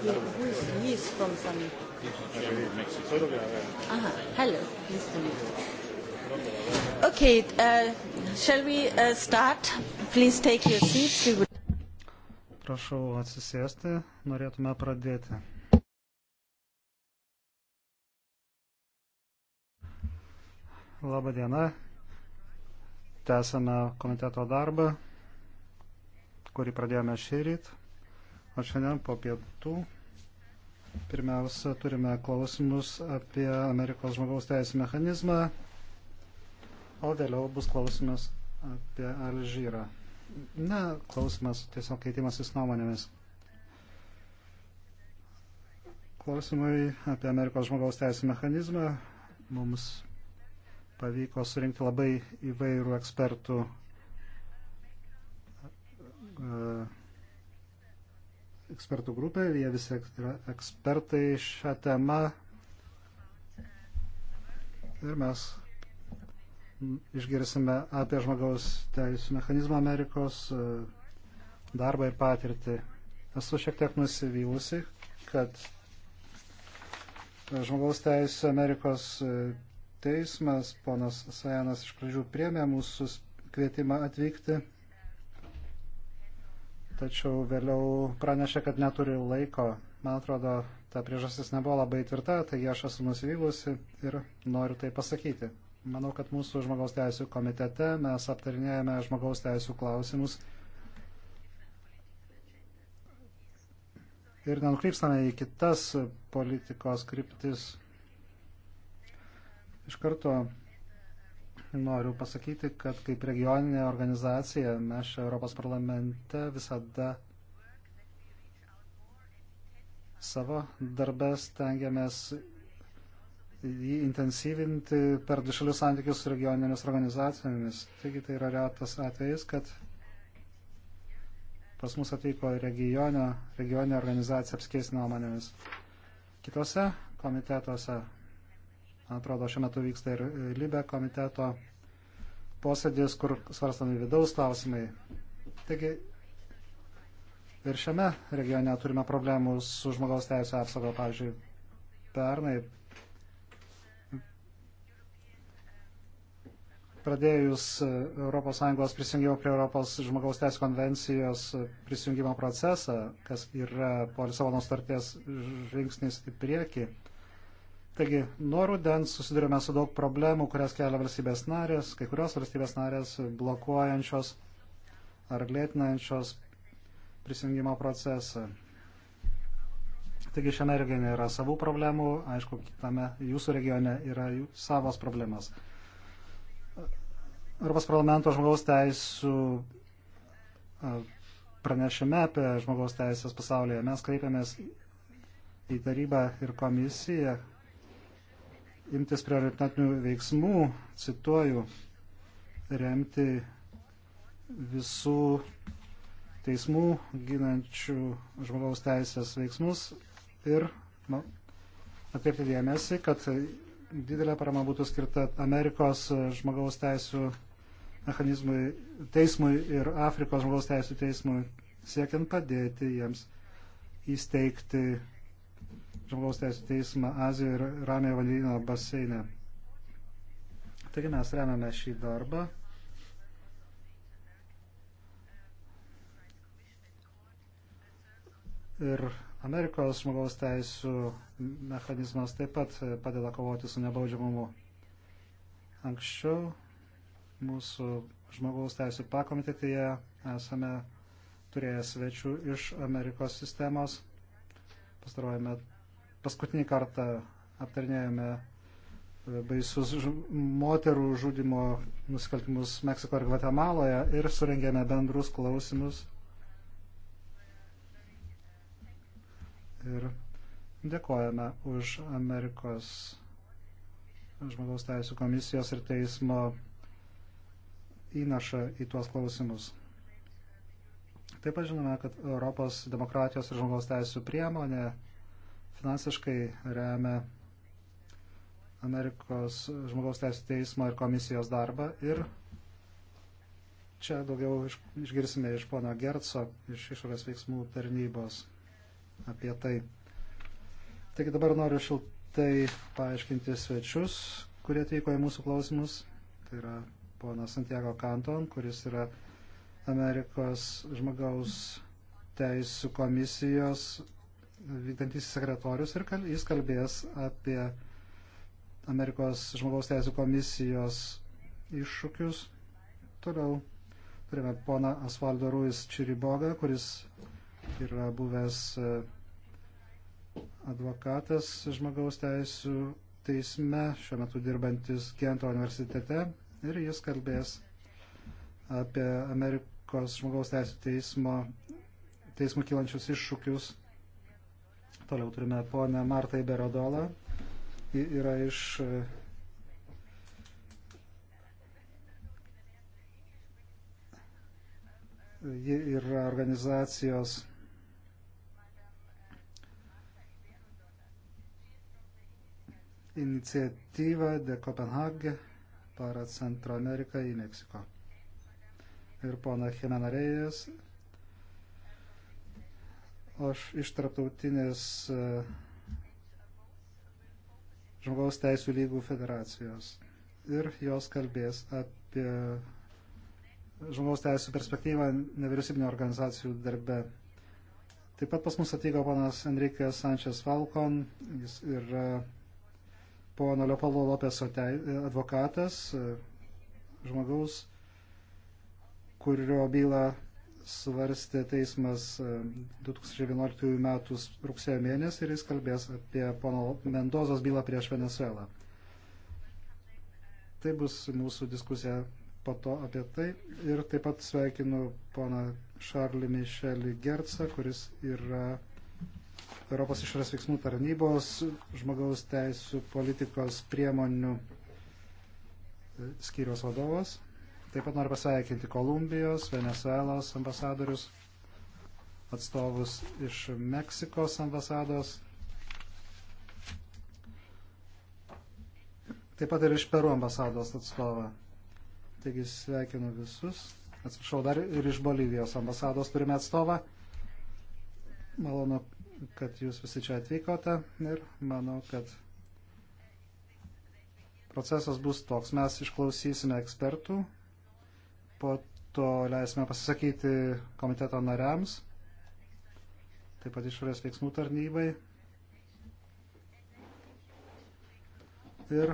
He is, he is from some. Ah, hello, Mr. Nick. Okay, uh, shall we uh, start? Please take your seats. We would... Prašau atsisėsti, norėtume pradėti. Labą dieną. Tęsame komiteto darbą, kurį pradėjome šį rytą. O šiandien po pietų pirmiausia turime klausimus apie Amerikos žmogaus teisų mechanizmą, o vėliau bus klausimas apie Alžyrą. Na, klausimas tiesiog keitimasis nuomonėmis. Klausimai apie Amerikos žmogaus teisų mechanizmą mums pavyko surinkti labai įvairių ekspertų. Uh, ekspertų grupė, jie visi yra ekspertai šią temą. Ir mes išgirsime apie žmogaus teisų mechanizmą Amerikos darbą ir patirtį. Esu šiek tiek nusivylusi, kad žmogaus teisų Amerikos e, teismas, ponas Sajanas iš pradžių priemė mūsų kvietimą atvykti tačiau vėliau pranešė, kad neturi laiko. Man atrodo, ta priežastis nebuvo labai tvirta, taigi aš esu nusivylusi ir noriu tai pasakyti. Manau, kad mūsų žmogaus teisų komitete mes aptarinėjame žmogaus teisų klausimus ir nenukrypstame į kitas politikos kryptis. Iš karto noriu pasakyti, kad kaip regioninė organizacija mes čia Europos parlamente visada savo darbes tengiamės jį intensyvinti per dušalius santykius su regioninėmis organizacijomis. Taigi tai yra retas atvejis, kad pas mus atvyko regionio, regioninė organizacija apskės nuomonėmis. Kitose komitetuose atrodo, šiuo metu vyksta ir Libe komiteto posėdis, kur svarstami vidaus klausimai. Taigi ir šiame regione turime problemų su žmogaus teisų apsauga, pavyzdžiui, pernai. Pradėjus ES prisijungimo prie Europos žmogaus teisų konvencijos prisijungimo procesą, kas yra po Lisabono starties žingsnis į priekį, Taigi, nuo rudens susidurime su daug problemų, kurias kelia valstybės narės, kai kurios valstybės narės blokuojančios ar lėtinančios prisijungimo procesą. Taigi šiame regione yra savų problemų, aišku, kitame jūsų regione yra jų savos problemas. Europos parlamento žmogaus teisų pranešime apie žmogaus teisės pasaulyje mes kreipiamės į tarybą ir komisiją, imtis prioritetinių veiksmų, cituoju, remti visų teismų ginančių žmogaus teisės veiksmus ir nu, atkreipti dėmesį, kad didelė parama būtų skirta Amerikos žmogaus teisų mechanizmui, teismui ir Afrikos žmogaus teisų teismui, siekiant padėti jiems įsteigti žmogaus teisų teismą Azijoje ir Ramėje vandenyno baseinę. Taigi mes remiame šį darbą. Ir Amerikos žmogaus teisų mechanizmas taip pat padeda kovoti su nebaudžiamumu. Anksčiau mūsų žmogaus teisų pakomitetėje esame turėję svečių iš Amerikos sistemos. Pastarojame paskutinį kartą aptarinėjome e, baisus moterų žudimo nusikaltimus Meksiko ir Gvatemaloje ir surengėme bendrus klausimus. Ir dėkojame už Amerikos žmogaus teisų komisijos ir teismo įnašą į tuos klausimus. Taip pat žinome, kad Europos demokratijos ir žmogaus teisų priemonė finansiškai remia Amerikos žmogaus teisų teismo ir komisijos darbą. Ir čia daugiau išgirsime iš pono Gerco, iš išorės veiksmų tarnybos apie tai. Taigi dabar noriu šiltai paaiškinti svečius, kurie atvyko į mūsų klausimus. Tai yra ponas Santiago Kanton, kuris yra Amerikos žmogaus teisų komisijos vykdantis sekretorius ir jis kalbės apie Amerikos žmogaus teisų komisijos iššūkius. Toliau turime poną Asvaldo Ruiz Čiribogą, kuris yra buvęs e, advokatas žmogaus teisų teisme, šiuo metu dirbantis Gento universitete ir jis kalbės apie Amerikos žmogaus teisų teismo, teismų kylančius iššūkius Toliau turime ponę Martą Berodolą. Ji yra iš Ji yra organizacijos iniciatyva de Kopenhagė para Centro Ameriką į Meksiko. Ir pona Jimenarėjas Aš iš tarptautinės e, žmogaus teisų lygų federacijos. Ir jos kalbės apie žmogaus teisų perspektyvą nevyriausybinio organizacijų darbe. Taip pat pas mus atvyko panas Enrique Sanchez Falcon, jis yra pono Leopoldo Lopeso advokatas, e, žmogaus, kurio bylą svarstė teismas 2011 e, m. rugsėjo mėnesį ir jis kalbės apie pono Mendozos bylą prieš Venezuelą. Tai bus mūsų diskusija po to apie tai. Ir taip pat sveikinu poną Šarlį Mišelį Gercą, kuris yra Europos išorės veiksmų tarnybos žmogaus teisų politikos priemonių e, skyrios vadovas. Taip pat noriu pasveikinti Kolumbijos, Venezuelos ambasadorius, atstovus iš Meksikos ambasados, taip pat ir iš Peru ambasados atstovą. Taigi sveikinu visus. Atsiprašau, dar ir iš Bolivijos ambasados turime atstovą. Malonu, kad jūs visi čia atvykote ir manau, kad procesas bus toks. Mes išklausysime ekspertų Po to leisime pasisakyti komiteto nariams, taip pat išorės veiksmų tarnybai. Ir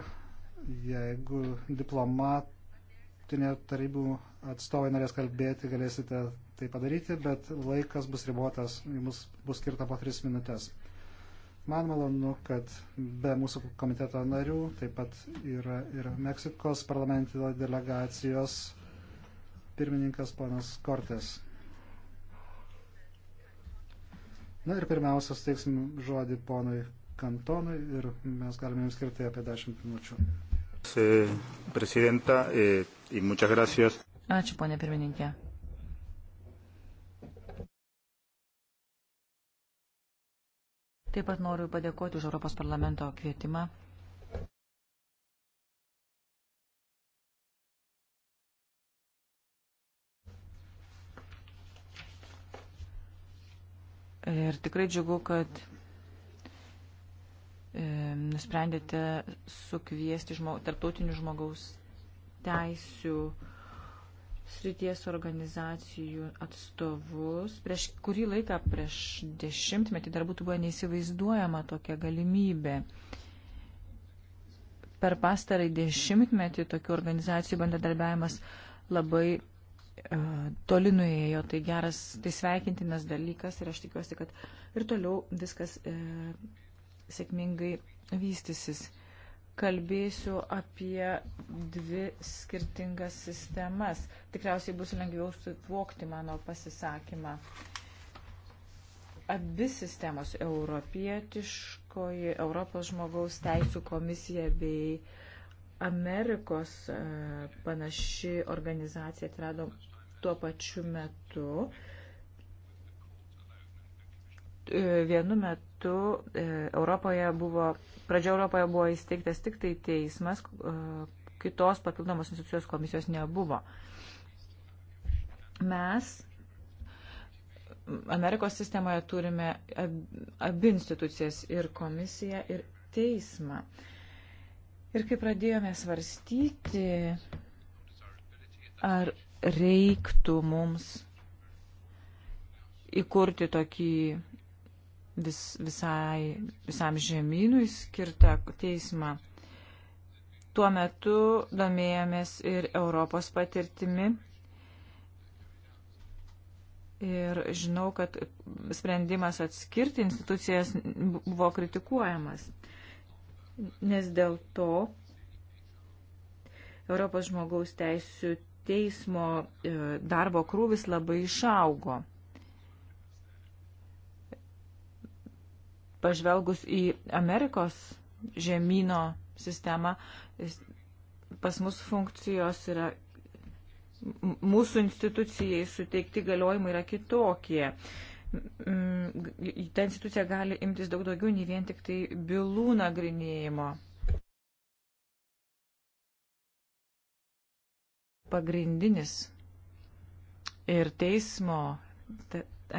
jeigu diplomatinė tarybų atstovai norės kalbėti, galėsite tai padaryti, bet laikas bus ribotas, jums bus skirta po 3 minutės. Man malonu, kad be mūsų komiteto narių taip pat yra ir Meksikos parlamentinio delegacijos pirmininkas ponas Kortės. Na ir pirmiausia, steiksim žodį ponui Kantonui ir mes galime jums skirti apie 10 minučių. Eh, Ačiū, ponė pirmininkė. Taip pat noriu padėkoti už Europos parlamento kvietimą Ir tikrai džiugu, kad e, nusprendėte sukviesti žmog, tarptautinių žmogaus teisių srities organizacijų atstovus. Prieš kurį laiką, prieš dešimtmetį, dar būtų buvo neįsivaizduojama tokia galimybė. Per pastarąjį dešimtmetį tokių organizacijų bendradarbiavimas labai E, toli nuėjo, tai geras, tai sveikintinas dalykas ir aš tikiuosi, kad ir toliau viskas e, sėkmingai vystysis. Kalbėsiu apie dvi skirtingas sistemas. Tikriausiai bus lengviau suvokti mano pasisakymą. Abi sistemos - europietiškoji Europos žmogaus teisų komisija bei uh, Amerikos e, panaši organizacija atrado tuo pačiu metu. E, vienu metu e, Europoje buvo, pradžia Europoje buvo įsteigtas tik tai teismas, kitos papildomos institucijos komisijos nebuvo. Mes Amerikos sistemoje turime abi institucijas ir komisiją ir teismą. Uh, Ir kai pradėjome svarstyti, ar reiktų mums įkurti tokį vis, visai, visam žemynui skirtą teismą. Tuo metu domėjomės ir Europos patirtimi. Ir žinau, kad sprendimas atskirti institucijas buvo kritikuojamas nes dėl to Europos žmogaus teisų teismo e, darbo krūvis labai išaugo. Pažvelgus į Amerikos žemynų sistemą, pas mus funkcijos yra, mūsų institucijai suteikti galiojimai yra kitokie. Mm, mm, ta institucija gali imtis daug daugiau nei vien tik tai bylų nagrinėjimo. Pagrindinis ir teismo,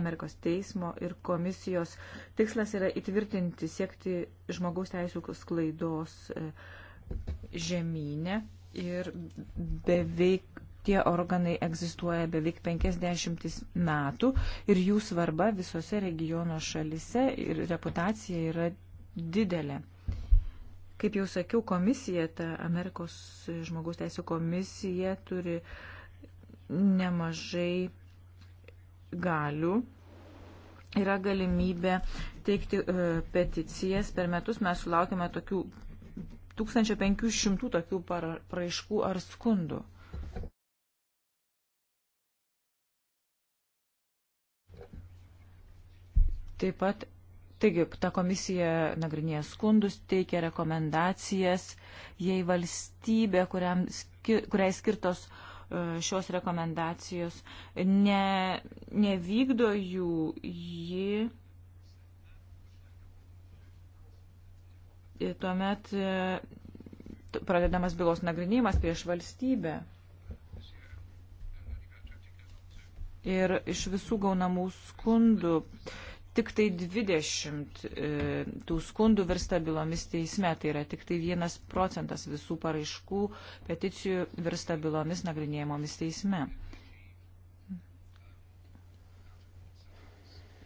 Amerikos teismo ir komisijos tikslas yra įtvirtinti, siekti žmogaus teisų sklaidos e, žemynę ir beveik Tie organai egzistuoja beveik 50 metų ir jų svarba visose regiono šalise ir reputacija yra didelė. Kaip jau sakiau, komisija, ta Amerikos žmogaus teisų komisija turi nemažai galių yra galimybė teikti e, peticijas. Per metus mes sulaukime tokių 1500 tokių paraiškų ar skundų. Taip pat, taigi, ta komisija nagrinėja skundus, teikia rekomendacijas, jei valstybė, kuriam, kuriai skirtos e, šios rekomendacijos, ne, nevykdo jų, ji. Ir e, tuomet e, pradedamas bylos nagrinėjimas prieš valstybę. Ir iš visų gaunamų skundų tik tai 20 e, tų skundų virsta bylomis teisme, tai yra tik tai 1 procentas visų paraiškų peticijų virsta bylomis nagrinėjimomis teisme.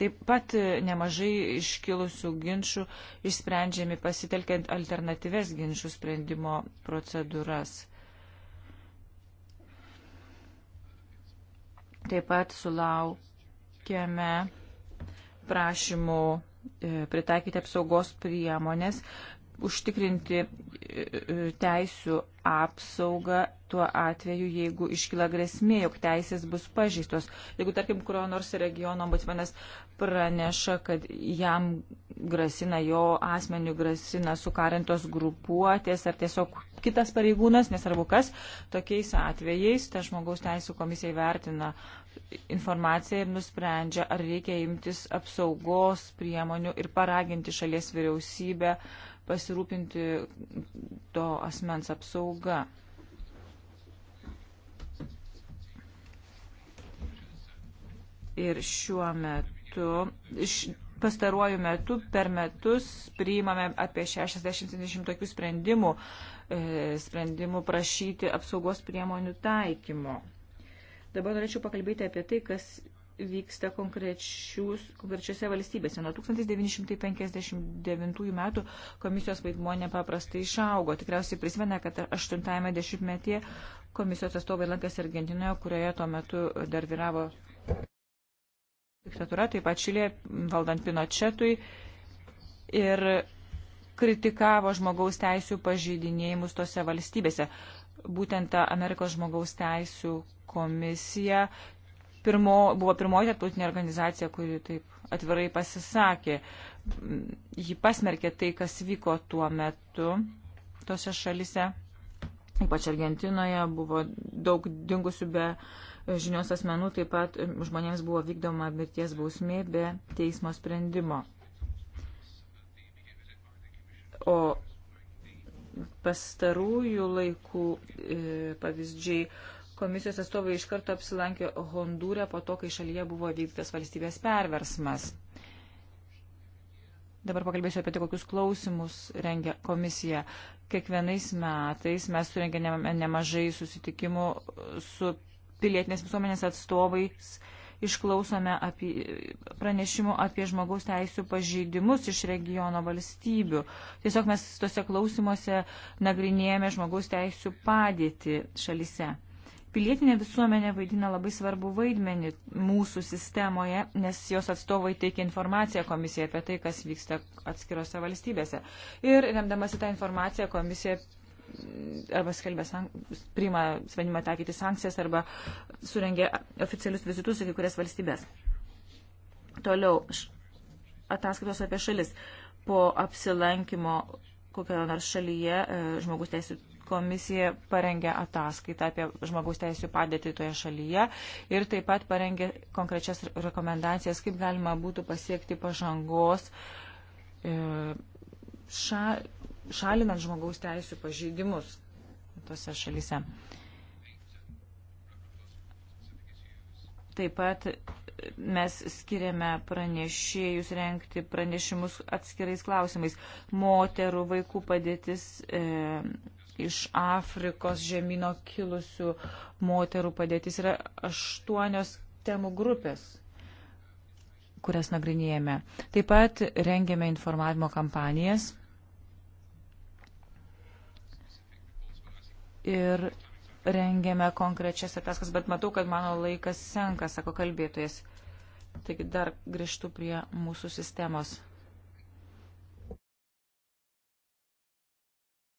Taip pat e, nemažai iškilusių ginčių išsprendžiami pasitelkiant alternatyves ginčių sprendimo procedūras. Taip pat sulaukėme prašymų e, pritaikyti apsaugos priemonės, užtikrinti e, e, teisų apsaugą tuo atveju, jeigu iškyla grėsmė, jog teisės bus pažįstos. Jeigu, tarkim, kurio nors regiono ombudsmenas praneša, kad jam grasina, jo asmeniu grasina sukarintos grupuotės ar tiesiog kitas pareigūnas, nesvarbu kas, tokiais atvejais ta žmogaus teisų komisija vertina informaciją ir nusprendžia, ar reikia imtis apsaugos priemonių ir paraginti šalies vyriausybę uh, pasirūpinti to asmens apsauga. Ir šiuo metu, š, pastaruoju metu per metus priimame apie 60-70 tokių sprendimų, e, sprendimų prašyti apsaugos priemonių taikymo. Dabar norėčiau pakalbėti apie tai, kas vyksta konkrečiose valstybėse. Nuo 1959 metų komisijos vaidmuo nepaprastai išaugo. Tikriausiai prisimena, kad 80-ame dešimtmetyje komisijos atstovai lankėsi Argentinoje, kurioje tuo metu dar vyravo diktatūra, taip pat Čilė, valdant Pinochetui. Ir kritikavo žmogaus teisų pažeidinėjimus tose valstybėse. Būtent ta Amerikos žmogaus teisų komisija pirmo, buvo pirmoji tarptautinė organizacija, kuri taip atvirai pasisakė. Ji pasmerkė tai, kas vyko tuo metu tose šalise. Ypač Argentinoje buvo daug dingusių be žinios asmenų, taip pat žmonėms buvo vykdoma mirties bausmė be teismo sprendimo. O pastarųjų laikų e, pavyzdžiai Komisijos atstovai iš karto apsilankė Hondūrė po to, kai šalyje buvo vykdytas valstybės perversmas. Dabar pakalbėsiu apie tai, kokius klausimus rengia komisija. Kiekvienais metais mes surengėme nemažai susitikimų su pilietinės visuomenės atstovais, išklausome apie, pranešimų apie žmogaus teisų pažeidimus iš regiono valstybių. Tiesiog mes tose klausimuose nagrinėjame žmogaus teisų padėtį šalise. Pilietinė visuomenė vaidina labai svarbu vaidmenį mūsų sistemoje, nes jos atstovai teikia informaciją komisijai apie tai, kas vyksta atskirose valstybėse. Ir remdamasi tą informaciją komisija arba skelbia, priima sprendimą taikyti sankcijas arba surengia oficialius vizitus į kai kurias valstybės. Toliau ataskaitos apie šalis. Po apsilankimo kokioje nors šalyje e, žmogus teisų komisija parengė ataskaitą apie žmogaus teisų padėtį toje šalyje ir taip pat parengė konkrečias rekomendacijas, kaip galima būtų pasiekti pažangos e, ša, šalinant žmogaus teisų pažeidimus tose šalyse. Taip pat mes skiriame pranešėjus renkti pranešimus atskirais klausimais. Moterų, vaikų padėtis, e, iš Afrikos žemynų kilusių moterų padėtis. Yra aštuonios temų grupės, kurias nagrinėjame. Taip pat rengėme informavimo kampanijas. Ir rengėme konkrečias ataskas, bet matau, kad mano laikas senka, sako kalbėtojas. Taigi dar grįžtu prie mūsų sistemos.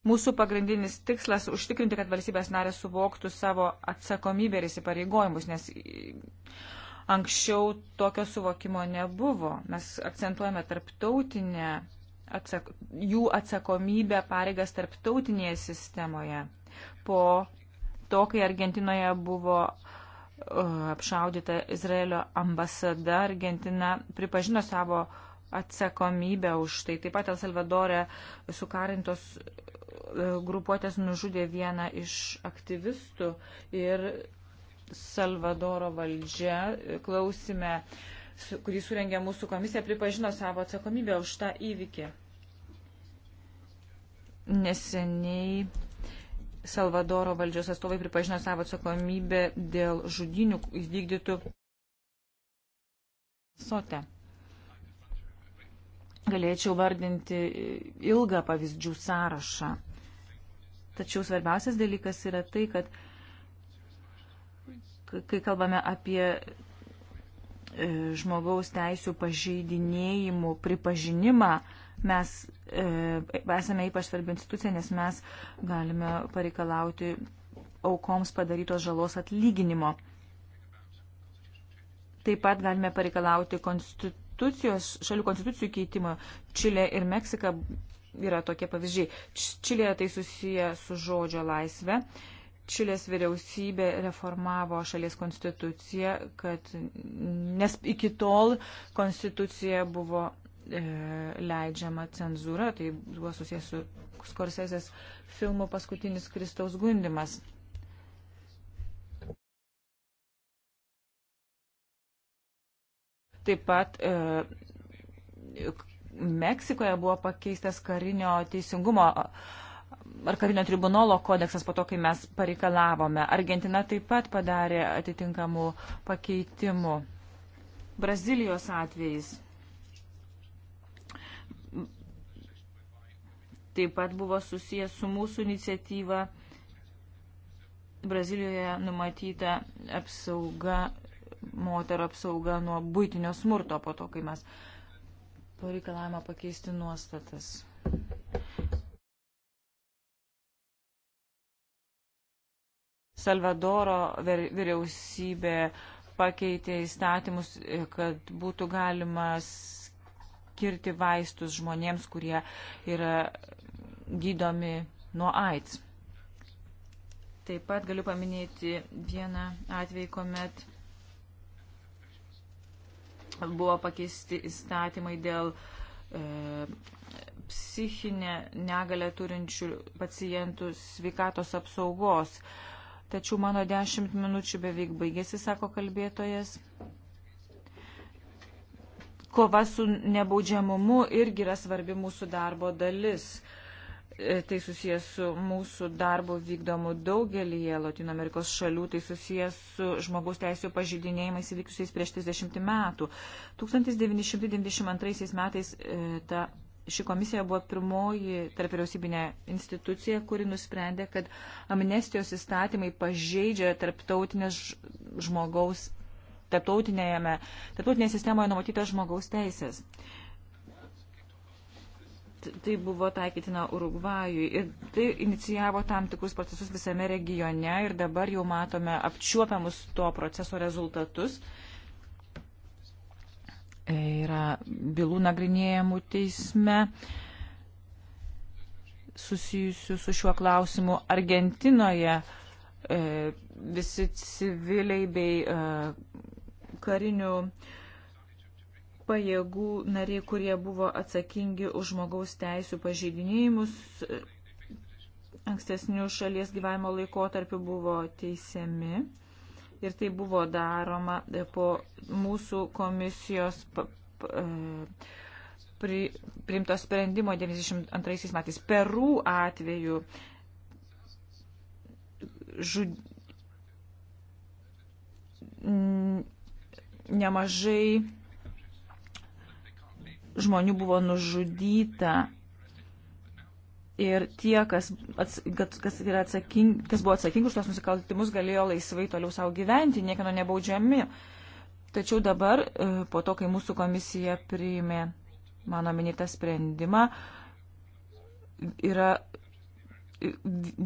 Mūsų pagrindinis tikslas - užtikrinti, kad valstybės narės suvoktų savo atsakomybę ir įsipareigojimus, nes anksčiau tokio suvokimo nebuvo. Mes akcentuojame tarptautinę atsak jų atsakomybę, pareigas tarptautinėje sistemoje. Po to, kai Argentinoje buvo uh, apšaudyta Izraelio ambasada, Argentina pripažino savo atsakomybę už tai. Taip pat El Salvadorė sukarintos grupuotės nužudė vieną iš aktyvistų ir Salvadoro valdžia klausime, kurį surengė mūsų komisija, pripažino savo atsakomybę už tą įvykį. Neseniai Salvadoro valdžios atstovai pripažino savo atsakomybę dėl žudinių įvykdytų sote. Galėčiau vardinti ilgą pavyzdžių sąrašą. Tačiau svarbiausias dalykas yra tai, kad kai kalbame apie e, žmogaus teisų pažeidinėjimų pripažinimą, mes e, esame ypač svarbi institucija, nes mes galime pareikalauti aukoms padarytos žalos atlyginimo. Taip pat galime pareikalauti konstitucijos, šalių konstitucijų keitimo. Čilė ir Meksika yra tokie pavyzdžiai. Čilėje tai susiję su žodžio laisve. Čilės vyriausybė reformavo šalies konstituciją, kad, nes iki tol konstitucija buvo e, leidžiama cenzūra, tai buvo susijęs su Skorsesės filmu Paskutinis Kristaus gundimas. Taip pat e, Meksikoje buvo pakeistas karinio teisingumo ar karinio tribunolo kodeksas po to, kai mes pareikalavome. Argentina taip pat padarė atitinkamų pakeitimų. Brazilijos atvejais. Taip pat buvo susijęs su mūsų iniciatyva Brazilijoje numatyta apsauga, moterų apsauga nuo būtinio smurto po to, kai mes uh, to reikalavimo pakeisti nuostatas. Salvadoro vyriausybė pakeitė įstatymus, kad būtų galima skirti vaistus žmonėms, kurie yra gydomi nuo AIDS. Taip pat galiu paminėti vieną atvejį, kuomet Buvo pakeisti įstatymai dėl e, psichinę negalę turinčių pacientų sveikatos apsaugos. Tačiau mano dešimt minučių beveik baigėsi, sako kalbėtojas. Kova su nebaudžiamumu irgi yra svarbi mūsų darbo dalis tai susijęs su mūsų darbu vykdomu daugelįje Latino Amerikos šalių, tai susijęs su žmogaus teisų pažydinėjimais įvykusiais prieš 30 metų. 1992 metais e, ta, ši komisija buvo pirmoji tarp vyriausybinė institucija, kuri nusprendė, kad amnestijos įstatymai pažeidžia tarptautinės žmogaus, tarptautinėje sistemoje numatytas žmogaus teisės. Uh, tai buvo taikytina Urugvajui. Ir tai inicijavo tam tikrus procesus visame regione ir dabar jau matome apčiuopiamus to proceso rezultatus. E, yra bylų nagrinėjimų teisme susijusių su šiuo klausimu Argentinoje. E, visi civiliai bei e, karinių e, pajėgų nariai, kurie buvo atsakingi už žmogaus teisų pažeidinėjimus. Ankstesnių šalies gyvenimo laikotarpių buvo teisiami ir tai buvo daroma e, po mūsų komisijos e, pri, priimto sprendimo 92 metais. Perų atveju žud... nemažai žmonių buvo nužudyta. Ir tie, kas, ats, kas, yra atsaking, kas buvo atsakingi už tos nusikaltimus, galėjo laisvai toliau savo gyventi, niekino nebaudžiami. Tačiau dabar, e, po to, kai mūsų komisija priėmė mano minėtą sprendimą, yra e,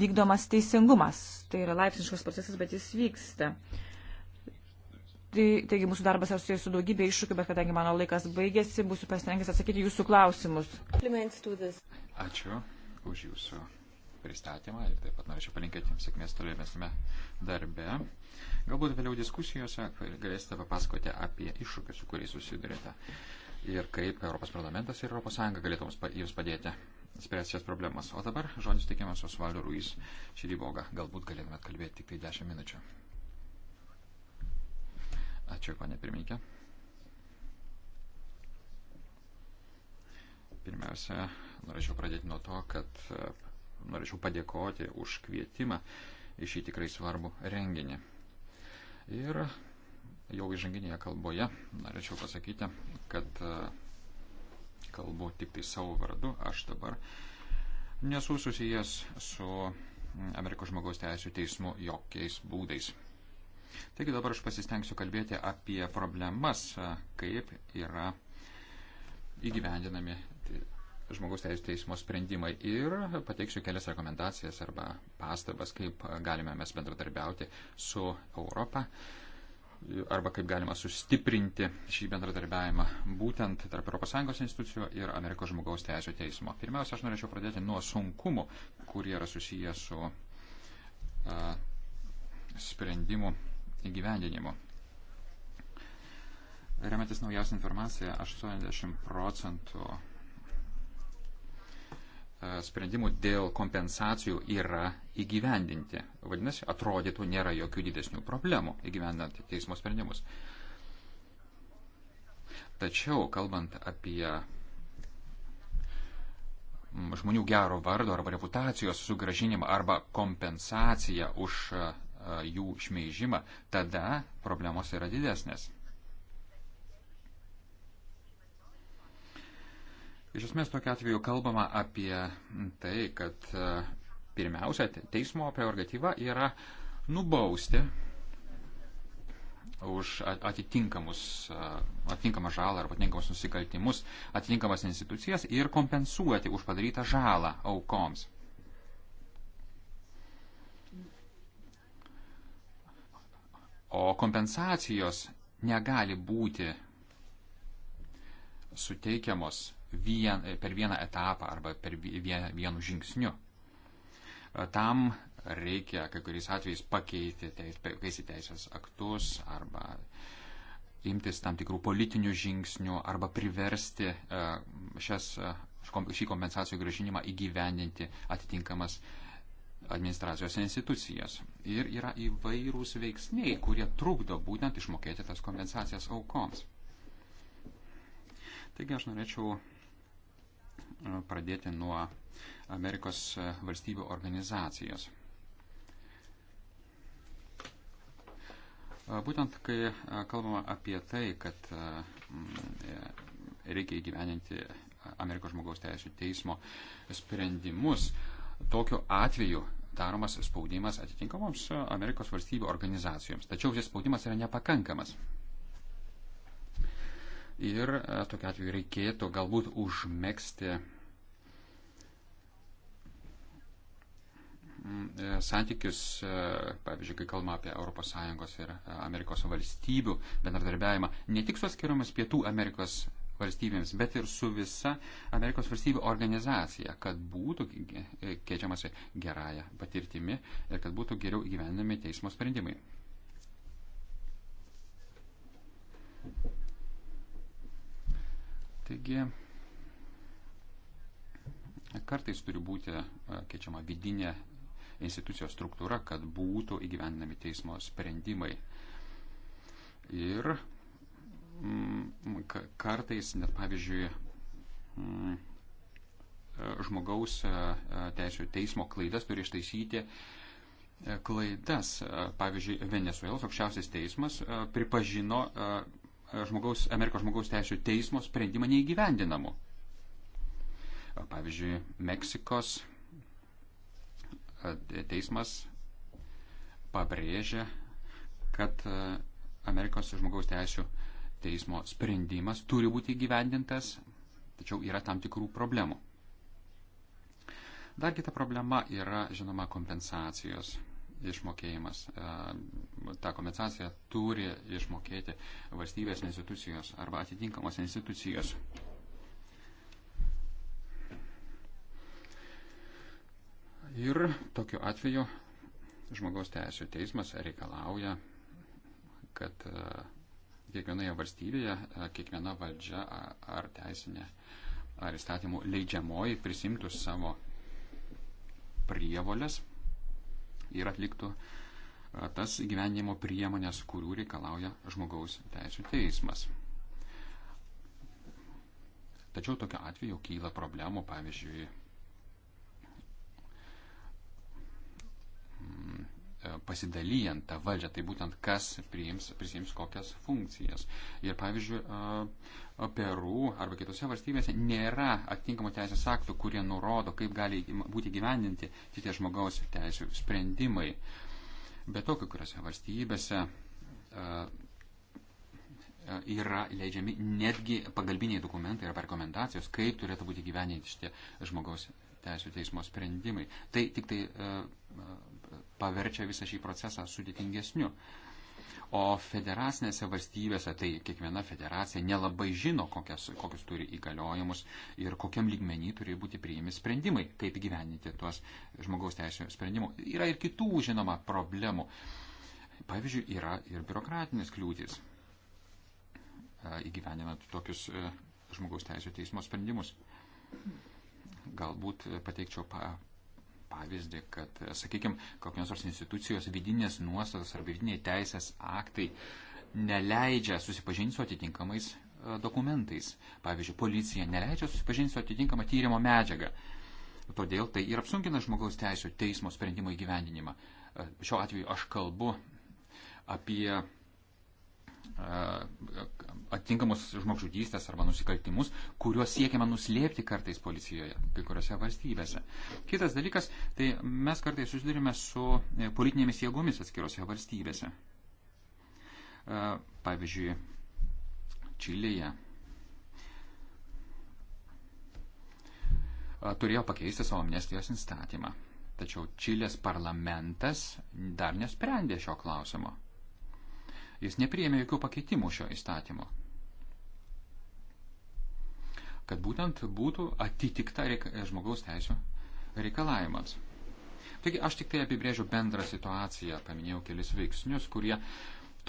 vykdomas teisingumas. Tai yra laipsniškas procesas, bet jis vyksta. Uh, Tai taigi mūsų darbas yra susijęs su daugybė iššūkių, bet kadangi mano laikas baigėsi, būsiu pasirengęs atsakyti jūsų klausimus. Ačiū už jūsų pristatymą ir taip pat norėčiau palinkėti jums sėkmės tolimesnėme darbe. Galbūt vėliau diskusijose galėsite papasakoti apie iššūkius, su kuriais susidurėte ir kaip Europos parlamentas ir Europos Sąjunga galėtų jums padėti spręsti šias problemas. O dabar žodis teikiamas Osvaldo Ruiz Širiboga. Galbūt galėtumėt kalbėti tik tai 10 minučių. Ačiū, ponė pirmininkė. Pirmiausia, norėčiau pradėti nuo to, kad e, norėčiau padėkoti už kvietimą į šį tikrai svarbų renginį. Ir jau įžanginėje kalboje norėčiau pasakyti, kad e, kalbu tik tai savo vardu, aš dabar nesu susijęs su mm, Amerikos žmogaus teisų teismu jokiais būdais. Taigi dabar aš pasistengsiu kalbėti apie problemas, kaip yra įgyvendinami žmogaus teisų teismo sprendimai ir pateiksiu kelias rekomendacijas arba pastabas, kaip galime mes bendradarbiauti su Europą arba kaip galima sustiprinti šį bendradarbiavimą būtent tarp ES institucijų ir Amerikos žmogaus teisų teismo. Pirmiausia, aš norėčiau pradėti nuo sunkumų, kurie yra susiję su a, sprendimu įgyvendinimu. Remiantis naujausią informaciją, 80 procentų e, sprendimų dėl kompensacijų yra įgyvendinti. Vadinasi, atrodytų nėra jokių didesnių problemų įgyvendinant teismo sprendimus. Tačiau, kalbant apie žmonių gero vardo arba reputacijos sugražinimą arba kompensaciją už e, jų šmeižimą, tada problemos yra didesnės. Iš esmės tokia atveju kalbama apie tai, kad pirmiausia, teismo prerogatyva yra nubausti už atitinkamus, atitinkamą žalą arba atitinkamus nusikaltimus, atitinkamas institucijas ir kompensuoti už padarytą žalą aukoms. O kompensacijos negali būti suteikiamos vien, per vieną etapą arba per vien, vienu žingsniu. Tam reikia kai kuriais atvejais pakeisti teis, teisės aktus arba imtis tam tikrų politinių žingsnių arba priversti e, šias, šį kompensacijų gražinimą įgyvendinti atitinkamas uh, administracijos institucijas. Ir yra įvairūs veiksniai, kurie trukdo būtent išmokėti tas kompensacijas aukoms. Taigi aš norėčiau e, pradėti nuo Amerikos e, valstybių organizacijos. E, būtent kai kalbama apie tai, kad reikia įgyveninti Amerikos žmogaus teisų teismo sprendimus, tokiu atveju daromas spaudimas atitinkamoms Amerikos valstybių organizacijoms. Tačiau šis spaudimas yra nepakankamas. Ir e, tokiu atveju reikėtų galbūt užmėgsti mm, e, santykius, e, pavyzdžiui, kai kalbama apie ES ir Amerikos valstybių bendradarbiavimą, ne tik su atskiromis Pietų Amerikos valstybėms, bet ir su visa Amerikos valstybių organizacija, kad būtų e, keičiamasi gerąją patirtimi ir kad būtų geriau gyvenami teismo sprendimai. Taigi, kartais turi būti e, keičiama vidinė institucijos struktūra, kad būtų įgyvendinami teismo sprendimai. Ir Mm, kartais net pavyzdžiui mm, žmogaus e, e, teisų teismo klaidas turi ištaisyti e, klaidas. Pavyzdžiui, Venezuelos aukščiausias teismas pripažino žmogaus, Amerikos žmogaus teisų teismo sprendimą neįgyvendinamu. Pavyzdžiui, Meksikos teismas pabrėžia, kad Amerikos žmogaus teisų teismo sprendimas turi būti gyvendintas, tačiau yra tam tikrų problemų. Dar kita problema yra, žinoma, kompensacijos išmokėjimas. E, ta kompensacija turi išmokėti valstybės institucijos arba atitinkamos institucijos. Ir tokiu atveju žmogaus teisų teismas reikalauja, kad e, kiekvienoje valstybėje e, kiekviena valdžia ar teisinė ar įstatymų leidžiamoji prisimtų savo prievolės ir atliktų tas gyvenimo priemonės, kurių reikalauja žmogaus teisų teismas. Tačiau tokiu atveju kyla problemų, pavyzdžiui, E, pasidalyjant tą valdžią, tai būtent kas priims, prisims kokias funkcijas. Ir pavyzdžiui, e, e, Peru arba kitose valstybėse nėra atitinkamų teisės aktų, kurie nurodo, kaip gali būti gyvendinti tie žmogaus teisų sprendimai. Bet to, kai kuriuose valstybėse yra leidžiami netgi pagalbiniai dokumentai arba rekomendacijos, kaip turėtų būti gyveninti šitie žmogaus teisų teismo sprendimai. Tai tik tai e, e, paverčia visą šį procesą sudėtingesniu. O federacinėse valstybėse, tai kiekviena federacija nelabai žino, kokias, kokius turi įgaliojimus ir kokiam lygmenį turi būti priimi sprendimai, kaip gyveninti tuos žmogaus teisų sprendimus. Yra ir kitų, žinoma, problemų. Pavyzdžiui, yra ir biurokratinės kliūtis e, įgyveninant tokius žmogaus teisų teismo sprendimus galbūt pateikčiau pa, pavyzdį, kad, sakykime, kokios nors institucijos vidinės nuostatas ar vidiniai teisės aktai neleidžia susipažinti su atitinkamais e, dokumentais. Pavyzdžiui, policija neleidžia susipažinti su atitinkama tyrimo medžiaga. Todėl tai ir apsunkina žmogaus teisų teismo sprendimo įgyvendinimą. E, šiuo atveju aš kalbu apie atitinkamus žmogžudystės arba nusikaltimus, kuriuos siekiama nuslėpti kartais policijoje, kai kuriuose valstybėse. Kitas dalykas, tai mes kartais susidurime su e, politinėmis jėgomis atskirose valstybėse. E, pavyzdžiui, Čilėje e, turėjo pakeisti savo amnestijos įstatymą. Tačiau Čilės parlamentas dar nesprendė šio klausimo. Jis nepriėmė jokių pakeitimų šio įstatymo. Kad būtent būtų atitikta reik... žmogaus teisų reikalavimams. Taigi aš tik tai apibrėžiu bendrą situaciją, paminėjau kelis veiksnius, kurie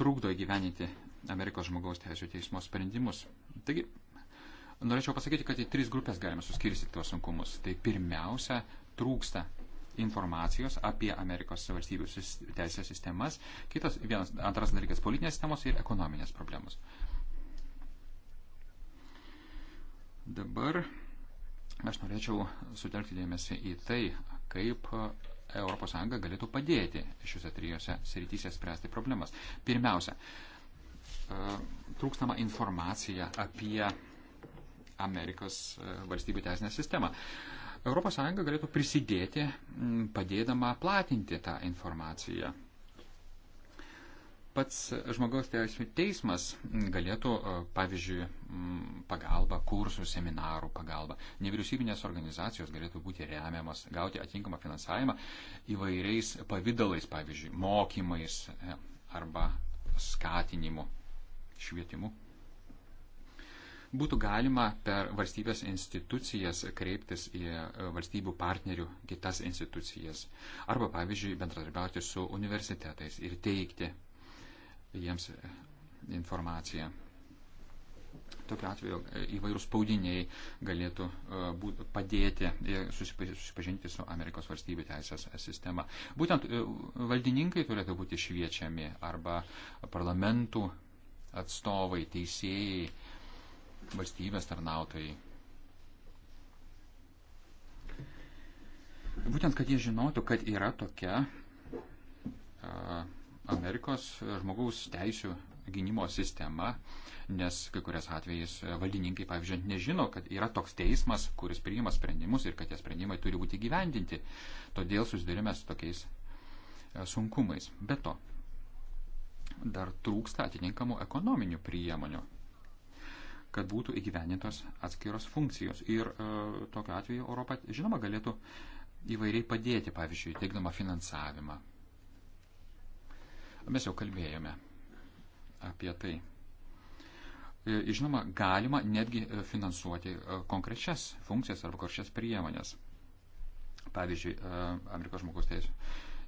trukdo įgyveninti Amerikos žmogaus teisų teismo sprendimus. Taigi, norėčiau pasakyti, kad į tris grupės galime suskirstyti tuos sunkumus. Tai pirmiausia, trūksta informacijos apie Amerikos valstybių teisės sistemas, kitas, vienas, antras dalykas - politinės sistemos ir ekonominės problemos. Dabar aš norėčiau sutelkti dėmesį į tai, kaip ES galėtų padėti šiuose trijose srityse spręsti problemas. Pirmiausia, e, trūkstama informacija apie Amerikos e, valstybių teisinę sistemą. ES galėtų prisidėti mm, padėdama platinti tą informaciją. Pats žmogaus teisų teismas galėtų, e, pavyzdžiui, mm, pagalba, kursų, seminarų pagalba. Nevyriausybinės organizacijos galėtų būti remiamas, gauti atinkamą finansavimą įvairiais pavydalais, pavyzdžiui, mokymais e, arba skatinimu, švietimu būtų galima per valstybės institucijas kreiptis į e, valstybių partnerių kitas institucijas. Arba, pavyzdžiui, bendradarbiauti su universitetais ir teikti jiems informaciją. Tokiu atveju e, įvairūs spaudiniai galėtų e, padėti susipažinti su Amerikos valstybių teisės sistema. Būtent valdininkai turėtų būti šviečiami arba parlamentų atstovai, teisėjai valstybės tarnautojai. Būtent, kad jie žinotų, kad yra tokia Amerikos žmogaus teisų gynimo sistema, nes kai kurias atvejais valdininkai, pavyzdžiui, nežino, kad yra toks teismas, kuris priima sprendimus ir kad tie sprendimai turi būti gyvendinti. Todėl susidurime su tokiais sunkumais. Be to, dar trūksta atitinkamų ekonominių priemonių kad būtų įgyvenintos atskiros funkcijos. Ir e, tokiu atveju Europa, žinoma, galėtų įvairiai padėti, pavyzdžiui, teikdama finansavimą. Mes jau kalbėjome apie tai. E, žinoma, galima netgi e, finansuoti e, konkrečias funkcijas arba konkrečias priemonės. Pavyzdžiui, e, Amerikos žmogaus teisų,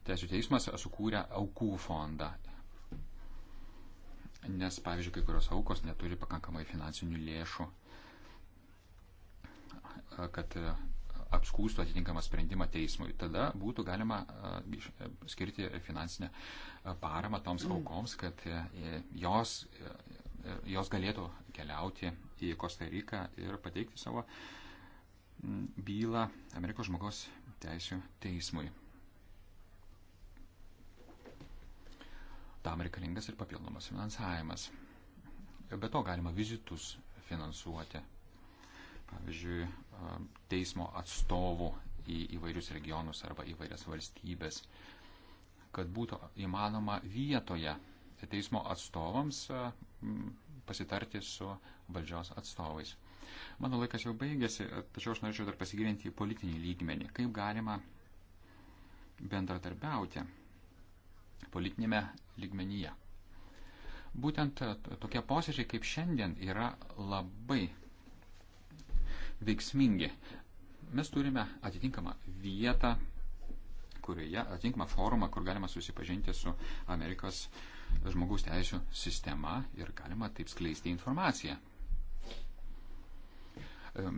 teisų teismas sukūrė aukų fondą nes, pavyzdžiui, kai kurios aukos neturi pakankamai finansinių lėšų, kad e, apskūstų atitinkamą sprendimą teismui. Tada būtų galima e, e, skirti finansinę paramą toms mm. aukoms, kad jos, jos galėtų keliauti į Kostariką ir pateikti savo bylą Amerikos žmogaus teisų teismui. Tam reikalingas ir papildomas finansavimas. Be to galima vizitus finansuoti. Pavyzdžiui, teismo atstovų į įvairius regionus arba įvairias valstybės, kad būtų įmanoma vietoje teismo atstovams pasitarti su valdžios atstovais. Mano laikas jau baigėsi, tačiau aš norėčiau dar pasigilinti į politinį lygmenį. Kaip galima bendradarbiauti politinėme ligmenyje. Būtent e, tokie posėdžiai kaip šiandien yra labai veiksmingi. Mes turime atitinkamą vietą, kurioje atitinkamą forumą, kur galima susipažinti su Amerikos žmogaus teisų sistema ir galima taip skleisti informaciją. E,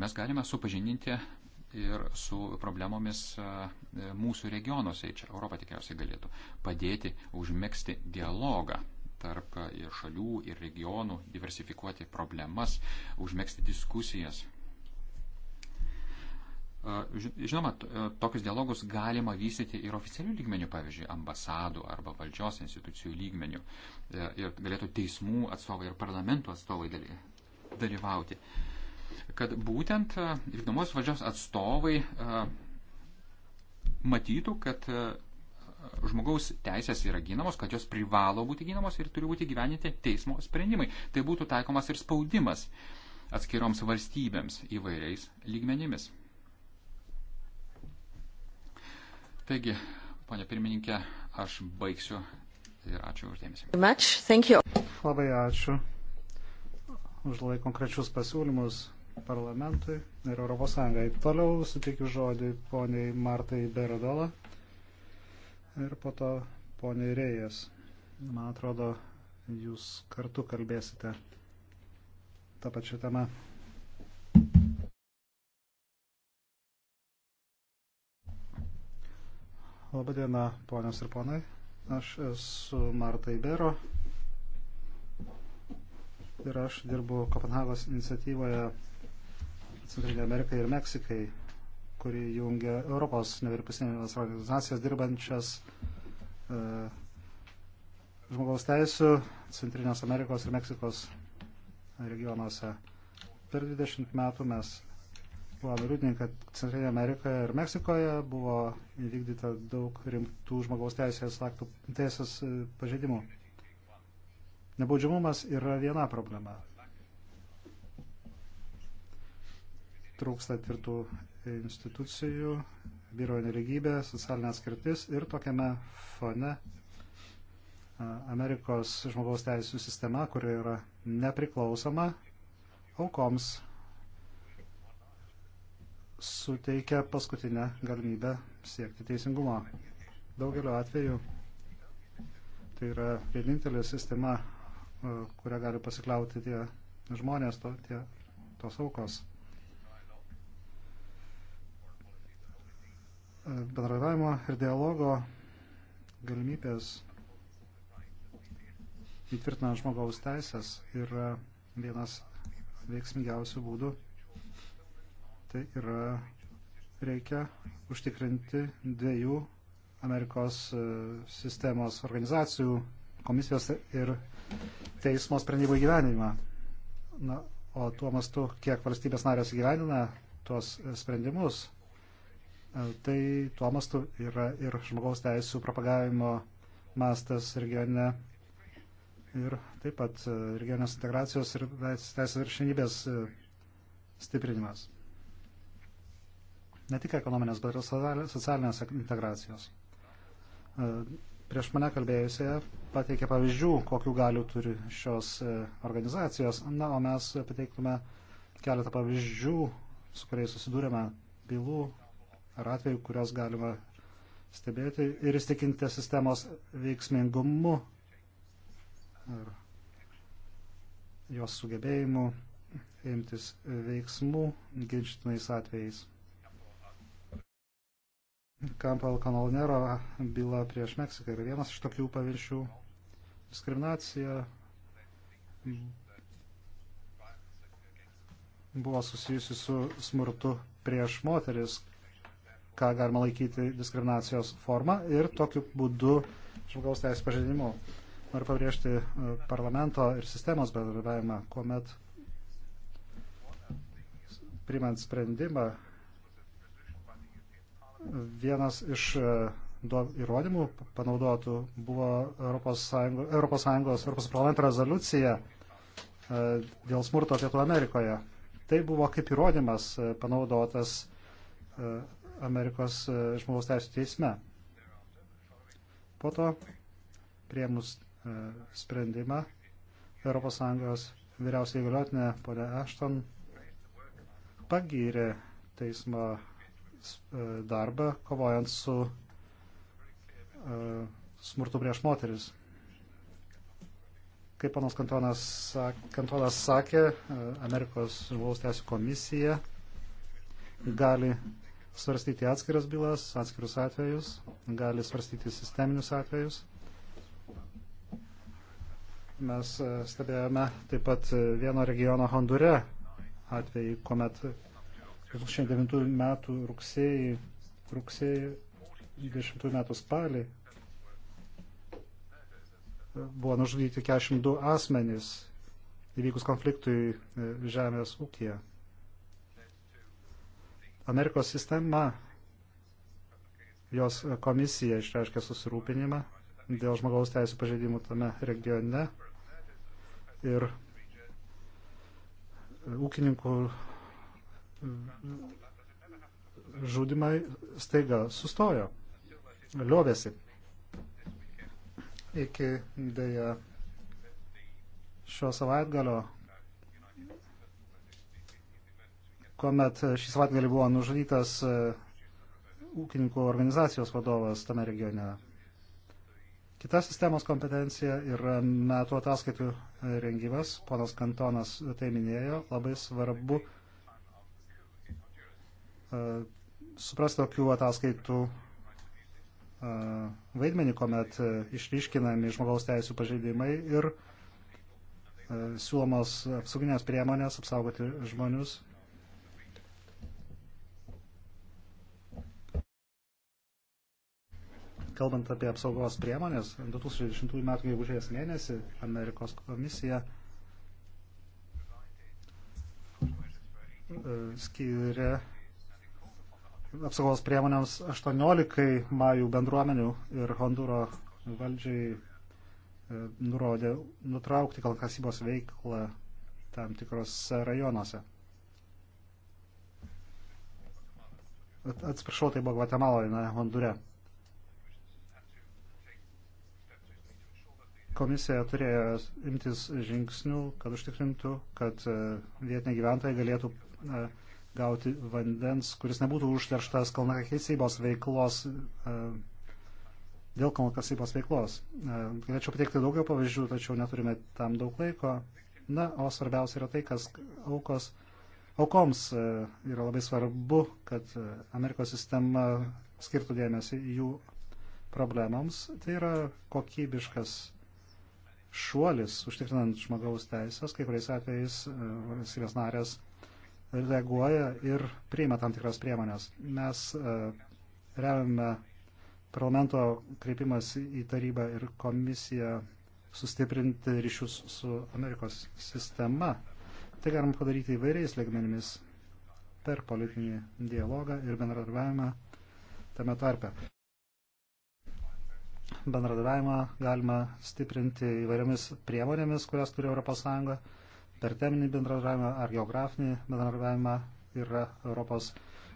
mes galime supažindinti ir su problemomis e, e, mūsų regionuose. Čia Europa tikriausiai galėtų padėti užmėgsti dialogą tarp ir e, šalių, ir regionų, diversifikuoti problemas, užmėgsti diskusijas. Žinoma, tokius dialogus galima vystyti ir oficialių lygmenių, pavyzdžiui, ambasadų arba valdžios institucijų lygmenių. Ir galėtų teismų atstovai ir parlamentų atstovai dalyvauti kad būtent e, vykdomos valdžios atstovai e, matytų, kad e, žmogaus teisės yra ginamos, kad jos privalo būti ginamos ir turi būti gyveninti teismo sprendimai. Tai būtų taikomas ir spaudimas atskiroms valstybėms įvairiais lygmenimis. Taigi, ponia pirmininkė, aš baigsiu ir ačiū uždėmesi. Labai ačiū už labai konkrečius pasiūlymus parlamentui ir Europos Sąjungai. Toliau sutikiu žodį poniai Martai Beradola ir po to poniai Rėjas. Man atrodo, jūs kartu kalbėsite tą pačią temą. Labadiena, ponios ir ponai. Aš esu Marta Ibero ir aš dirbu Kopenhagos iniciatyvoje Centrinė Amerika ir Meksikai, kuri jungia Europos nevyriausybinės organizacijas dirbančias e, žmogaus teisų Centrinės Amerikos ir Meksikos regionuose. Per 20 metų mes buvome liūdni, kad Centrinėje Amerikoje ir Meksikoje buvo įvykdyta daug rimtų žmogaus teisės aktų teisės e, pažeidimų. Nebaudžiamumas yra viena problema. trūksta tvirtų institucijų, vyroja neligybė, socialinė atskirtis ir tokiame fone Amerikos žmogaus teisų sistema, kuri yra nepriklausoma aukoms, suteikia paskutinę galimybę siekti teisingumo. Daugeliu atveju tai yra vienintelė sistema, kurią gali pasikliauti tie žmonės, to, tie, tos aukos. bendravimo ir dialogo galimybės įtvirtinant žmogaus teisės yra vienas veiksmingiausių būdų. Tai yra reikia užtikrinti dviejų Amerikos e, sistemos organizacijų komisijos ir teismo sprendimų įgyvenimą. Na, o tuo mastu, kiek valstybės narės įgyvenina tuos sprendimus, E, tai tuo mastu yra ir žmogaus teisų propagavimo mastas regione ir taip pat e, regionės integracijos ir teisės viršinybės e, stiprinimas. Ne tik ekonominės, bet ir socialinės integracijos. Prieš mane kalbėjusioje pateikė pavyzdžių, kokiu galiu turi šios organizacijos. Na, o mes pateiktume keletą pavyzdžių, su kuriais susidūrėme bylų ar atvejų, kurias galima stebėti ir įstikinti sistemos veiksmingumu ar jos sugebėjimu imtis veiksmų ginčitinais atvejais. Kampal Kanolnero byla prieš Meksiką yra vienas iš tokių pavyzdžių. Diskriminacija buvo susijusi su smurtu prieš moteris, ką galima laikyti diskriminacijos forma ir tokiu būdu žmogaus teisų pažeidimu. Noriu pabrėžti e, parlamento ir sistemos bendradarbiavimą, kuomet primant sprendimą vienas iš e, įrodymų panaudotų buvo Europos Sąjungos, Europos, Sąjungos, Europos parlamento rezoliucija e, dėl smurto Pietų Amerikoje. Tai buvo kaip įrodymas panaudotas Amerikos e, žmogaus teisų teisme. Po to, priemus e, sprendimą, ES vyriausiai galiotinė ponė Ashton pagyrė teismo e, darbą, kovojant su smurtu prieš moteris. Kaip panas kantonas, kantonas sakė, Amerikos žmogaus teisų komisija gali svarstyti atskiras bylas, atskirus atvejus, gali svarstyti sisteminius atvejus. Mes e, stebėjome taip pat e, vieno regiono Hondure atvejį, kuomet 2009 metų rugsėjį, rugsėjį 20 metų spalį e, buvo nužudyti 42 asmenys įvykus konfliktui žemės ūkija. Amerikos sistema, jos komisija išreiškė susirūpinimą dėl žmogaus teisų pažeidimų tame regione ir e, ūkininkų e, žudimai staiga sustojo, liovėsi. Iki dėja šio savaitgalio kuomet šį savaitgalį buvo nužudytas e, ūkininkų organizacijos vadovas tame regione. Kita sistemos kompetencija yra metų ataskaitų rengimas. Ponas Kantonas tai minėjo. Labai svarbu uh, e, suprasti tokių ataskaitų uh, vaidmenį, kuomet uh, išryškinami žmogaus teisų pažeidimai ir siūlomos apsauginės priemonės apsaugoti žmonius kalbant apie apsaugos priemonės, 2010 m. gegužės mėnesį Amerikos komisija e, skiria apsaugos priemonėms 18 majų bendruomenių ir Honduro valdžiai e, nurodė nutraukti kalkasybos veiklą tam tikrose rajonuose. Atsiprašau, tai buvo Gvatemaloje, ne Hondure. komisija turėjo imtis žingsnių, kad užtikrintų, kad e, vietiniai gyventojai galėtų e, gauti vandens, kuris nebūtų užterštas kalnakasybos veiklos, e, dėl kalnakasybos veiklos. Galėčiau pateikti daugiau pavyzdžių, tačiau neturime tam daug laiko. Na, o svarbiausia yra tai, kas aukos, aukoms yra labai svarbu, kad Amerikos sistema skirtų dėmesį jų problemams. Tai yra kokybiškas šuolis, užtikrinant žmogaus teisės, kai kuriais atvejais e, valstybės narės reaguoja ir priima tam tikras priemonės. Mes e, remiame parlamento kreipimas į tarybą ir komisiją sustiprinti ryšius su Amerikos sistema. Tai galima padaryti įvairiais legmenimis per politinį dialogą ir bendradarbiavimą tame tarpe. Bendradavimą galima stiprinti įvairiomis priemonėmis, kurias turi ES, per teminį bendradavimą ar geografinį bendradavimą yra Europos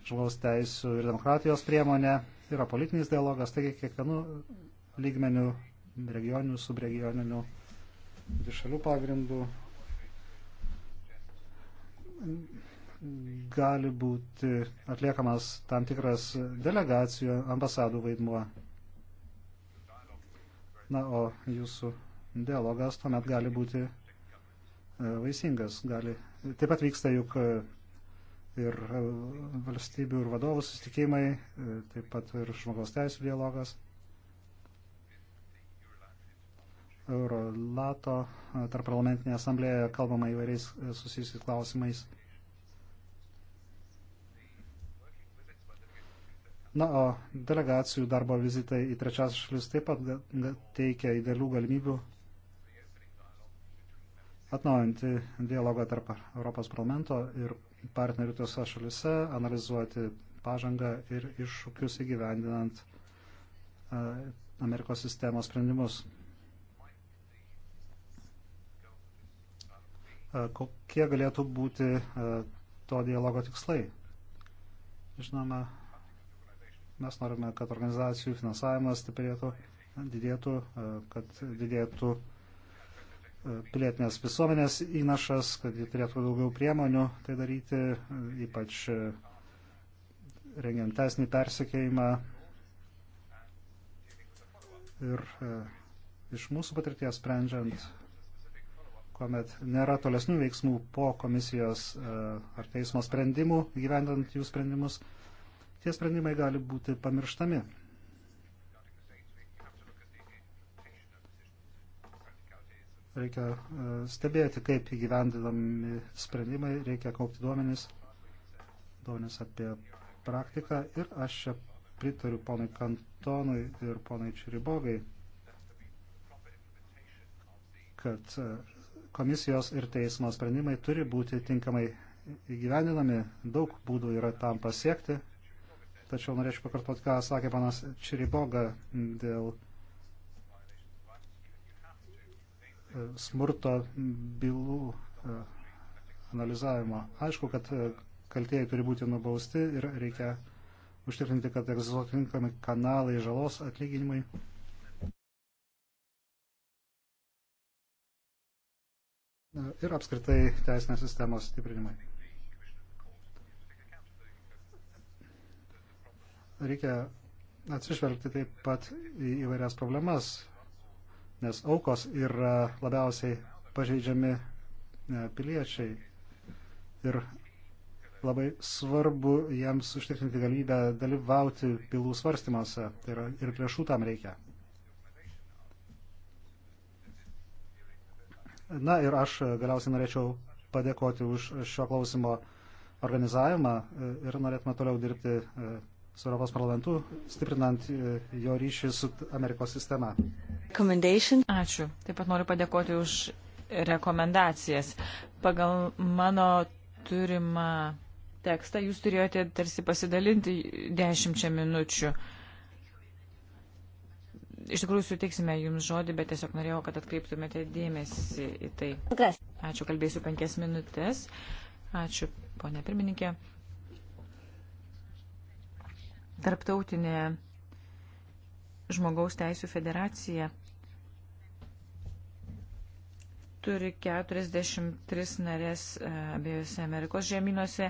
žmogaus teisų ir demokratijos priemonė, yra politinis dialogas, taigi kiekvienų lygmenių, regioninių, subregioninių, dvišalių pagrindų gali būti atliekamas tam tikras delegacijų ambasadų vaidmuo. Na, o jūsų dialogas tuomet gali būti e, vaisingas. Gali. Taip pat vyksta juk e, ir e, valstybių ir vadovų susitikimai, taip pat ir žmogaus teisų dialogas. Eurolato tarp parlamentinėje asamblėje kalbama įvairiais susijusiais klausimais. Na, o delegacijų darbo vizitai į trečias šalis taip pat teikia įdėlių galimybių atnaujinti dialogą tarp Europos parlamento ir partnerių tose šalise, analizuoti pažangą ir iššūkius įgyvendinant Amerikos sistemos sprendimus. Kokie galėtų būti to dialogo tikslai? Žinoma, Mes norime, kad organizacijų finansavimas stiprėtų, didėtų, e, kad didėtų e, pilietinės visuomenės įnašas, kad jie turėtų daugiau priemonių tai daryti, e, ypač rengiant tesnį persikėjimą. Ir iš mūsų patirties sprendžiant, kuomet nėra tolesnių veiksmų po komisijos ar teismo sprendimų, gyvendant jų sprendimus, tie sprendimai gali būti pamirštami. Reikia e, stebėti, kaip įgyvendinami sprendimai, reikia kaupti duomenis, duomenis apie praktiką ir aš čia pritariu ponai Kantonui ir ponai Čiribogai, kad e, komisijos ir teismo sprendimai turi būti tinkamai įgyvendinami, daug būdų yra tam pasiekti tačiau norėčiau pakartoti, ką sakė panas Čiriboga dėl e, smurto bylų e, analizavimo. Aišku, kad e, kaltieji turi būti nubausti ir reikia užtikrinti, kad egzistuotų tinkami kanalai žalos atlyginimai. Ir apskritai teisinės sistemos stiprinimai. reikia atsižvelgti taip pat į įvairias problemas, nes aukos yra labiausiai pažeidžiami e, piliečiai ir labai svarbu jiems užtikrinti galimybę dalyvauti bylų svarstymuose tai yra, ir priešų tam reikia. Na ir aš galiausiai norėčiau padėkoti už šio klausimo organizavimą e, ir norėtume toliau dirbti e, su Europos parlamentu, stiprinant e, jo ryšį su Amerikos sistema. Ačiū. Taip pat noriu padėkoti už rekomendacijas. Pagal mano turimą tekstą jūs turėjote tarsi pasidalinti dešimčia minučių. Iš tikrųjų, suteiksime jums žodį, bet tiesiog norėjau, kad atkreiptumėte dėmesį į tai. Ačiū, kalbėsiu penkias minutės. Ačiū, ponė pirmininkė. Tarptautinė žmogaus teisų federacija turi 43 narės e, abiejose Amerikos žemynuose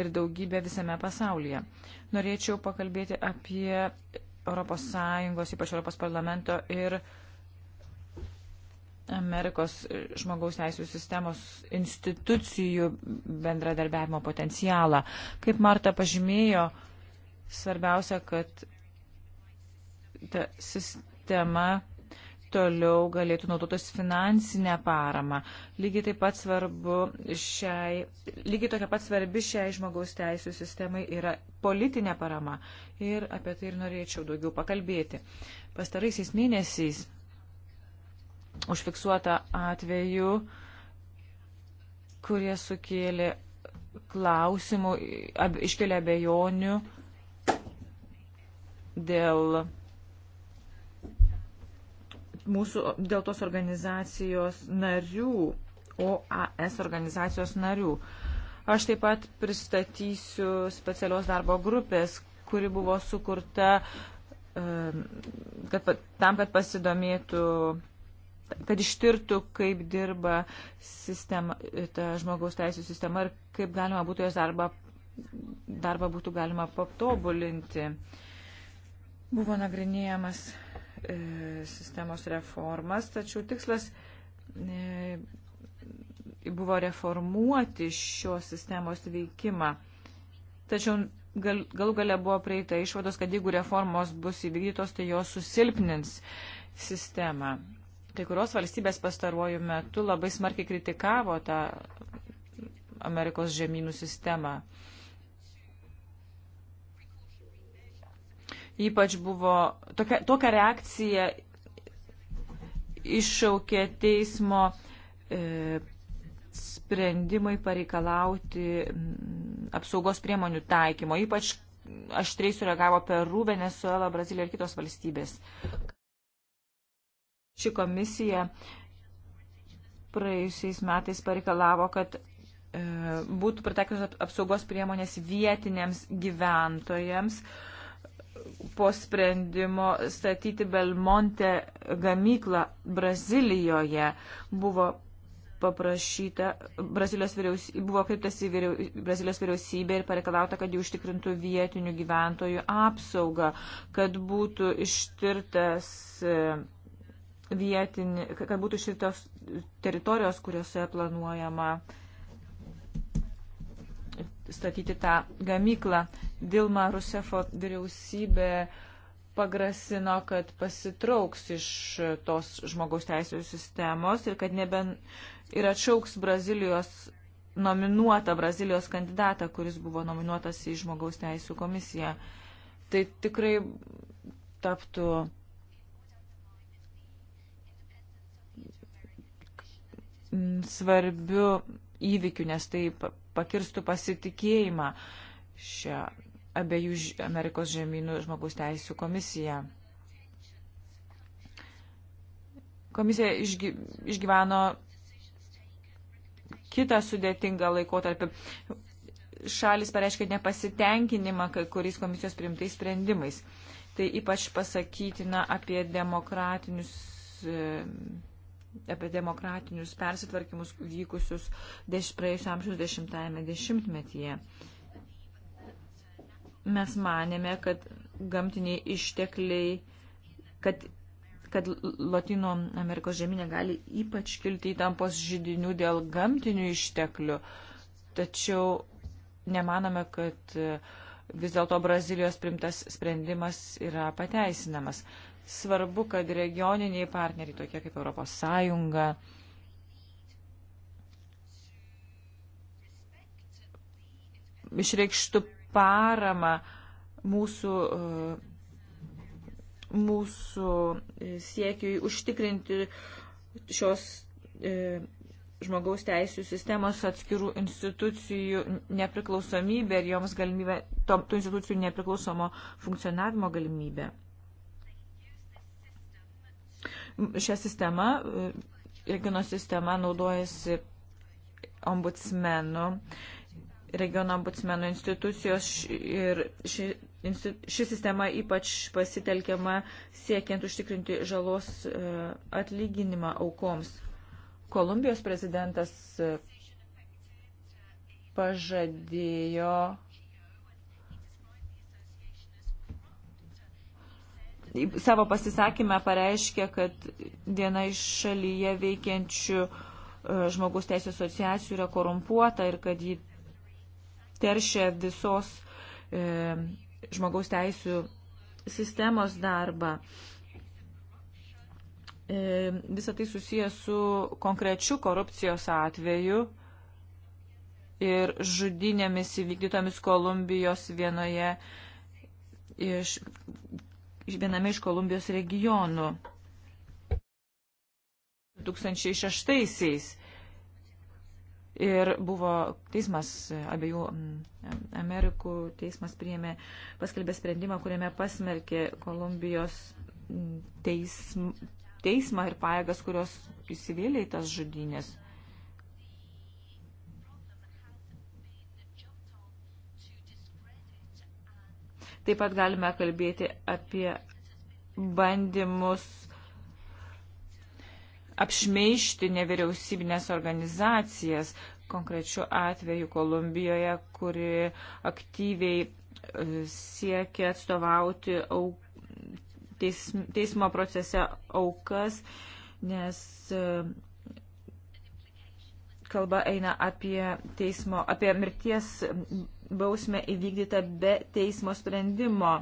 ir daugybę visame pasaulyje. Norėčiau pakalbėti apie ES, ypač ES parlamento ir Amerikos žmogaus teisų sistemos institucijų bendradarbiavimo potencialą. Kaip Marta pažymėjo, Svarbiausia, kad ta sistema toliau galėtų naudotis finansinę paramą. Lygiai taip pat svarbu šiai, lygiai tokia pat svarbi šiai žmogaus teisų sistemai yra politinė parama. Ir apie tai ir norėčiau daugiau pakalbėti. Pastaraisiais mėnesiais užfiksuota atveju, kurie sukėlė klausimų, ab, iškelia abejonių dėl mūsų, dėl tos organizacijos narių, OAS organizacijos narių. Aš taip pat pristatysiu specialios darbo grupės, kuri buvo sukurta um, kad, tam, kad pasidomėtų, kad ištirtų, kaip dirba sistema, ta žmogaus teisų sistema ir kaip galima būtų jos darbą, darbą būtų galima patobulinti. Uh, Buvo nagrinėjamas e, sistemos reformas, tačiau tikslas e, buvo reformuoti šios sistemos veikimą. Tačiau gal, galų gale buvo prieita išvados, kad jeigu reformos bus įvykdytos, tai jos susilpnins sistemą. Kai kurios valstybės pastaruoju metu labai smarkiai kritikavo tą Amerikos žemynų sistemą. E, Ypač buvo tokia, tokia reakcija iššaukė teismo e, sprendimai pareikalauti apsaugos priemonių taikymo. Ypač aštriai sureagavo Peru, Venezuela, Brazilija ir kitos valstybės. Ši komisija praėjusiais metais pareikalavo, kad e, būtų pritaikytos apsaugos priemonės vietiniams gyventojams, e, po sprendimo statyti Belmonte gamyklą Brazilijoje. Buvo paprašyta, Brazilijos vyriausybė, buvo kreiptas į vyriau, Brazilijos vyriausybę ir pareikalauta, kad jų užtikrintų vietinių gyventojų apsaugą, kad būtų ištirtas e, vietinį, kad būtų ištirtos teritorijos, kuriuose planuojama statyti tą gamyklą. Dilma Rusefo vyriausybė pagrasino, kad pasitrauks iš tos žmogaus teisų sistemos ir kad neben ir atšauks Brazilijos nominuotą Brazilijos kandidatą, kuris buvo nominuotas į žmogaus teisų komisiją. Tai tikrai taptų svarbiu įvykiu, nes tai pakirstų pasitikėjimą šią abiejų Amerikos žemynų žmogus teisų komisija. Komisija išgy, išgyveno kitą sudėtingą laikotarpį. Šalis pareiškia nepasitenkinimą kai kuriais komisijos priimtais sprendimais. Tai ypač pasakytina apie demokratinius, apie demokratinius persitvarkymus vykusius deš, praėjusio amžiaus dešimtajame dešimtmetyje. 10 mes manėme, kad gamtiniai ištekliai, kad, kad Latino Amerikos žemynė gali ypač kilti įtampos žydinių dėl gamtinių išteklių. Tačiau nemanome, kad e, vis dėlto Brazilijos primtas sprendimas yra pateisinamas. Svarbu, kad regioniniai partneriai, tokie kaip Europos Sąjunga, išreikštų paramą mūsų, e, mūsų siekiui užtikrinti šios e, žmogaus teisų sistemos atskirų institucijų nepriklausomybę ir joms galimybę, to, tų institucijų nepriklausomo funkcionavimo galimybę. Šią sistemą, e, Irgino sistema naudojasi ombudsmenų regiono ombudsmenų institucijos ir ši, ši sistema ypač pasitelkiama siekiant užtikrinti žalos e, atlyginimą aukoms. Kolumbijos prezidentas e, pažadėjo savo pasisakymę pareiškė, kad viena iš šalyje veikiančių e, žmogus teisų asociacijų yra korumpuota ir kad ji teršia visos e, žmogaus teisų sistemos darbą. E, Visą tai susijęs su konkrečiu korupcijos atveju ir žudinėmis įvykdytomis Kolumbijos vienoje iš, iš viename iš Kolumbijos regionų. 2006-aisiais Ir buvo teismas, abiejų mm, Amerikų teismas priėmė, paskelbė sprendimą, kuriame pasmerkė Kolumbijos mm, teism, teismą ir pajėgas, kurios įsivėlė į tas žudynės. Taip pat galime kalbėti apie bandymus apšmeišti nevyriausybinės organizacijas, konkrečiu atveju Kolumbijoje, kuri aktyviai e, siekia atstovauti auk, teis, teismo procese aukas, nes e, kalba eina apie, teismo, apie mirties bausmę įvykdytą be teismo sprendimo.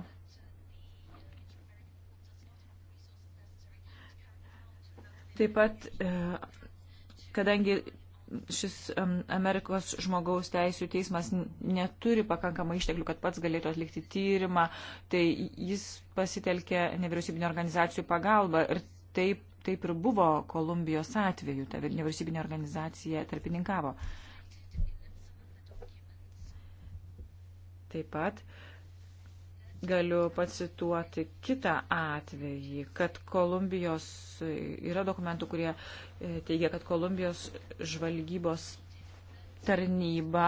Taip pat, e, kadangi šis Amerikos žmogaus teisų teismas neturi pakankamai išteklių, kad pats galėtų atlikti tyrimą, tai jis pasitelkė nevyriausybinio organizacijų pagalbą ir taip, taip ir buvo Kolumbijos atveju, ta nevyriausybinė organizacija tarpininkavo. Taip pat Galiu pacituoti kitą atvejį, kad Kolumbijos, yra dokumentų, kurie e, teigia, kad Kolumbijos žvalgybos tarnyba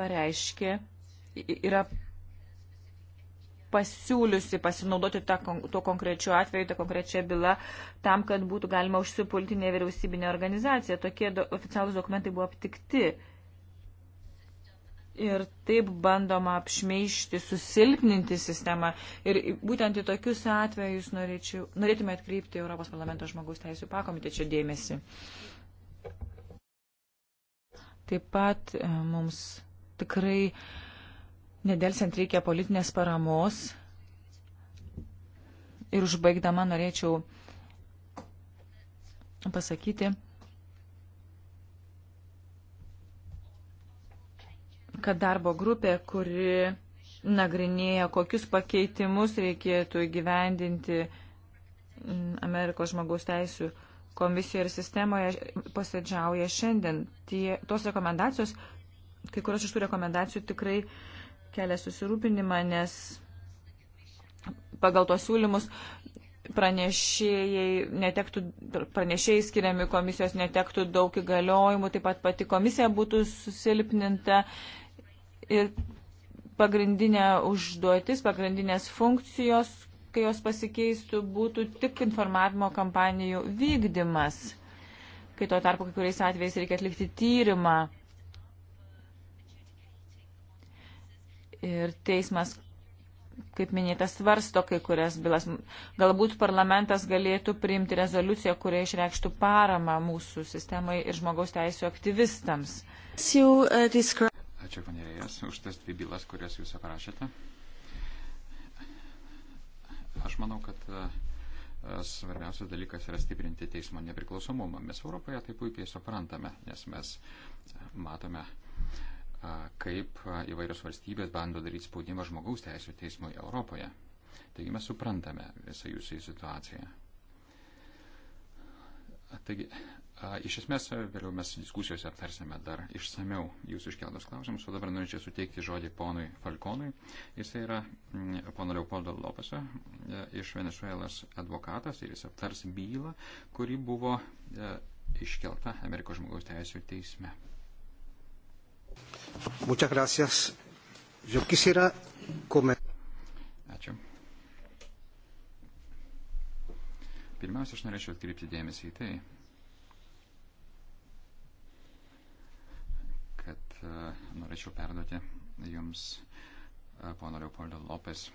pareiškė, yra pasiūliusi pasinaudoti tą, tuo konkrečiu atveju, tą konkrečią bylą, tam, kad būtų galima užsipulti nevyriausybinę organizaciją. Tokie do, oficialūs dokumentai buvo aptikti. E, Ir taip bandoma apšmeišti, susilpninti sistemą. Ir būtent į tokius atvejus norėčiau, norėtume atkreipti Europos parlamento žmogaus teisų pakomitečio dėmesį. Taip pat e, mums tikrai nedelsiant reikia politinės paramos. Ir užbaigdama norėčiau pasakyti, kad darbo grupė, kuri nagrinėja, kokius pakeitimus reikėtų įgyvendinti mm, Amerikos žmogaus teisų komisijoje ir sistemoje, posėdžiauja šiandien. Tie, tos rekomendacijos, kai kurios iš tų rekomendacijų tikrai kelia susirūpinimą, nes pagal tos siūlymus pranešėjai, netektų, pranešėjai skiriami komisijos netektų daug įgaliojimų, taip pat pati komisija būtų susilpninta ir pagrindinė užduotis, pagrindinės funkcijos, kai jos pasikeistų, būtų tik informavimo kampanijų vykdymas, kai tuo tarpu kai kuriais atvejais reikia atlikti tyrimą. Ir teismas, kaip minėta, svarsto kai kurias bylas. Galbūt parlamentas galėtų priimti rezoliuciją, kurie išreikštų paramą mūsų sistemai ir žmogaus teisų aktyvistams. Uh, ačiū panėrėjas už tas dvi bylas, kurias jūs aprašėte. Aš manau, kad e, svarbiausias dalykas yra stiprinti teismo nepriklausomumą. Mes Europoje tai puikiai suprantame, nes mes matome, e, kaip e, įvairios valstybės bando daryti spaudimą žmogaus teisų teismui Europoje. Taigi mes suprantame visą jūsų situaciją. Taigi Iš esmės, vėliau mes diskusijose aptarsime dar išsameu jūsų iškeltus klausimus, o dabar norėčiau suteikti žodį ponui Falkonui. Jis yra mm, pono Leopoldo Lopesio e, iš Venezuelos advokatas ir jis aptars bylą, kuri buvo e, iškelta Amerikos žmogaus teisų teisme. Ačiū. Pirmiausia, aš norėčiau atkreipti dėmesį į tai, E, norėčiau perduoti Jums e, pono Leopoldo Lopes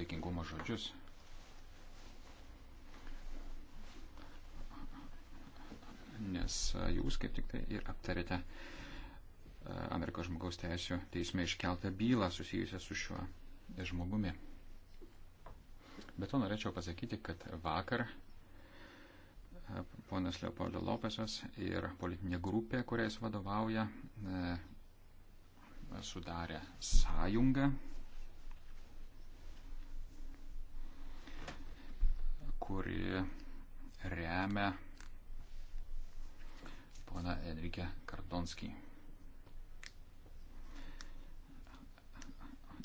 dėkingumo žodžius. Nes e, jūs kaip tik tai ir aptarėte Amerikos žmogaus teisų teisme iškeltą bylą susijusią su šiuo žmogumi. Bet to norėčiau pasakyti, kad vakar uh, ponas Leopoldo Lopesas ir politinė grupė, kuriais vadovauja, e, sudarė sąjungą, kuri remia pona Enrique Kardonskį.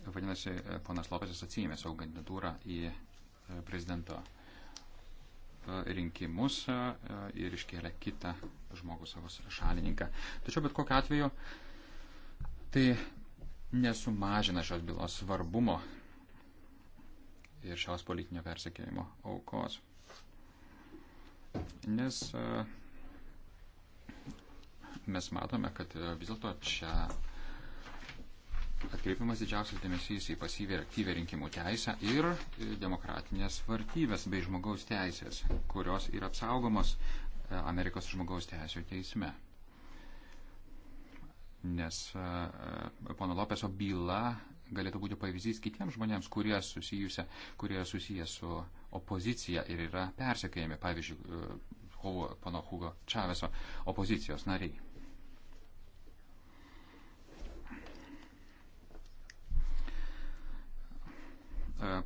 Vadinasi, ponas Lopesas atsijėmė savo kandidatūrą į e, prezidento E, rinkimus e, ir iškėlė kitą žmogų savo šalininką. Tačiau bet kokiu atveju tai nesumažina šios bylos svarbumo ir šios politinio persekėjimo aukos. Nes e, mes matome, kad vis dėlto čia atkreipiamas didžiausias dėmesys į pasyvę ir aktyvę rinkimų teisę ir demokratinės vartybės bei žmogaus teisės, kurios yra apsaugomos e, Amerikos žmogaus teisų teisme. Nes e, e, pono Lopeso byla galėtų būti pavyzdys kitiems žmonėms, kurie, susijusia, kurie susiję su opozicija ir yra persekėjami, pavyzdžiui, pono Hugo Čaveso opozicijos nariai.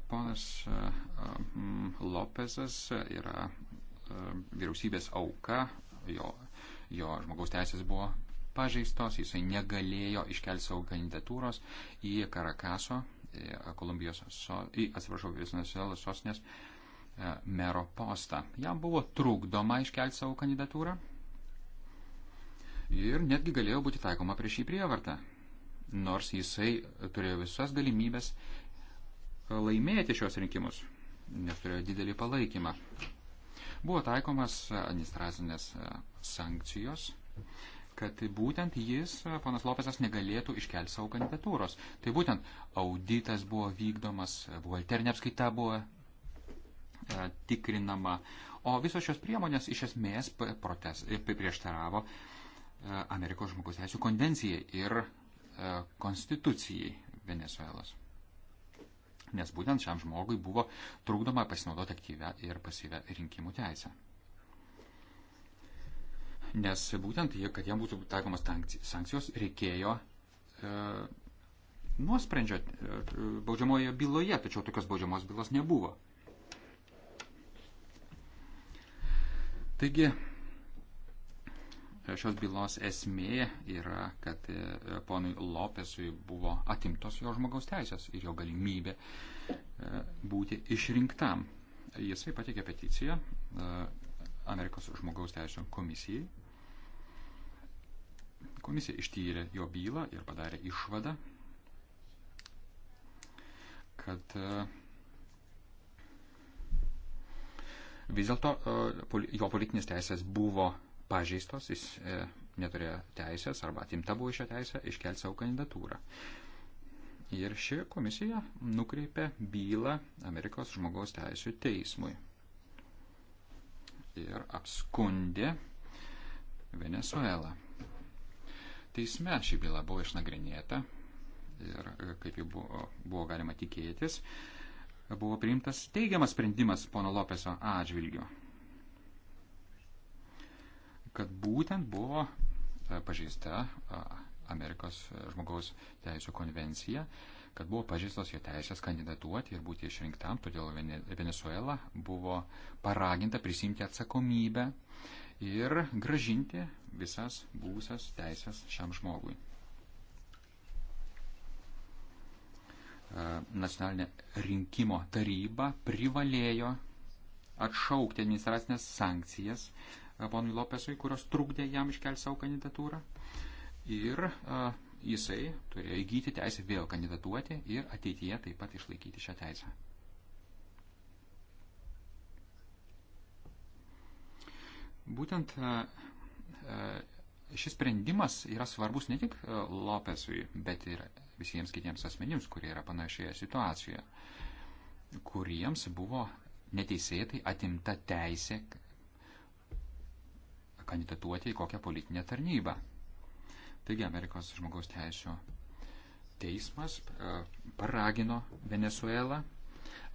Ponas mm, Lopezas yra mm, vyriausybės auka, jo, jo žmogaus teisės buvo pažeistos, jisai negalėjo iškelti savo kandidatūros į Karakaso, Kolumbijos, so, į, atsiprašau, Venezuelos sostinės e, mero postą. Jam buvo trukdoma iškelti savo kandidatūrą ir netgi galėjo būti taikoma prieš jį prievartą, nors jisai turėjo visas galimybės laimėti šios rinkimus, nes turėjo didelį palaikymą. Buvo taikomas administracinės e, sankcijos, kad būtent jis, e, ponas Lopesas, negalėtų iškelti savo kandidatūros. Tai būtent auditas buvo vykdomas, e, buhalterinė apskaita buvo tikrinama, o visos šios priemonės iš esmės protes, prieštaravo Amerikos žmogus teisų konvencijai ir konstitucijai Venezuelos nes būtent šiam žmogui buvo trukdoma pasinaudoti aktyvę ir pasyvę rinkimų teisę. Nes būtent, kad jam būtų taikomas sankcijos, reikėjo e, nuosprendžio e, baudžiamoje byloje, tačiau tokios baudžiamos bylos nebuvo. Taigi, šios bylos esmė yra, kad e, ponui Lopesui buvo atimtos jo žmogaus teisės ir jo galimybė e, būti išrinktam. Jisai patikė peticiją e, Amerikos žmogaus teisų komisijai. Komisija ištyrė jo bylą ir padarė išvadą, kad vis dėlto jo politinės teisės buvo pažeistos, jis e, neturėjo teisės arba atimta buvo šią teisę iškelti savo kandidatūrą. Ir ši komisija nukreipė bylą Amerikos žmogaus teisų teismui. Ir apskundė Venezuelą. Teisme ši byla buvo išnagrinėta ir, e, kaip jau buvo, buvo galima tikėtis, buvo priimtas teigiamas sprendimas pono Lopeso atžvilgiu kad būtent buvo e, pažeista Amerikos e, žmogaus teisų konvencija, kad buvo pažeistos jo teisės kandidatuoti ir būti išrinktam, todėl Venezuela buvo paraginta prisimti atsakomybę ir gražinti visas būsas teisės šiam žmogui. E, nacionalinė rinkimo taryba privalėjo atšaukti administracinės sankcijas ponui Lopesui, kurios trukdė jam iškelti savo kandidatūrą. Ir jisai turėjo įgyti teisę vėl kandidatuoti ir ateityje taip pat išlaikyti šią teisę. Būtent šis sprendimas yra svarbus ne tik Lopesui, bet ir visiems kitiems asmenims, kurie yra panašioje situacijoje, kuriems buvo neteisėtai atimta teisė kandidatuoti į kokią politinę tarnybą. Taigi Amerikos žmogaus teisų teismas e, paragino Venezuelą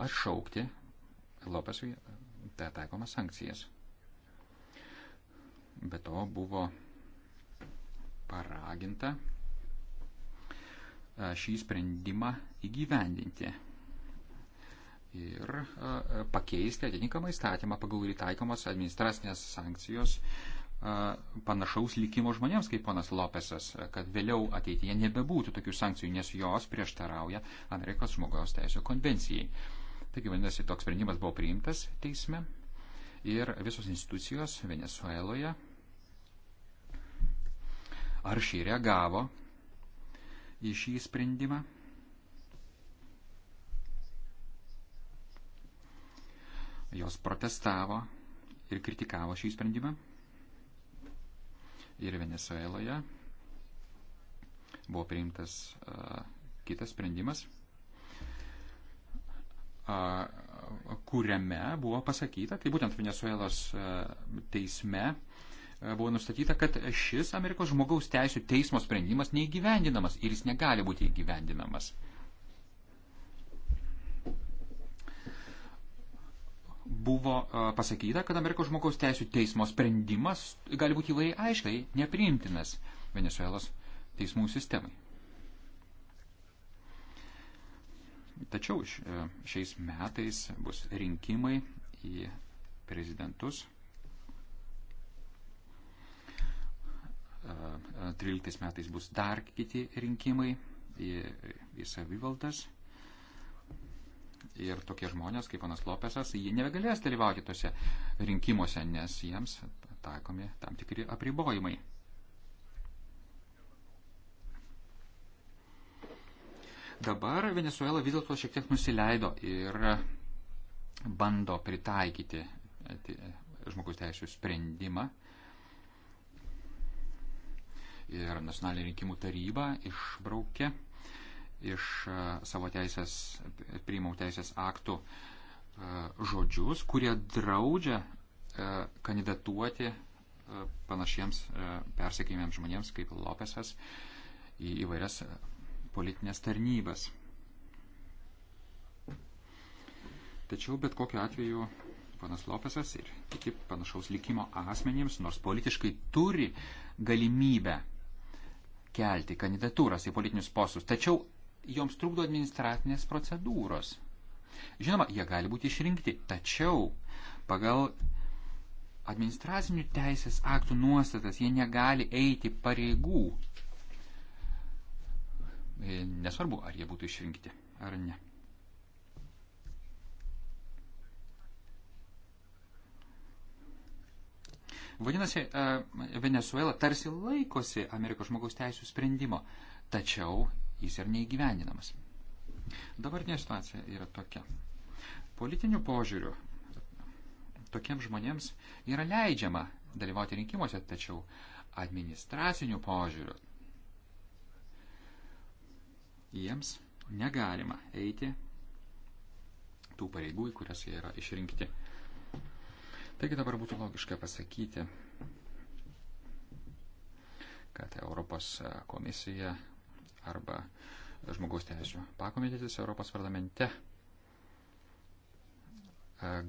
atšaukti Lopesui e, taikomas sankcijas. Be to buvo paraginta e, šį sprendimą įgyvendinti ir pakeisti atitinkamą įstatymą, pagal kurį taikomas administracinės sankcijos uh, panašaus likimo žmonėms kaip ponas Lopesas, kad vėliau ateityje nebebūtų tokių sankcijų, nes jos prieštarauja Amerikos žmogaus teisų konvencijai. Taigi, vadinasi, toks sprendimas buvo priimtas teisme ir visos institucijos Venezueloje aršiai reagavo į šį sprendimą. Jos protestavo ir kritikavo šį sprendimą ir Venezueloje buvo priimtas a, kitas sprendimas, a, kuriame buvo pasakyta, tai būtent Venezuelos a, teisme a, buvo nustatyta, kad šis Amerikos žmogaus teisų teismo sprendimas neįgyvendinamas ir jis negali būti įgyvendinamas. A, buvo pasakyta, kad Amerikos žmogaus teisų teismo sprendimas gali būti įvairiai aiškiai nepriimtinas Venezuelos teismų sistemai. Tačiau šiais metais bus rinkimai į prezidentus. 13 metais bus dar kiti rinkimai į, į savivaldas ir tokie žmonės kaip panas Lopesas, jie nebegalės dalyvauti tose rinkimuose, nes jiems taikomi tam tikri apribojimai. Dabar Venezuela vis dėlto šiek tiek nusileido ir bando pritaikyti žmogus teisų sprendimą. Ir nacionalinė rinkimų taryba išbraukė iš e, savo teisės, priimau teisės aktų e, žodžius, kurie draudžia e, kandidatuoti panašiems persekėjimiems žmonėms kaip Lopesas į įvairias politinės tarnybas. Tačiau bet kokiu atveju panas Lopesas ir kiti panašaus likimo asmenims, nors politiškai turi galimybę kelti kandidatūras į politinius postus, tačiau joms trukdo administracinės procedūros. Žinoma, jie gali būti išrinkti, tačiau pagal administracinių teisės aktų nuostatas jie negali eiti pareigų. E, nesvarbu, ar jie būtų išrinkti ar ne. Vadinasi, e, Venezuela tarsi laikosi Amerikos žmogaus teisų sprendimo, tačiau jis ir neįgyvendinamas. Dabartinė situacija yra tokia. Politiniu požiūriu tokiems žmonėms yra leidžiama dalyvauti rinkimuose, tačiau administraciniu požiūriu jiems negalima eiti tų pareigų, į kurias jie yra išrinkti. Taigi dabar būtų logiška pasakyti, kad Europos komisija arba žmogaus teisų pakomitetis Europos parlamente e,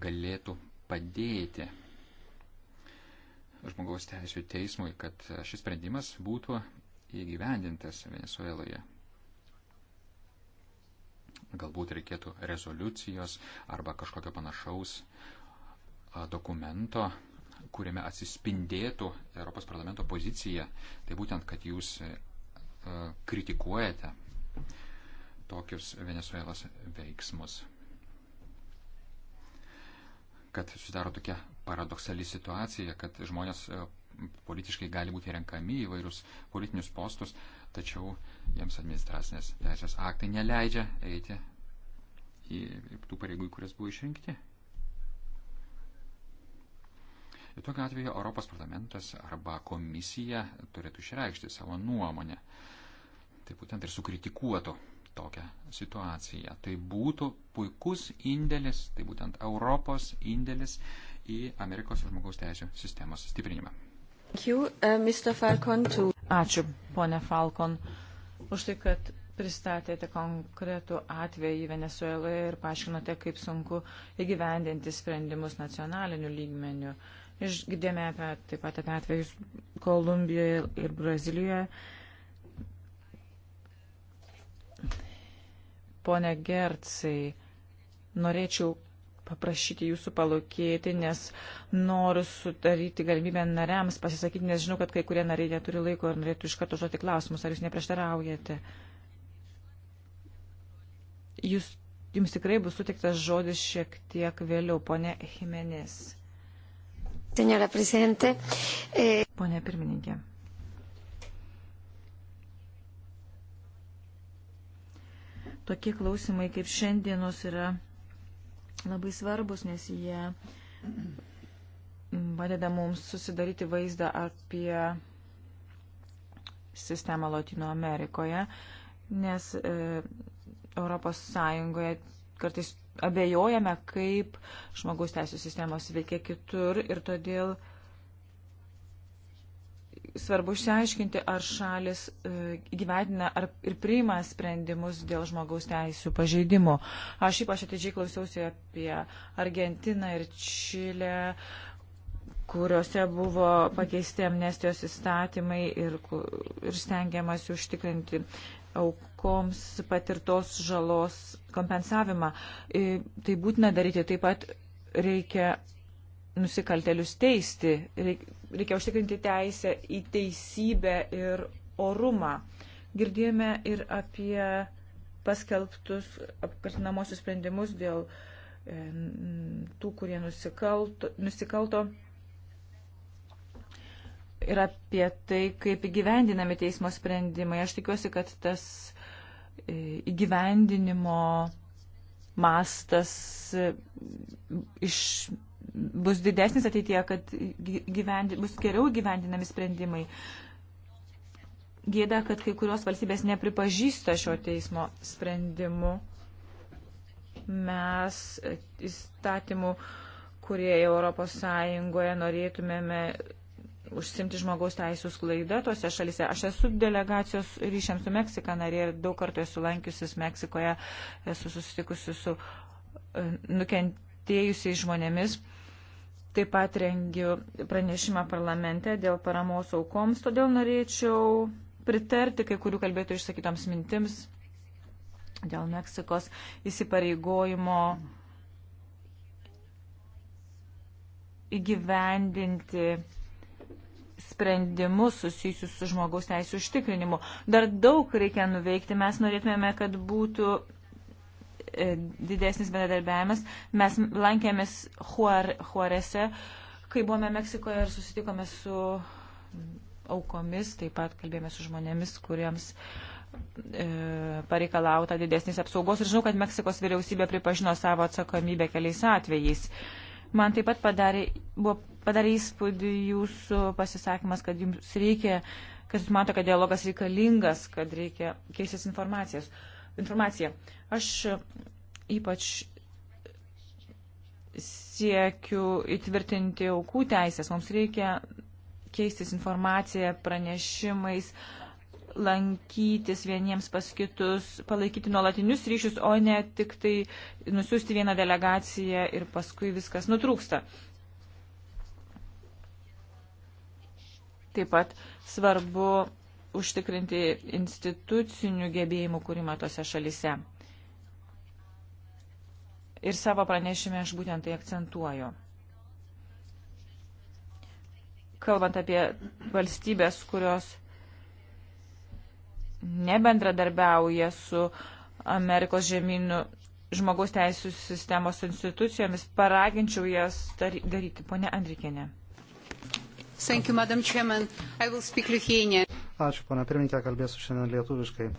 galėtų padėti žmogaus teisų teismui, kad šis sprendimas būtų įgyvendintas Venezueloje. Galbūt reikėtų rezoliucijos arba kažkokio panašaus e, dokumento, kuriame atsispindėtų Europos parlamento pozicija, tai būtent, kad jūs E, kritikuojate tokius Venezuelos veiksmus. Kad susidaro tokia paradoksali situacija, kad žmonės e, politiškai gali būti renkami įvairius politinius postus, tačiau jiems administracinės teisės aktai neleidžia eiti į tų pareigų, į kurias buvo išrinkti. Tokiu atveju Europos parlamentas arba komisija turėtų išreikšti savo nuomonę. Tai būtent ir sukritikuotų tokią situaciją. Tai būtų puikus indėlis, tai būtent Europos indėlis į Amerikos žmogaus teisų sistemos stiprinimą. Uh, Ačiū, ponė Falkon, už tai, kad pristatėte konkretų atvejį Venezueloje ir paaiškinote, kaip sunku įgyvendinti sprendimus nacionaliniu lygmeniu. Uh, Išgirdėme apie, taip pat apie atvejus Kolumbijoje ir Brazilijoje. Pone Gercai, norėčiau paprašyti jūsų palūkėti, nes noriu sudaryti galimybę nariams pasisakyti, nes žinau, kad kai kurie nariai neturi laiko ir norėtų iš karto žodžiu klausimus, ar jūs neprieštaraujate. Jūs, jums tikrai bus sutiktas žodis šiek tiek vėliau, ponė Jimenez. Senora prezidente. Eh, Pone pirmininkė. Tokie klausimai kaip šiandienos yra labai svarbus, nes jie padeda mums susidaryti vaizdą apie sistemą Latino Amerikoje, nes e, Europos Sąjungoje kartais abejojame, kaip žmogaus teisų sistemos veikia kitur ir todėl svarbu išsiaiškinti, ar šalis e, gyvetina ar ir priima sprendimus dėl žmogaus teisų pažeidimų. Aš ypač atidžiai klausiausi apie Argentiną ir Čilę, kuriuose buvo pakeisti amnestijos įstatymai ir, ir stengiamasi užtikrinti aukoms patirtos žalos kompensavimą. Tai būtina daryti taip pat reikia nusikaltelius teisti, reikia užtikrinti teisę į teisybę ir orumą. Girdėjome ir apie paskelbtus apkaltinamosius sprendimus dėl e, tų, kurie nusikalto, nusikalto ir apie tai, kaip įgyvendinami teismo sprendimai. Aš tikiuosi, kad tas e, įgyvendinimo mastas e, iš, bus didesnis ateityje, kad gyvendi, bus geriau gyvendinami sprendimai. Gėda, kad kai kurios valstybės nepripažįsta šio teismo sprendimu. Mes įstatymų, kurie Europos Sąjungoje norėtumėme užsimti žmogaus teisų sklaida tose šalise. Aš esu delegacijos ryšiams su Meksika narė ir daug kartų esu lankiusis Meksikoje, esu susitikusi su e, nukentėjusiais žmonėmis. Taip pat rengiu pranešimą parlamente dėl paramos aukoms, todėl norėčiau pritarti kai kurių kalbėtų išsakytoms mintims dėl Meksikos įsipareigojimo įgyvendinti sprendimus susijusius su žmogaus teisų užtikrinimu. Dar daug reikia nuveikti. Mes norėtume, kad būtų e, didesnis bendradarbiavimas. Mes lankėmės Juarese, Huar, kai buvome Meksikoje ir susitikome su aukomis, taip pat kalbėjome su žmonėmis, kuriems e, pareikalauta didesnės apsaugos. Ir žinau, kad Meksikos vyriausybė pripažino savo atsakomybę keliais atvejais. E, Man taip pat padarė, buvo, padarė įspūdį jūsų pasisakymas, kad jums reikia, kad jūs mato, kad dialogas reikalingas, kad reikia keistis informaciją. Aš ypač siekiu įtvirtinti aukų teisės. Mums reikia keistis informaciją, pranešimais, uh, lankytis vieniems pas kitus, palaikyti nuolatinius ryšius, o ne tik tai nusiųsti vieną delegaciją ir paskui viskas nutrūksta. Taip pat svarbu užtikrinti institucinių gebėjimų kūrimą tose šalise. Ir savo pranešime aš būtent tai akcentuoju kalbant apie valstybės, kurios nebendradarbiauja su Amerikos žemynų žmogaus teisų sistemos institucijomis, paraginčiau jas daryti. Pone Andrikinė. Ačiū, pana pirmininkė, kalbėsiu šiandien lietuviškai.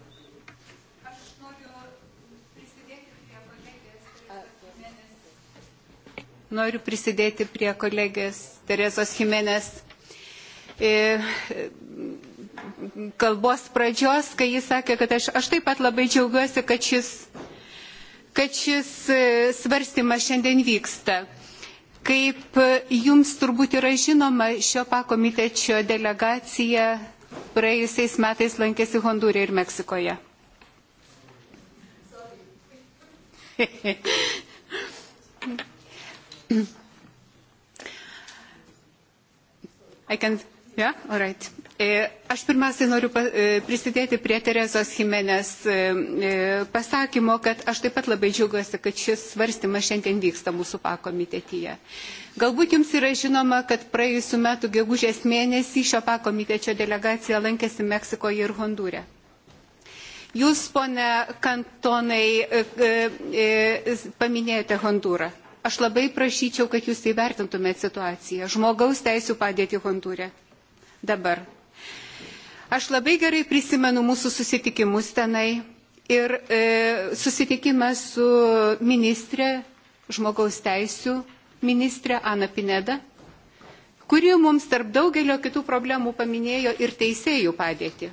Noriu prisidėti prie kolegės Terezos Jimenez e, kalbos pradžios, kai jis sakė, kad aš, aš taip pat labai džiaugiuosi, kad šis, kad šis e, svarstymas šiandien vyksta. Kaip e, jums turbūt yra žinoma, šio pakomitečio delegacija praėjusiais metais lankėsi Hondūrė ir Meksikoje. I can, yeah, all right. E, aš pirmiausiai noriu e, prisidėti prie Terezos Jimenės e, pasakymo, kad aš taip pat labai džiaugiuosi, kad šis svarstymas šiandien vyksta mūsų pakomitetyje. Galbūt jums yra žinoma, kad praėjusiu metu gegužės mėnesį šio pakomitečio delegacija lankėsi Meksikoje ir Hondūre. Jūs, pone Kantonai, paminėjote Hondūrą aš labai prašyčiau, kad jūs įvertintumėt situaciją, žmogaus teisų padėti Hondūre dabar. Aš labai gerai prisimenu mūsų susitikimus tenai ir e, susitikimą su ministrė, žmogaus teisų ministrė Ana Pineda, kuri mums tarp daugelio kitų problemų paminėjo ir teisėjų padėti.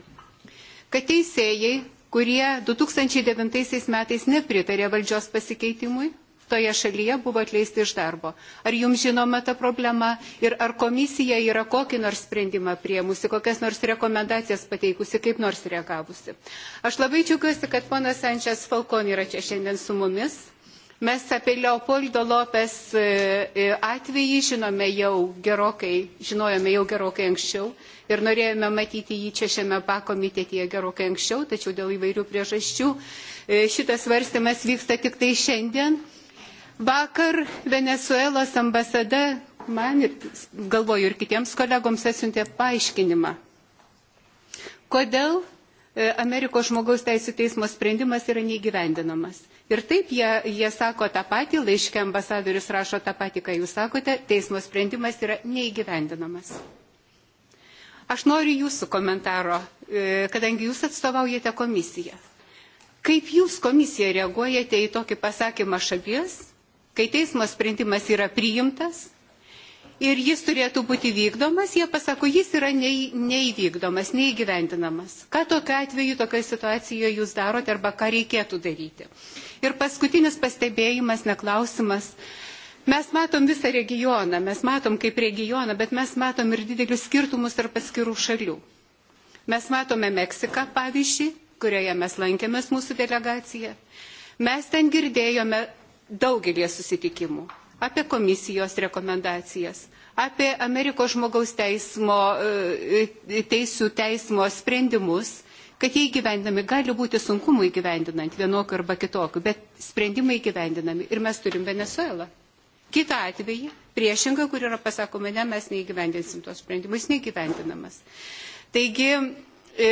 Kad teisėjai, kurie 2009 metais nepritarė valdžios pasikeitimui, toje šalyje buvo atleisti iš darbo. Ar jums žinoma ta problema ir ar komisija yra kokį nors sprendimą priemusi, kokias nors rekomendacijas pateikusi, kaip nors reagavusi. Aš labai džiugiuosi, kad ponas Sančias Falkon yra čia šiandien su mumis. Mes apie Leopoldo Lopes e, e, atvejį žinome jau gerokai, žinojome jau gerokai anksčiau ir norėjome matyti jį čia šiame pakomitetėje gerokai anksčiau, tačiau dėl įvairių priežasčių e, šitas svarstymas vyksta tik tai šiandien. Vakar Venezuelos ambasada man ir galvoju ir kitiems kolegoms atsiuntė paaiškinimą, kodėl e, Amerikos žmogaus teisų teismo sprendimas yra neįgyvendinamas. Ir taip jie, jie sako tą patį, laiškė ambasadorius rašo tą patį, ką jūs sakote, teismo sprendimas yra neįgyvendinamas. Aš noriu jūsų komentaro, e, kadangi jūs atstovaujate komisiją. Kaip jūs komisija reaguojate į tokį pasakymą šalies, kai teismo sprendimas yra priimtas ir jis turėtų būti vykdomas, jie pasako, jis yra nei, neįvykdomas, neįgyvendinamas. Ką tokia atveju, tokioje situacijoje jūs darote arba ką reikėtų daryti. Ir paskutinis pastebėjimas, neklausimas. Mes matom visą regioną, mes matom kaip regioną, bet mes matom ir didelius skirtumus tarp atskirų šalių. Mes matome Meksiką, pavyzdžiui, kurioje mes lankėmės mūsų delegaciją. Mes ten girdėjome daugelį susitikimų apie komisijos rekomendacijas, apie Amerikos žmogaus teismo, e, teisų teismo sprendimus, kad jie įgyvendinami gali būti sunkumų įgyvendinant vienokiu arba kitokiu, bet sprendimai įgyvendinami ir mes turim Venezuelą. Kita atveju, priešinga, kur yra pasakoma, ne, mes neįgyvendinsim tos sprendimus, neįgyvendinamas. Taigi, e,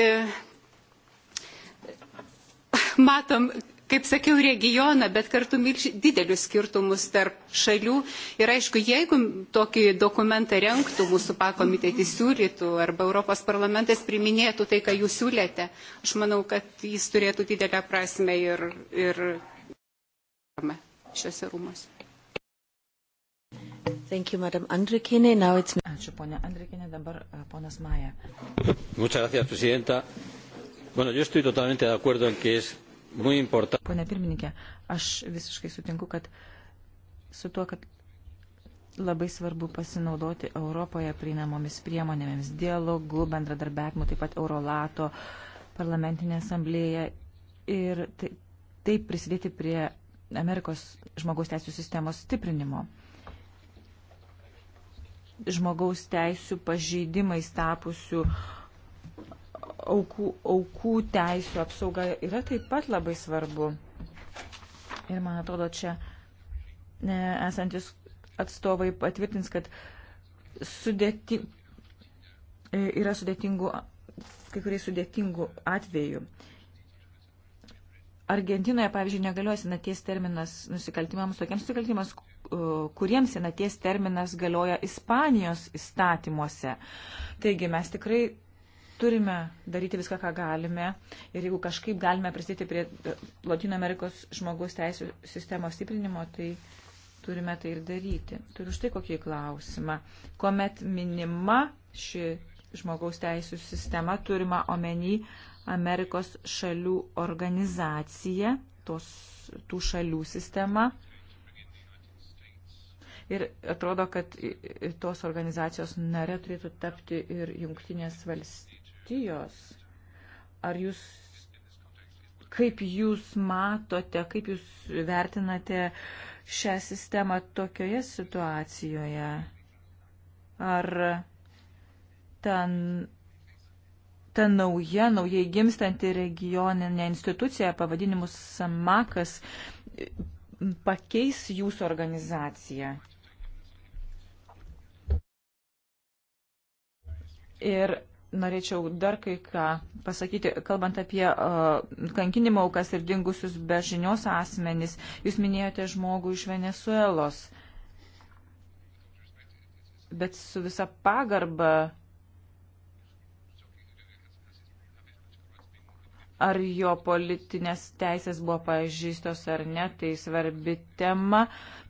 matom, kaip sakiau, regioną, bet kartu milži, didelius skirtumus tarp šalių. Ir aišku, jeigu tokį dokumentą renktų mūsų pakomitetį siūlytų arba Europos parlamentas priminėtų tai, ką jūs siūlėte, aš manau, kad jis turėtų didelę prasme ir, ir šiuose rūmose. Thank you, Madam Andrikine. Now it's... Ačiū, ponia Andrikine, dabar e, ponas Maja. Muchas gracias, presidenta. Bueno, yo estoy totalmente de acuerdo en que es Pone pirmininkė, aš visiškai sutinku, kad su tuo, kad labai svarbu pasinaudoti Europoje prieinamomis priemonėmis, dialogu, bendradarbiavimu, taip pat Eurolato, parlamentinė asamblėje ir tai, taip prisidėti prie Amerikos žmogaus teisų sistemos stiprinimo. Žmogaus teisų pažeidimais tapusių uh, aukų, aukų teisų apsauga yra taip pat labai svarbu. Ir man atrodo, čia ne, esantis atstovai patvirtins, kad sudėti, e, yra sudėtingų, kai kuriais sudėtingų atvejų. Argentinoje, pavyzdžiui, negalioja senaties terminas nusikaltimams, tokiems nusikaltimams, e, kuriems senaties terminas galioja Ispanijos įstatymuose. Taigi mes tikrai turime daryti viską, ką galime ir jeigu kažkaip galime prisidėti prie Latino Amerikos žmogaus teisų sistemos stiprinimo, tai turime tai ir daryti. Turiu štai kokį klausimą. Komet minima ši žmogaus teisų sistema turima omeny Amerikos šalių organizacija, tos, tų šalių sistema. Ir atrodo, kad tos organizacijos nare turėtų tapti ir jungtinės valstybės Vokietijos. Ar jūs, kaip jūs matote, kaip jūs vertinate šią sistemą tokioje situacijoje? Ar ten ta nauja, naujai gimstanti regioninė institucija pavadinimu Samakas pakeis jūsų organizaciją? Ir norėčiau dar kai ką pasakyti, kalbant apie uh, kankinimo aukas ir dingusius be žinios asmenys. Jūs minėjote žmogų iš Venezuelos. Bet su visa pagarba ar jo politinės teisės buvo pažįstos ar ne, tai svarbi tema,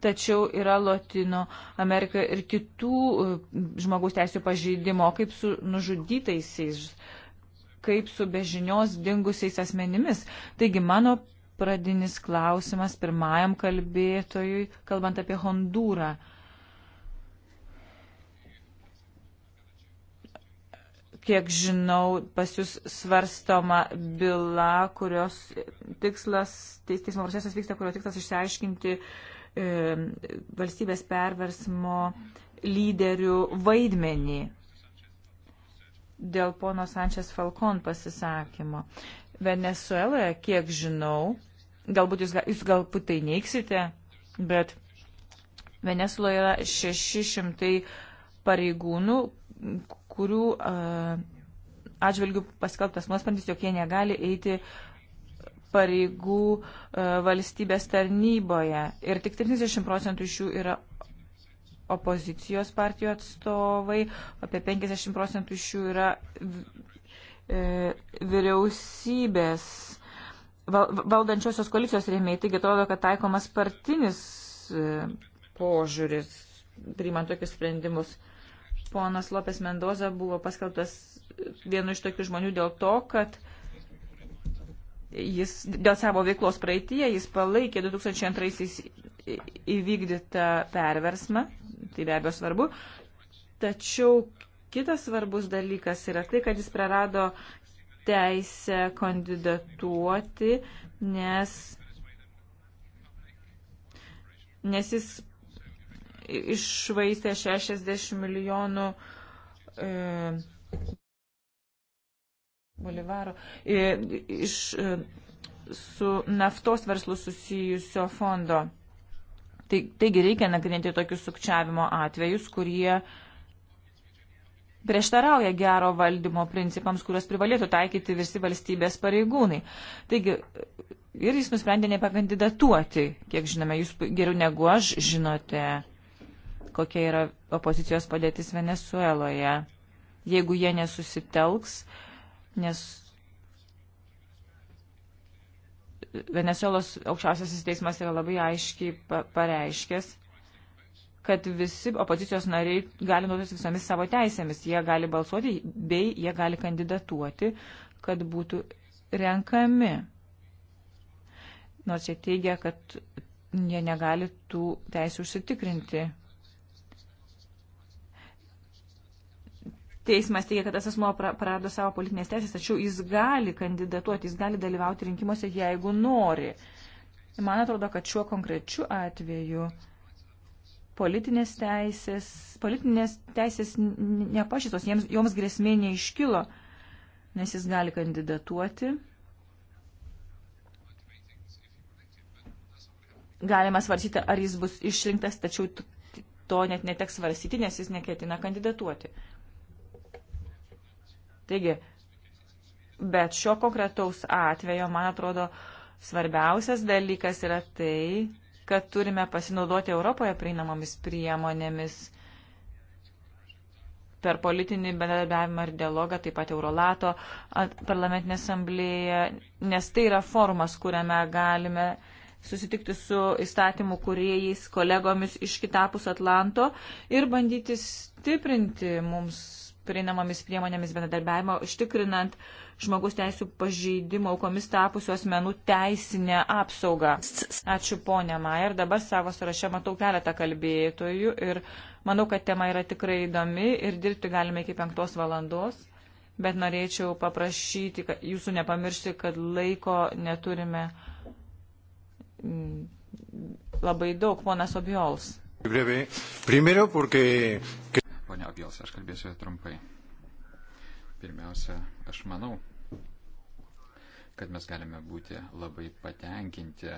tačiau yra Latino Amerikoje ir kitų e, žmogaus teisų pažeidimo, kaip su nužudytaisiais, kaip su bežinios dingusiais asmenimis. Taigi mano pradinis klausimas pirmajam kalbėtojui, kalbant apie Hondūrą. kiek žinau, pas jūs svarstoma byla, kurios tikslas, teismo procesas vyksta, kurio tikslas išsiaiškinti e, valstybės perversmo lyderių vaidmenį dėl pono Sančias Falkon pasisakymo. Venezueloje, kiek žinau, galbūt jūs, jūs galbūt tai neiksite, bet Venezueloje yra 600 pareigūnų, kurių atžvilgių paskelbtas nuosprendis, jog jie negali eiti pareigų valstybės tarnyboje. Ir tik 30 procentų iš jų yra opozicijos partijų atstovai, apie 50 procentų iš jų yra e, vyriausybės valdančiosios koalicijos rėmėjai. Taigi atrodo, kad taikomas partinis e, požiūris, priimant tokius sprendimus. Ponas Lopes Mendoza buvo paskelbtas vienu iš tokių žmonių dėl to, kad jis dėl savo veiklos praeitie, jis palaikė 2002 įvykdytą perversmą, tai be abejo svarbu, tačiau kitas svarbus dalykas yra tai, kad jis prarado teisę kandidatuoti, nes, nes jis išvaistė 60 milijonų e, bolivaro e, iš, e, su naftos verslu susijusio fondo. Tai, taigi reikia nagrinėti tokius sukčiavimo atvejus, kurie prieštarauja gero valdymo principams, kuriuos privalėtų taikyti visi valstybės pareigūnai. Taigi, ir jis nusprendė nepakandidatuoti, kiek žinome, jūs geriau negu aš žinote kokia yra opozicijos padėtis Venezueloje. Jeigu jie nesusitelks, nes Venezuelos aukščiausiasis teismas yra labai aiškiai pa pareiškęs, kad visi opozicijos nariai gali naudotis visomis savo teisėmis. Jie gali balsuoti bei jie gali kandidatuoti, kad būtų renkami. Nors jie teigia, kad jie negali tų teisų užsitikrinti. Teismas teigia, kad tas asmo prarado savo politinės teisės, tačiau jis gali kandidatuoti, jis gali dalyvauti rinkimuose, jeigu nori. Man atrodo, kad šiuo konkrečiu atveju politinės teisės, politinės teisės nepašytos, jiems, joms grėsmė neiškilo, nes jis gali kandidatuoti. Galima svarsyti, ar jis bus išrinktas, tačiau to net neteks svarsyti, nes jis neketina kandidatuoti. Taigi, bet šio konkretaus atvejo, man atrodo, svarbiausias dalykas yra tai, kad turime pasinaudoti Europoje prieinamomis priemonėmis per politinį bendradarbiavimą ir dialogą, taip pat Eurolato parlamentinė asamblėje, nes tai yra formas, kuriame galime susitikti su įstatymų kuriejais, kolegomis iš kitapus Atlanto ir bandyti stiprinti mums prieinamomis priemonėmis bendradarbiavimo, užtikrinant žmogus teisų pažeidimo aukomis tapusių asmenų teisinę apsaugą. Ačiū ponia Maier. Dabar savo sąraše matau keletą kalbėtojų ir manau, kad tema yra tikrai įdomi ir dirbti galime iki penktos valandos. Bet norėčiau paprašyti, kad jūsų nepamiršti, kad laiko neturime mm, labai daug, ponas Obiols. Primero, porque... Gils, aš kalbėsiu trumpai. Pirmiausia, aš manau, kad mes galime būti labai patenkinti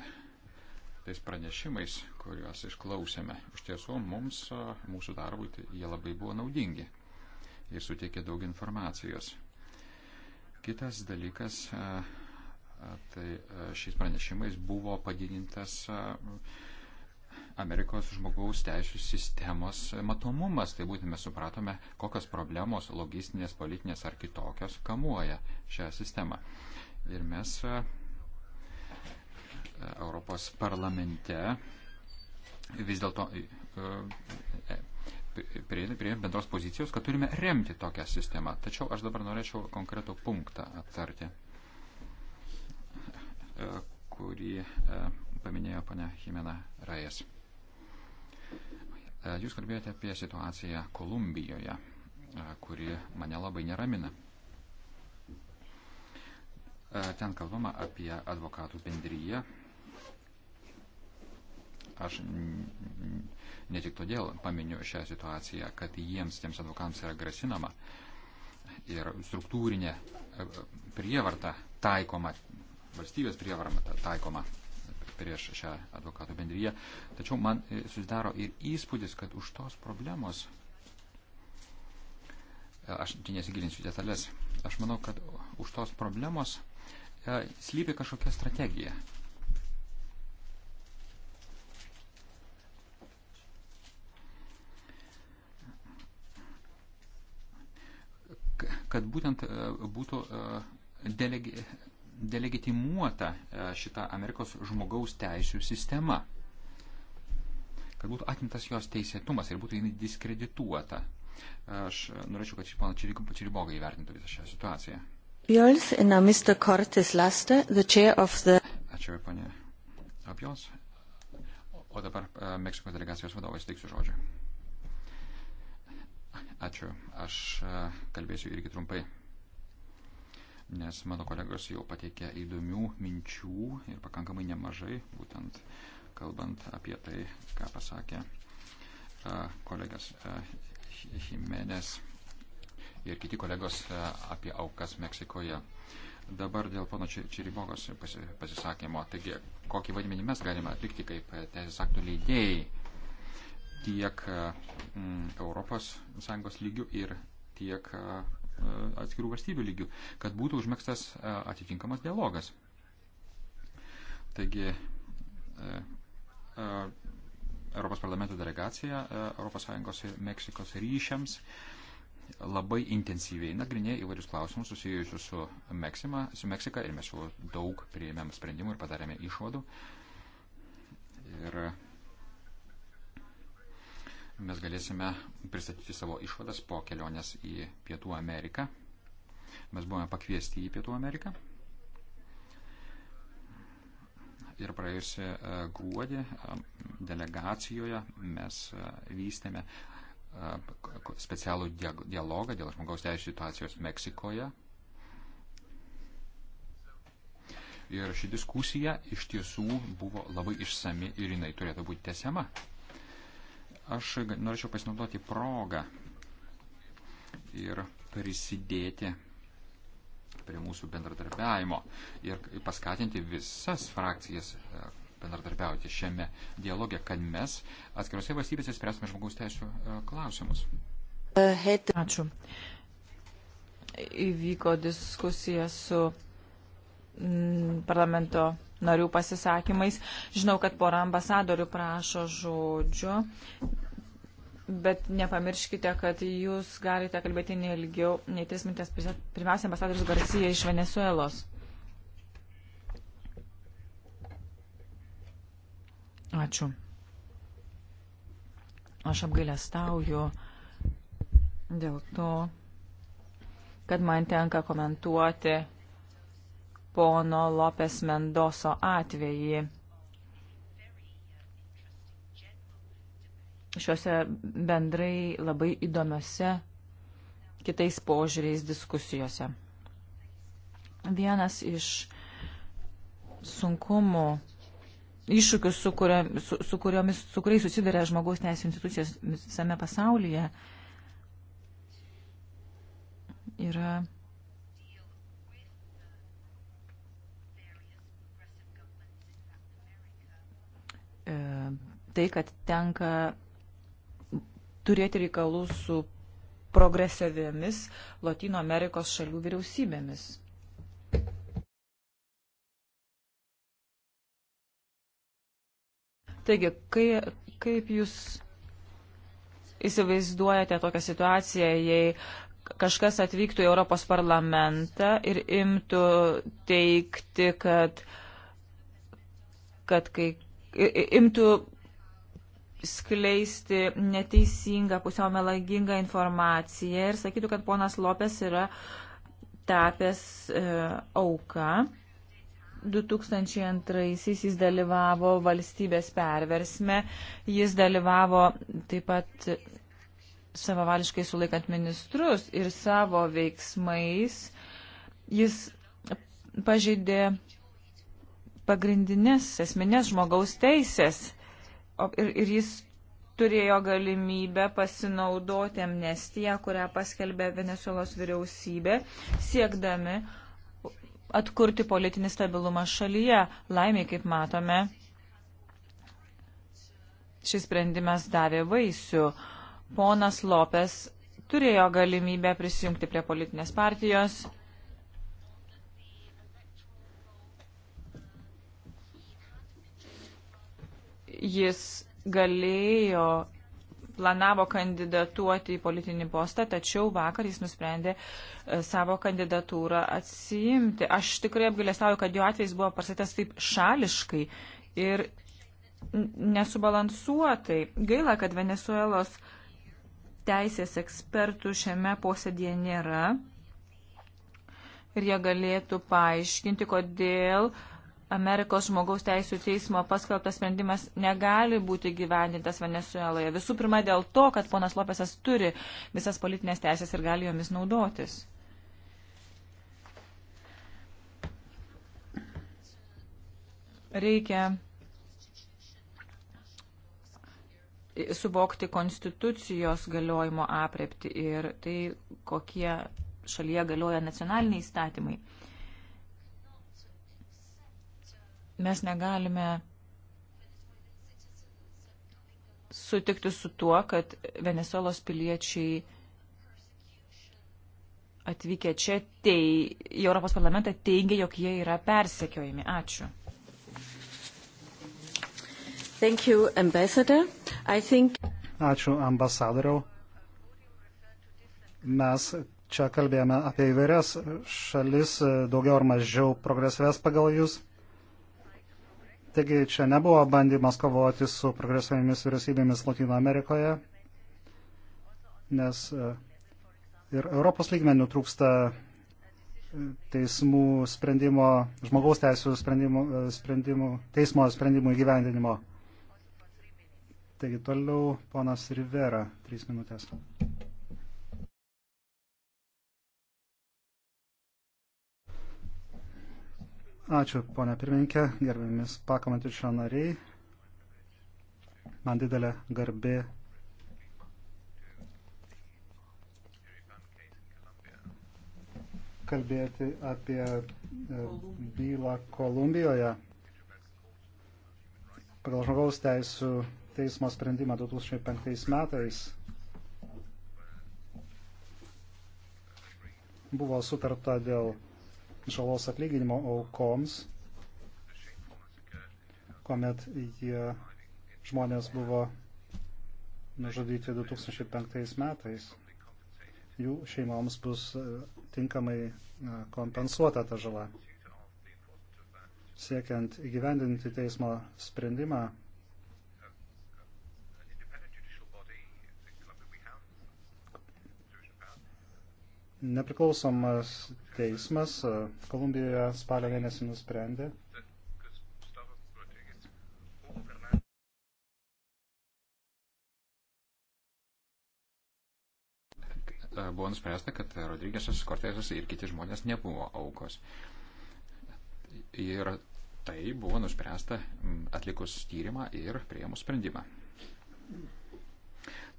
tais pranešimais, kuriuos išklausėme. Iš tiesų, mums, mūsų darbui, tai jie labai buvo naudingi ir suteikė daug informacijos. Kitas dalykas, tai šiais pranešimais buvo padidintas Amerikos žmogaus teisų sistemos matomumas. Tai būtent mes supratome, kokios problemos logistinės, politinės ar kitokios kamuoja šią sistemą. Ir mes e, Europos parlamente vis dėlto e, e, prie bendros pozicijos, kad turime remti tokią sistemą. Tačiau aš dabar norėčiau konkretų punktą aptarti, kurį paminėjo pane Jimena Rajas. E, jūs kalbėjote apie situaciją Kolumbijoje, e, kuri mane labai neramina. E, ten kalbama apie advokatų bendryje. Aš ne tik todėl paminiu šią situaciją, kad jiems, tiems advokams yra grasinama ir struktūrinė prievarta taikoma, valstybės prievarta taikoma prieš šią advokatų bendryje. Tačiau man e, susidaro ir įspūdis, kad už tos problemos, e, aš čia nesigilinsiu detalės, aš manau, kad už tos problemos e, slypi kažkokia strategija. kad būtent e, būtų delegi, delegitimuota e, šita Amerikos žmogaus teisų sistema, kad būtų atimtas jos teisėtumas ir būtų jinai diskredituota. Aš norėčiau, kad šis panas Čiriboga įvertintų visą šią situaciją. Abjols and now Mr. Cortes Laster, the chair of the... Ačiū, ponė Abjols. O dabar e, Meksikos delegacijos vadovas teiksiu žodžiu. Ačiū. Aš e, kalbėsiu irgi trumpai nes mano kolegos jau pateikė įdomių minčių ir pakankamai nemažai, būtent kalbant apie tai, ką pasakė kolegas Jimenez ir kiti kolegos apie aukas Meksikoje. Dabar dėl pono Čiribogos pasisakymo. Taigi, kokį vaidmenį mes galime atlikti kaip teisės aktų leidėjai tiek mm, ES lygių ir tiek E, atskirų valstybių lygių, kad būtų užmėgstas e, atitinkamas dialogas. Taigi, e, Europos parlamento delegacija ES ir Meksikos ryšiams labai intensyviai nagrinėja įvairius klausimus susijusius su, Meksima, su Meksika ir mes jau daug prieimėm sprendimų ir padarėme išvadų. Ir mes galėsime pristatyti savo išvadas po kelionės į Pietų Ameriką. Mes buvome pakviesti į Pietų Ameriką. Ir praėjusią e, gruodį e, delegacijoje mes e, vystėme specialų dialogą dėl žmogaus teisų situacijos Meksikoje. Ir ši diskusija iš tiesų buvo labai išsami ir jinai turėtų būti tęsiama. Aš norėčiau pasinaudoti progą ir prisidėti prie mūsų bendradarbiavimo ir paskatinti visas frakcijas e, bendradarbiauti šiame dialoge, kad mes atskirose valstybėse spręsime žmogaus teisų e, klausimus. Ačiū. Įvyko diskusija su mm, parlamento narių pasisakymais. Žinau, kad pora ambasadorių prašo žodžio, bet nepamirškite, kad jūs galite kalbėti neilgiau nei 3 minutės. Pirmiausia, ambasadorius Garcija iš Venezuelos. Ačiū. Aš apgailestauju dėl to, kad man tenka komentuoti pono Lopes Mendoso atvejį. Šiuose bendrai labai įdomiose kitais požiūriais diskusijose. Vienas iš sunkumų iššūkius, su, kuria, su, su, kuriomis, su kuriais susiduria žmogaus teisų institucijos visame pasaulyje, yra E, tai, kad tenka turėti reikalų su progresyviamis Latino Amerikos šalių vyriausybėmis. Taigi, kai, kaip jūs įsivaizduojate tokią situaciją, jei kažkas atvyktų į Europos parlamentą ir imtų teikti, kad, kad kai imtų skleisti neteisingą, pusiau melagingą informaciją ir sakytų, kad ponas Lopes yra tapęs e, auka. 2002-aisiais jis dalyvavo valstybės perversme, jis dalyvavo taip pat savavališkai sulaikant ministrus ir savo veiksmais jis pažeidė pagrindinės esminės žmogaus teisės. Ir, ir jis turėjo galimybę pasinaudoti amnestiją, kurią paskelbė Venezuelos vyriausybė, siekdami atkurti politinį stabilumą šalyje. Laimiai, kaip matome, šis sprendimas davė vaisių. Ponas Lopes turėjo galimybę prisijungti prie politinės partijos, jis galėjo, planavo kandidatuoti į politinį postą, tačiau vakar jis nusprendė e, savo kandidatūrą atsiimti. Aš tikrai apgailestauju, kad jo atvejs buvo pasakytas taip šališkai ir nesubalansuotai. Gaila, kad Venezuelos teisės ekspertų šiame posėdėje nėra ir jie galėtų paaiškinti, kodėl uh, Amerikos žmogaus teisų teismo paskelbtas sprendimas negali būti gyvendintas Venezueloje. Visų pirma dėl to, kad ponas Lopesas turi visas politinės teisės ir gali jomis naudotis. Reikia suvokti konstitucijos galiojimo aprepti ir tai, kokie šalyje galioja nacionaliniai įstatymai. Mes negalime sutikti su tuo, kad Venezuelos piliečiai atvykę čia tei, į Europos parlamentą teigia, jog jie yra persekiojami. Ačiū. Thank you, ambassador. I think... Ačiū ambasadoriau. Mes čia kalbėjome apie įvairias šalis, daugiau ar mažiau progresyves pagal jūs. Taigi čia nebuvo bandymas kovoti su progresuojantis vyriausybėmis Latino Amerikoje, nes e, ir Europos lygmenių trūksta e, teismų sprendimo, žmogaus teisų sprendimų, e, sprendimų, teismo sprendimų įgyvendinimo. Taigi toliau ponas Rivera, trys minutės. Ačiū, ponia pirmininkė, gerbiamis pakomantičio nariai. Man didelė garbė kalbėti apie e, bylą Kolumbijoje pagal žmogaus teisų teismo sprendimą 2005 metais buvo sutarta dėl žalos atlyginimo aukoms, kuomet jie žmonės buvo nužudyti 2005 metais. Jų šeimoms bus e, tinkamai e, kompensuota ta žala. Siekiant įgyvendinti teismo sprendimą, nepriklausomas teismas Kolumbijoje spalio mėnesį nusprendė, buvo nuspręsta, kad Rodrygėsas, Kortėsas ir kiti žmonės nebuvo aukos. Ir tai buvo nuspręsta atlikus tyrimą ir prieimus sprendimą.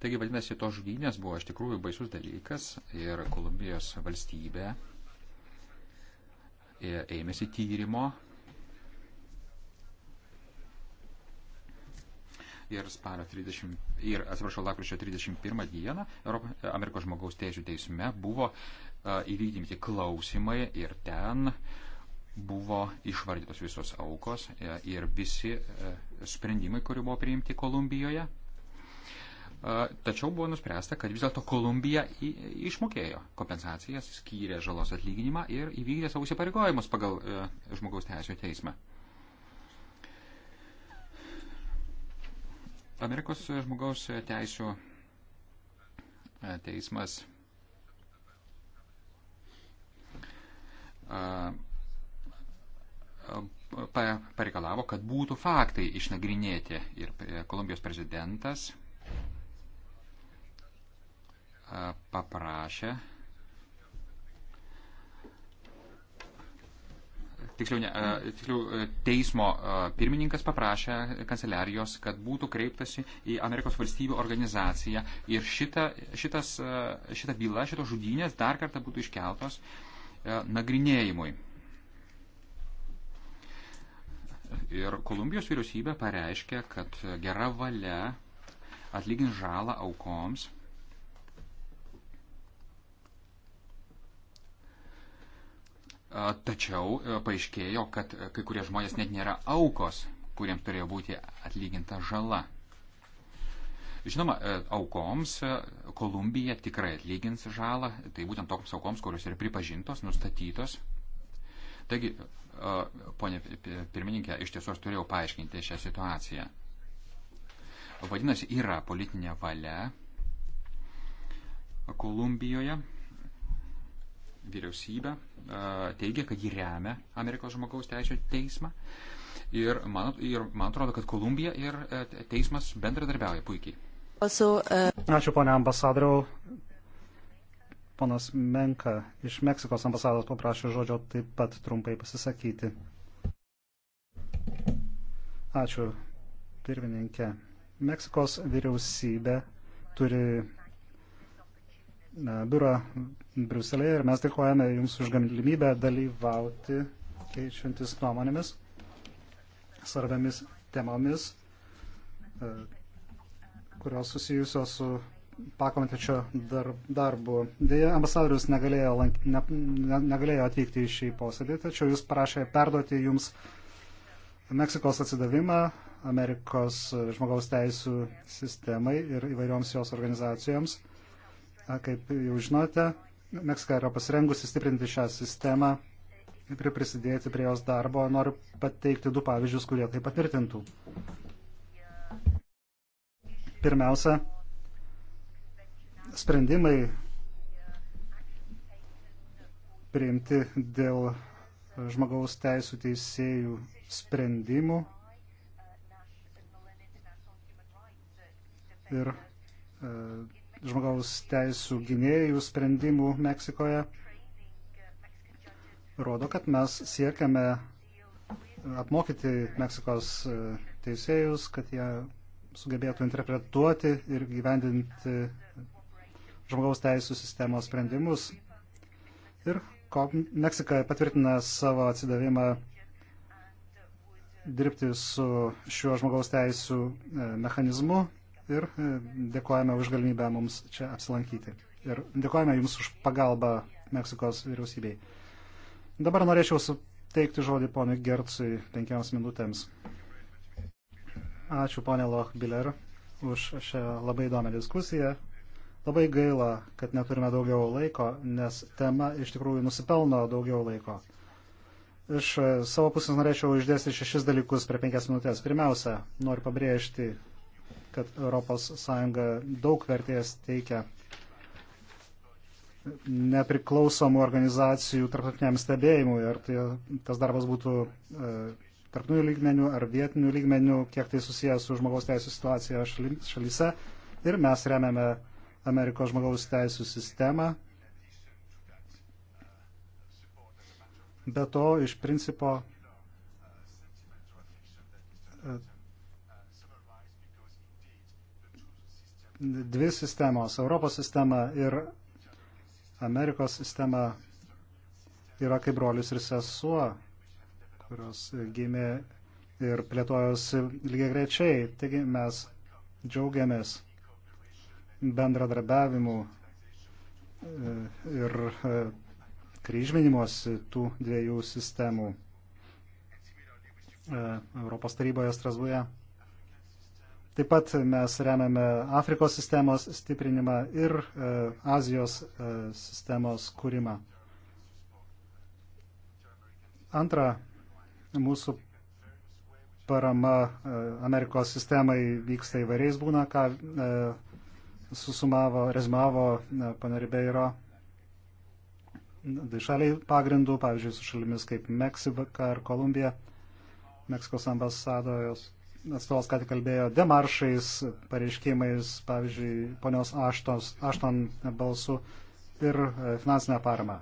Taigi, vadinasi, tos žudynės buvo iš tikrųjų baisus dalykas ir Kolumbijos valstybė E, ėmėsi tyrimo ir spalio 30, ir atsiprašau, lakryčio 31 dieną Europo, Amerikos žmogaus teisų teisme buvo uh, e, įvykdymti klausimai ir ten buvo išvardytos visos aukos uh, ir visi uh, sprendimai, kurie buvo priimti Kolumbijoje. Tačiau buvo nuspręsta, kad vis dėlto Kolumbija išmokėjo kompensacijas, skyrė žalos atlyginimą ir įvykdė savo įsipareigojimus pagal e, žmogaus teisų teismą. Amerikos žmogaus teisų e, teismas pareikalavo, kad būtų faktai išnagrinėti ir e, Kolumbijos prezidentas paprašė, tiksliau, ne, tiksliau e, teismo pirmininkas paprašė kanceliarijos, kad būtų kreiptasi į Amerikos valstybių organizaciją ir šita, šitas, šita byla, šitos žudynės dar kartą būtų iškeltos e, nagrinėjimui. Ir Kolumbijos vyriausybė pareiškė, kad gera valia atlygins žalą aukoms Tačiau e, paaiškėjo, kad e, kai kurie žmonės net nėra aukos, kuriems turėjo būti atlyginta žala. Žinoma, e, aukoms Kolumbija tikrai atlygins žalą, tai būtent toms aukoms, kurios yra pripažintos, nustatytos. Taigi, ponė pirmininkė, iš tiesų aš turėjau paaiškinti šią situaciją. Vadinasi, yra politinė valia Kolumbijoje vyriausybė teigia, kad jį remia Amerikos žmogaus teisų teismą. Ir man, ir man atrodo, kad Kolumbija ir e, teismas bendradarbiauja puikiai. Also, uh... Ačiū, ponia ambasadoriau. Ponas Menka iš Meksikos ambasados paprašė žodžio taip pat trumpai pasisakyti. Ačiū, pirmininkė. Meksikos vyriausybė turi biurą Briuselėje ir mes dėkojame Jums už galimybę dalyvauti keičiantis nuomonėmis, svarbiamis temomis, e, kurios susijusios su pakomitečio dar, darbu. Dėja, ambasadorius negalėjo, lank, ne, ne, negalėjo atvykti į šį posėdį, tačiau jis prašė perduoti Jums Meksikos atsidavimą Amerikos žmogaus teisų sistemai ir įvairioms jos organizacijoms Kaip jau žinote, Meksika yra pasirengusi stiprinti šią sistemą ir prisidėti prie jos darbo. Noriu pateikti du pavyzdžius, kurie tai patvirtintų. Pirmiausia, sprendimai priimti dėl žmogaus teisų teisėjų sprendimų ir e, žmogaus teisų gynėjų sprendimų Meksikoje rodo, kad mes siekiame apmokyti Meksikos e, teisėjus, kad jie sugebėtų interpretuoti ir gyvendinti žmogaus teisų sistemos sprendimus. Ir Meksika patvirtina savo atsidavimą dirbti su šiuo žmogaus teisų e, mechanizmu ir e, dėkojame už galimybę mums čia apsilankyti. Ir dėkojame Jums už pagalbą Meksikos vyriausybei. Dabar norėčiau suteikti žodį ponui Gertsui penkiams minutėms. Ačiū ponė Lochbiller už šią labai įdomią diskusiją. Labai gaila, kad neturime daugiau laiko, nes tema iš tikrųjų nusipelno daugiau laiko. Iš e, savo pusės norėčiau išdėsti šešis dalykus per penkias minutės. Pirmiausia, noriu pabrėžti, kad ES daug vertės teikia nepriklausomų organizacijų tarptautiniam stebėjimui, ar tai, tas darbas būtų e, tarptautinių lygmenių ar vietinių lygmenių, kiek tai susijęs su žmogaus teisų situacija šalyse. Ir mes remiame Amerikos žmogaus teisų sistemą. Be to, iš principo, e, dvi sistemos - Europos sistema ir Amerikos sistema yra kaip brolius ir sesuo, kurios gimė ir plėtojosi lygiai grečiai. Taigi mes džiaugiamės bendradarbiavimu e, ir e, kryžminimuos tų dviejų sistemų e, Europos taryboje Strasbūje. Taip pat mes remiame Afrikos sistemos stiprinimą ir e, Azijos e, sistemos kūrimą. Antra, mūsų parama e, Amerikos sistemai vyksta įvairiais būna, ką e, susumavo, rezumavo e, panaribeiro dvišaliai pagrindų, pavyzdžiui, su šalimis kaip Meksika ar Kolumbija, Meksikos ambasadojos atstovas ką tik kalbėjo, demaršais, pareiškimais, pavyzdžiui, ponios Aštos, Ašton balsų ir e, finansinę paramą.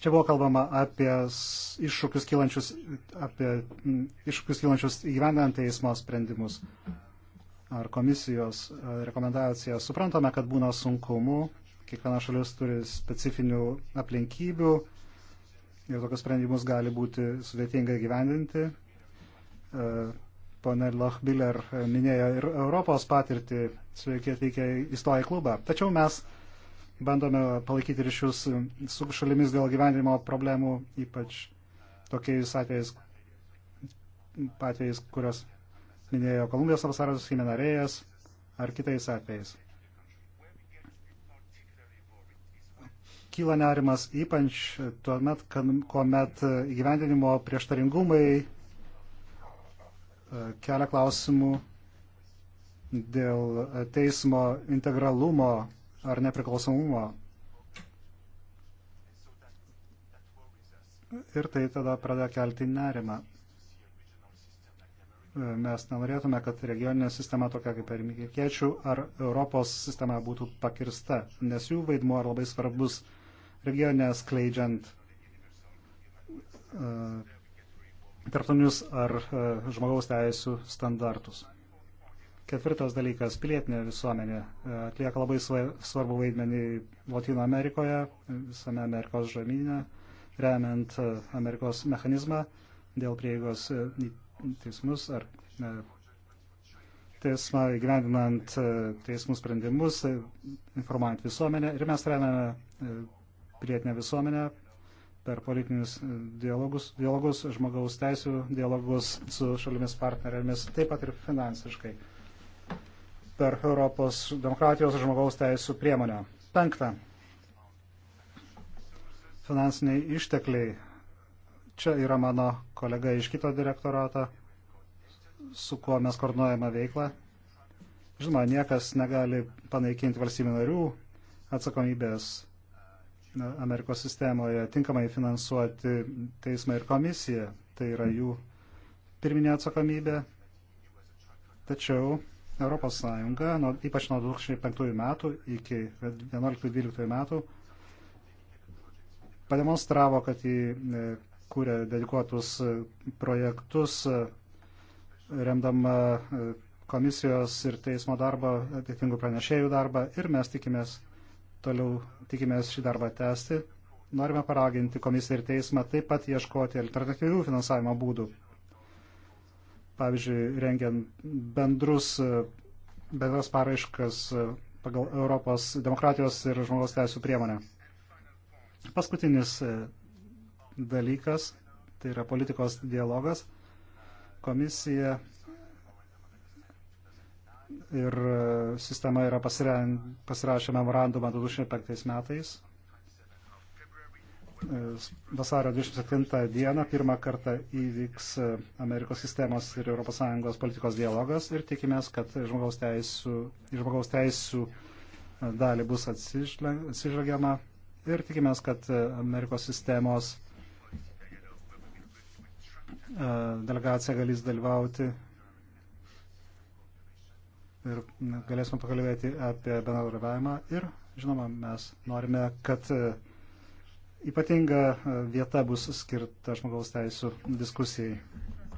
Čia buvo kalbama apie iššūkius kylančius, apie iššūkius kylančius įgyvendinant teismo sprendimus ar komisijos e, rekomendacijas. Suprantame, kad būna sunkumų, kiekviena šalis turi specifinių aplinkybių ir tokius sprendimus gali būti sudėtinga gyvendinti. E, pone Lochbiller e, minėjo ir Europos patirtį, sveiki atvykę įstoję klubą. Tačiau mes bandome palaikyti ryšius su šalimis dėl gyvenimo problemų, ypač tokiais atvejais, atvejais kurios minėjo Kolumbijos ambasados Jimenarėjas ar kitais atvejais. Kyla nerimas ypač tuomet, kuomet gyvendinimo prieštaringumai E, kelia klausimų dėl teismo integralumo ar nepriklausomumo. Ir tai tada pradeda kelti nerimą. E, mes nenorėtume, kad regioninė sistema tokia kaip amerikiečių ar Europos sistema būtų pakirsta, nes jų vaidmuo labai svarbus regione skleidžiant uh, tarptautinius ar e, žmogaus teisų standartus. Ketvirtas dalykas - pilietinė visuomenė e, atlieka labai svarbu vaidmenį Latino Amerikoje, visame Amerikos žemynė, remiant e, Amerikos mechanizmą dėl prieigos į teismus ar teismą įgyvendinant teismų sprendimus, informuojant visuomenę. Ir mes remiame pilietinę visuomenę, per politinius dialogus, dialogus žmogaus teisų dialogus su šalimis partnerėmis, taip pat ir finansiškai per Europos demokratijos ir žmogaus teisų priemonę. Penkta. Finansiniai ištekliai. Čia yra mano kolega iš kito direktorato, su kuo mes koordinuojame veiklą. Žinoma, niekas negali panaikinti valstybių narių atsakomybės Amerikos sistemoje tinkamai finansuoti teismą ir komisiją. Tai yra jų pirminė atsakomybė. Tačiau ES, nuo, ypač nuo 2005 metų iki 2011-2012 metų, pademonstravo, kad jį e, kūrė dedikuotus e, projektus, e, remdama komisijos ir teismo darbą, atitingų pranešėjų darbą ir mes tikimės toliau tikimės šį darbą tęsti. Norime paraginti komisiją ir teismą taip pat ieškoti alternatyvių finansavimo būdų. Pavyzdžiui, rengiant bendrus, bendras paraiškas pagal Europos demokratijos ir žmogaus teisų priemonę. Paskutinis e, dalykas, tai yra politikos dialogas. Komisija ir e, sistema yra pasirašę memorandumą 2005 metais. E, vasario 27 dieną pirmą kartą įvyks e, Amerikos sistemos ir ES politikos dialogas ir tikimės, kad žmogaus teisų, žmogaus teisų dalį bus atsižvelgiama ir tikimės, kad Amerikos sistemos delegacija galės dalyvauti ir galėsime pakalbėti apie bendradarbiavimą ir, žinoma, mes norime, kad e, ypatinga e, vieta bus skirta žmogaus teisų diskusijai.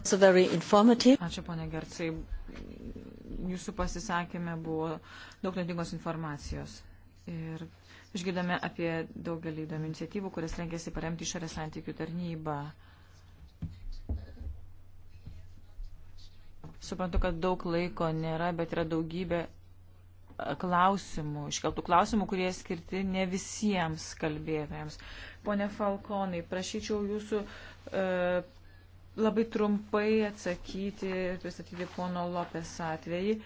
Ačiū, ponė Gercai. Jūsų pasisakėme buvo daug naudingos informacijos. Ir išgirdome apie daugelį įdomių iniciatyvų, kurias rengėsi paremti išorės santykių tarnybą. Suprantu, kad daug laiko nėra, bet yra daugybė e, klausimų, iškeltų klausimų, kurie skirti ne visiems kalbėtojams. Pone Falkonai, prašyčiau jūsų e, labai trumpai atsakyti ir pristatyti pono Lopes atvejį.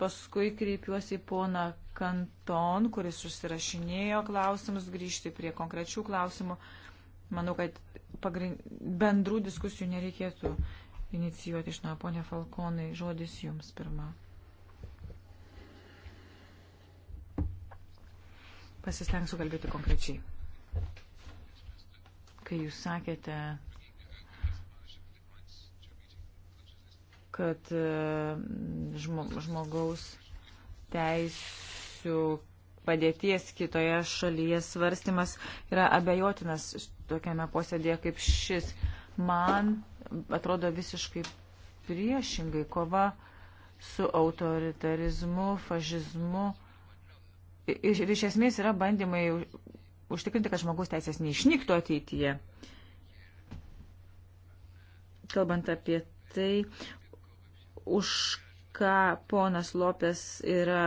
Paskui kreipiuosi į poną Kanton, kuris užsirašinėjo klausimus, grįžti prie konkrečių klausimų. Manau, kad pagrind... bendrų diskusijų nereikėtų inicijuoti iš nuo. Pone Falkonai, žodis jums pirma. Pasistengsiu kalbėti konkrečiai. Kai jūs sakėte, kad e, žmogaus teisų padėties kitoje šalyje svarstymas yra abejotinas tokiame posėdėje kaip šis. Man atrodo visiškai priešingai kova su autoritarizmu, fašizmu. Ir, ir iš esmės yra bandymai užtikrinti, kad žmogus teisės neišnyktų ateityje. Kalbant apie tai, už ką ponas Lopės yra,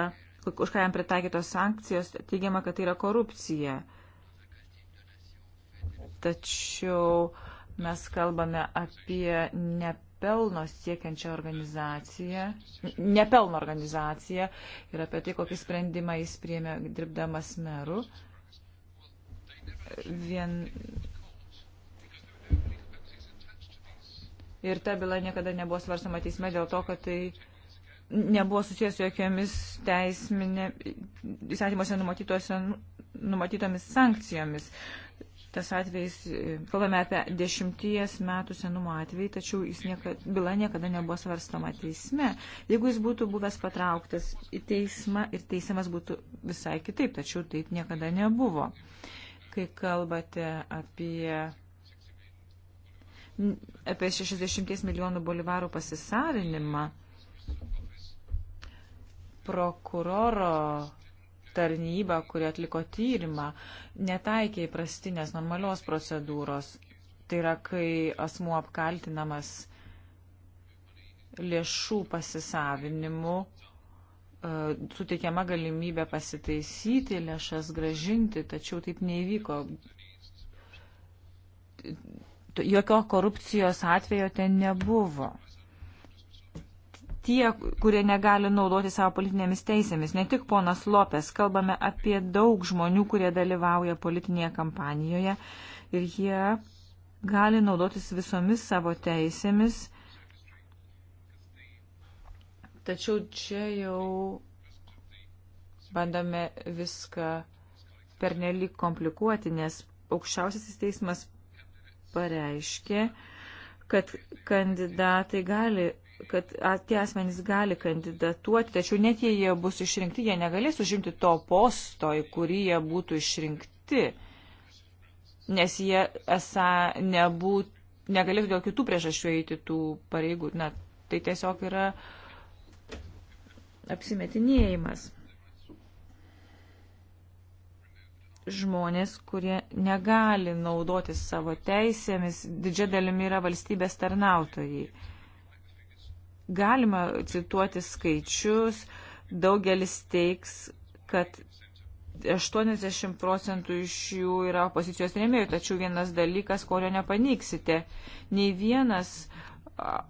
už ką jam pritaikytos sankcijos, teigiama, kad tai yra korupcija. Tačiau uh, Mes kalbame apie nepelno siekiančią organizaciją, nepelno organizaciją ir apie tai, kokį sprendimą jis priėmė dirbdamas meru. Vien... Ir ta byla niekada nebuvo svarstama teisme dėl to, kad tai nebuvo susijęs su jokiamis teisminė, įstatymuose numatytomis sankcijomis. Tas atvejs, e, kalbame apie dešimties metų senumo atvejį, tačiau niekad, byla niekada nebuvo svarstama teisme. Jeigu jis būtų buvęs patrauktas į teismą ir teisiamas būtų visai kitaip, tačiau taip niekada nebuvo. Kai kalbate apie apie 60 milijonų bolivarų pasisavinimą, prokuroro tarnyba, kuri atliko tyrimą, netaikė įprastinės normalios procedūros. Tai yra, kai asmuo apkaltinamas lėšų pasisavinimu, e, suteikiama galimybė pasitaisyti lėšas, gražinti, tačiau taip neįvyko. Jokio korupcijos atvejo ten nebuvo tie, kurie negali naudoti savo politinėmis teisėmis. Ne tik ponas Lopes, kalbame apie daug žmonių, kurie dalyvauja politinėje kampanijoje ir jie gali naudotis visomis savo teisėmis. Tačiau čia jau bandome viską pernelyg komplikuoti, nes aukščiausiasis teismas pareiškė, kad kandidatai gali kad tie asmenys gali kandidatuoti, tačiau net jei jie bus išrinkti, jie negalės užimti to posto, į kurį jie būtų išrinkti, nes jie esą nebūt, negalėtų dėl kitų priežasčių eiti tų pareigų. Na, tai tiesiog yra apsimetinėjimas. Žmonės, kurie negali naudotis savo teisėmis, didžia dalimi yra valstybės tarnautojai Galima cituoti skaičius, daugelis teiks, kad 80 procentų iš jų yra opozicijos rėmėjų, tačiau vienas dalykas, kurio nepaniksite, nei vienas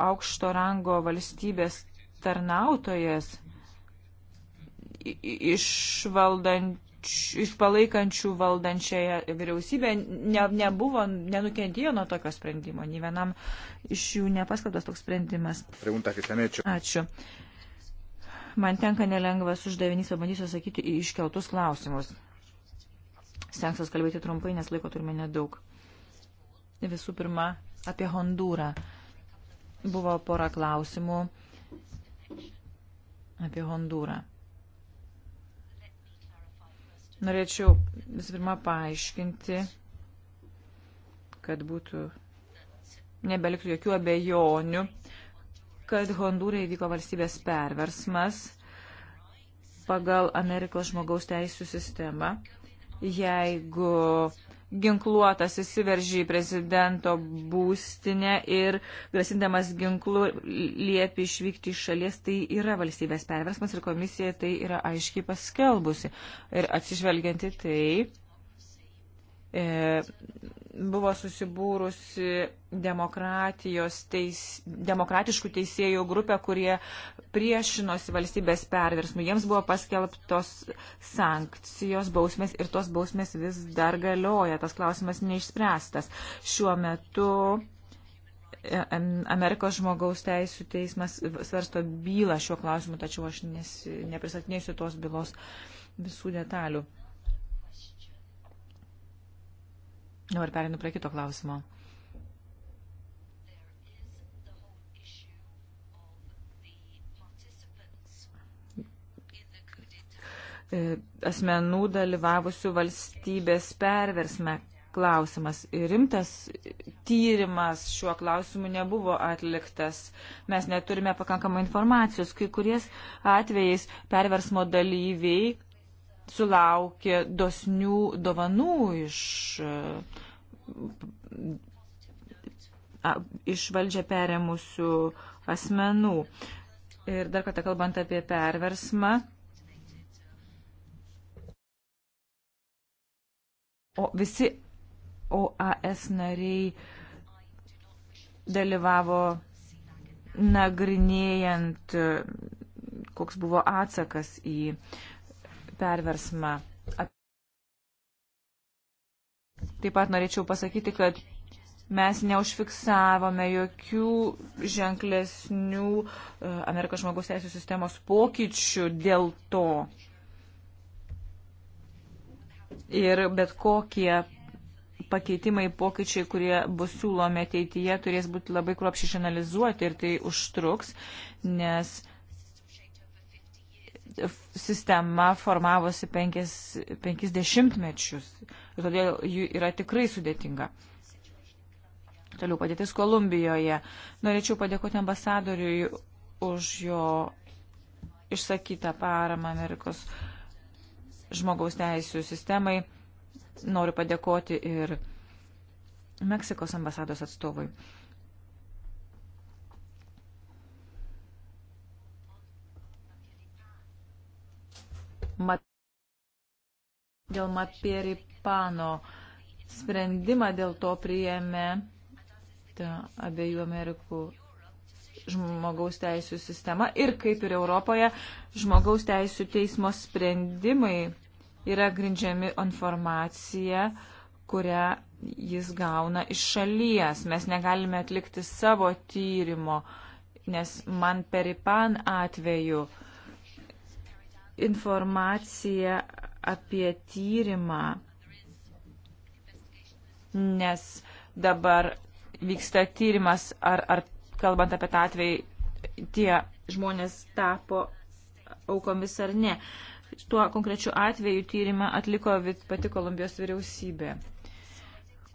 aukšto rango valstybės tarnautojas iš valdant iš palaikančių valdančiąją vyriausybę ne, nebuvo, nenukentėjo nuo tokio sprendimo. Nį vienam iš jų nepaskaltas toks sprendimas. Ačiū. Man tenka nelengvas uždavinys, pabandysiu atsakyti į iškeltus klausimus. Stengsiuos kalbėti trumpai, nes laiko turime nedaug. Visų pirma, apie Hondūrą. Buvo pora klausimų apie Hondūrą. Norėčiau visų pirma paaiškinti, kad būtų nebeliktų jokių abejonių, kad Hondūrai vyko valstybės perversmas pagal Amerikos žmogaus teisų sistemą. Jeigu ginkluotas įsiveržė į prezidento būstinę ir grasindamas ginklu liepi išvykti iš šalies, tai yra valstybės perversmas ir komisija tai yra aiškiai paskelbusi. Ir atsižvelgianti tai, E, buvo susibūrusi demokratijos teis, demokratiškų teisėjų grupė, kurie priešinosi valstybės perversmų. Jiems buvo paskelbtos sankcijos, bausmės ir tos bausmės vis dar galioja. Tas klausimas neišspręstas. Šiuo metu e, Amerikos žmogaus teisų teismas svarsto bylą šiuo klausimu, tačiau aš nes, nepristatinėsiu tos bylos visų detalių. Dabar perinu prie kito klausimo. E, asmenų dalyvavusių valstybės perversme klausimas. Ir rimtas tyrimas šiuo klausimu nebuvo atliktas. Mes neturime pakankamai informacijos. Kai kuries atvejais perversmo dalyviai sulaukė dosnių dovanų iš, iš valdžią perėmusių asmenų. Ir dar kartą kalbant apie perversmą. O visi OAS nariai dalyvavo nagrinėjant, koks buvo atsakas į uh, perversmą. Taip pat norėčiau pasakyti, kad mes neužfiksavome jokių ženklesnių e, Amerikos žmogaus teisų sistemos pokyčių dėl to. Ir bet kokie pakeitimai, pokyčiai, kurie bus siūlomi ateityje, turės būti labai kruopšiai išanalizuoti ir tai užtruks, nes sistema formavosi penkis, penkis dešimtmečius ir todėl ji yra tikrai sudėtinga. Toliau padėtis Kolumbijoje. Norėčiau padėkoti ambasadoriui už jo išsakytą paramą Amerikos žmogaus teisų sistemai. Noriu padėkoti ir Meksikos ambasados atstovui. mat, dėl Matpieripano sprendimą dėl to priėmė abiejų Amerikų žmogaus teisų sistema ir kaip ir Europoje žmogaus teisų teismo sprendimai yra grindžiami informacija, kurią jis gauna iš šalies. Mes negalime atlikti savo tyrimo, nes man peripan atveju uh, informaciją apie tyrimą, nes dabar vyksta tyrimas, ar, ar kalbant apie tą atvejį, tie žmonės tapo aukomis ar ne. Tuo konkrečiu atveju tyrimą atliko pati Kolumbijos vyriausybė.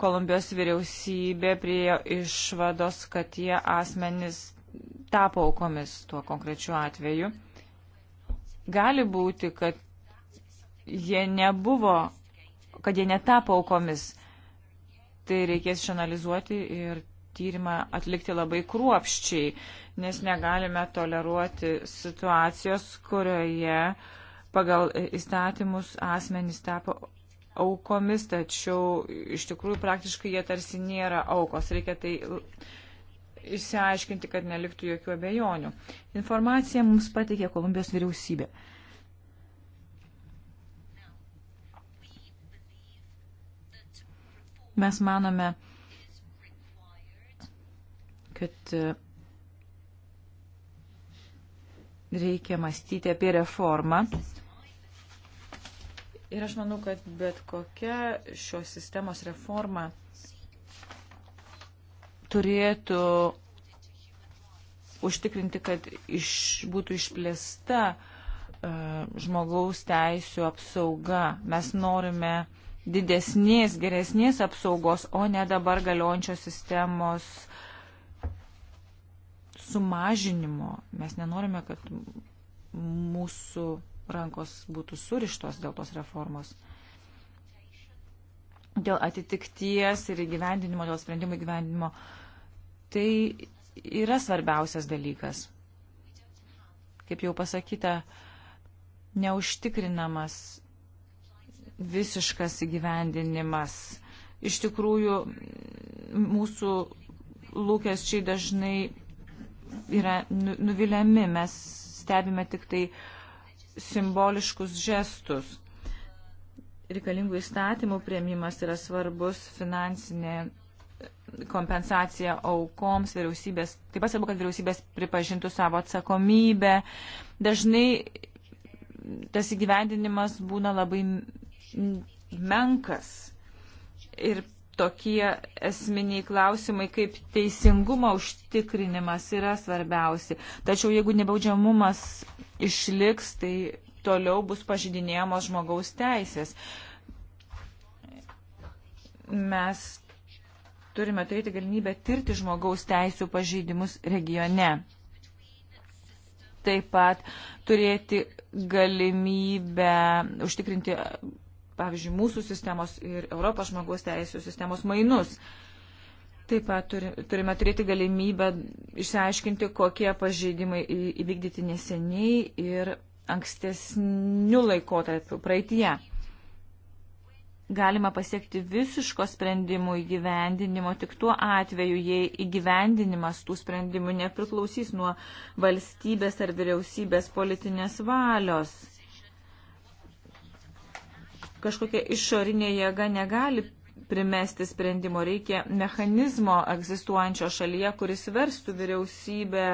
Kolumbijos vyriausybė priejo išvados, kad tie asmenys tapo aukomis tuo konkrečiu atveju. Gali būti, kad jie nebuvo, kad jie netapo aukomis. Tai reikės išanalizuoti ir tyrimą atlikti labai kruopščiai, nes negalime toleruoti situacijos, kurioje pagal įstatymus asmenys tapo aukomis, tačiau iš tikrųjų praktiškai jie tarsi nėra aukos. Reikia tai išsiaiškinti, kad neliktų jokių abejonių. Informaciją mums pateikė Kolumbijos vyriausybė. Mes manome, kad e, reikia mąstyti apie reformą. Ir aš manau, kad bet kokia šios sistemos reforma turėtų užtikrinti, kad iš, būtų išplėsta uh, žmogaus teisų apsauga. Mes norime didesnės, geresnės apsaugos, o ne dabar galiojančios sistemos sumažinimo. Mes nenorime, kad mūsų rankos būtų surištos dėl tos reformos. Dėl atitikties ir įgyvendinimo, dėl sprendimų įgyvendinimo uh, Tai yra svarbiausias dalykas. Kaip jau pasakyta, neužtikrinamas visiškas įgyvendinimas. Iš tikrųjų, mūsų lūkesčiai dažnai yra nu, nuviliami, mes stebime tik tai simboliškus žestus. Reikalingų įstatymų prieimimas yra svarbus, finansinė kompensaciją aukoms, vyriausybės, taip pat svarbu, kad vyriausybės pripažintų savo atsakomybę. Dažnai tas įgyvendinimas būna labai menkas ir tokie esminiai klausimai kaip teisingumo užtikrinimas yra svarbiausi. Tačiau jeigu nebaudžiamumas išliks, tai toliau bus pažydinėjamos žmogaus teisės. Mes turime turėti galimybę tirti žmogaus teisų pažeidimus regione. Taip pat turėti galimybę užtikrinti, pavyzdžiui, mūsų sistemos ir Europos žmogaus teisų sistemos mainus. Taip pat turime turėti galimybę išsiaiškinti, kokie pažeidimai įvykdyti neseniai ir ankstesnių laikotarpių praeitie galima pasiekti visiško sprendimų įgyvendinimo tik tuo atveju, jei įgyvendinimas tų sprendimų nepriklausys nuo valstybės ar vyriausybės politinės valios. Kažkokia išorinė jėga negali primesti sprendimo, reikia mechanizmo egzistuojančio šalyje, kuris verstų vyriausybę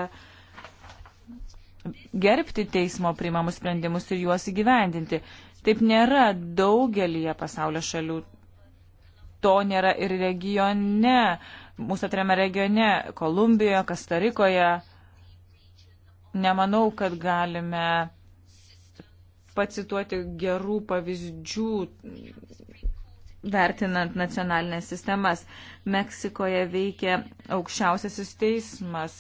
gerbti teismo priimamus sprendimus ir juos įgyvendinti. Taip nėra daugelie pasaulio šalių. To nėra ir regione, mūsų atreme regione, Kolumbijoje, Kastarikoje. Nemanau, kad galime pacituoti gerų pavyzdžių vertinant nacionalinės sistemas. Meksikoje veikia aukščiausiasis teismas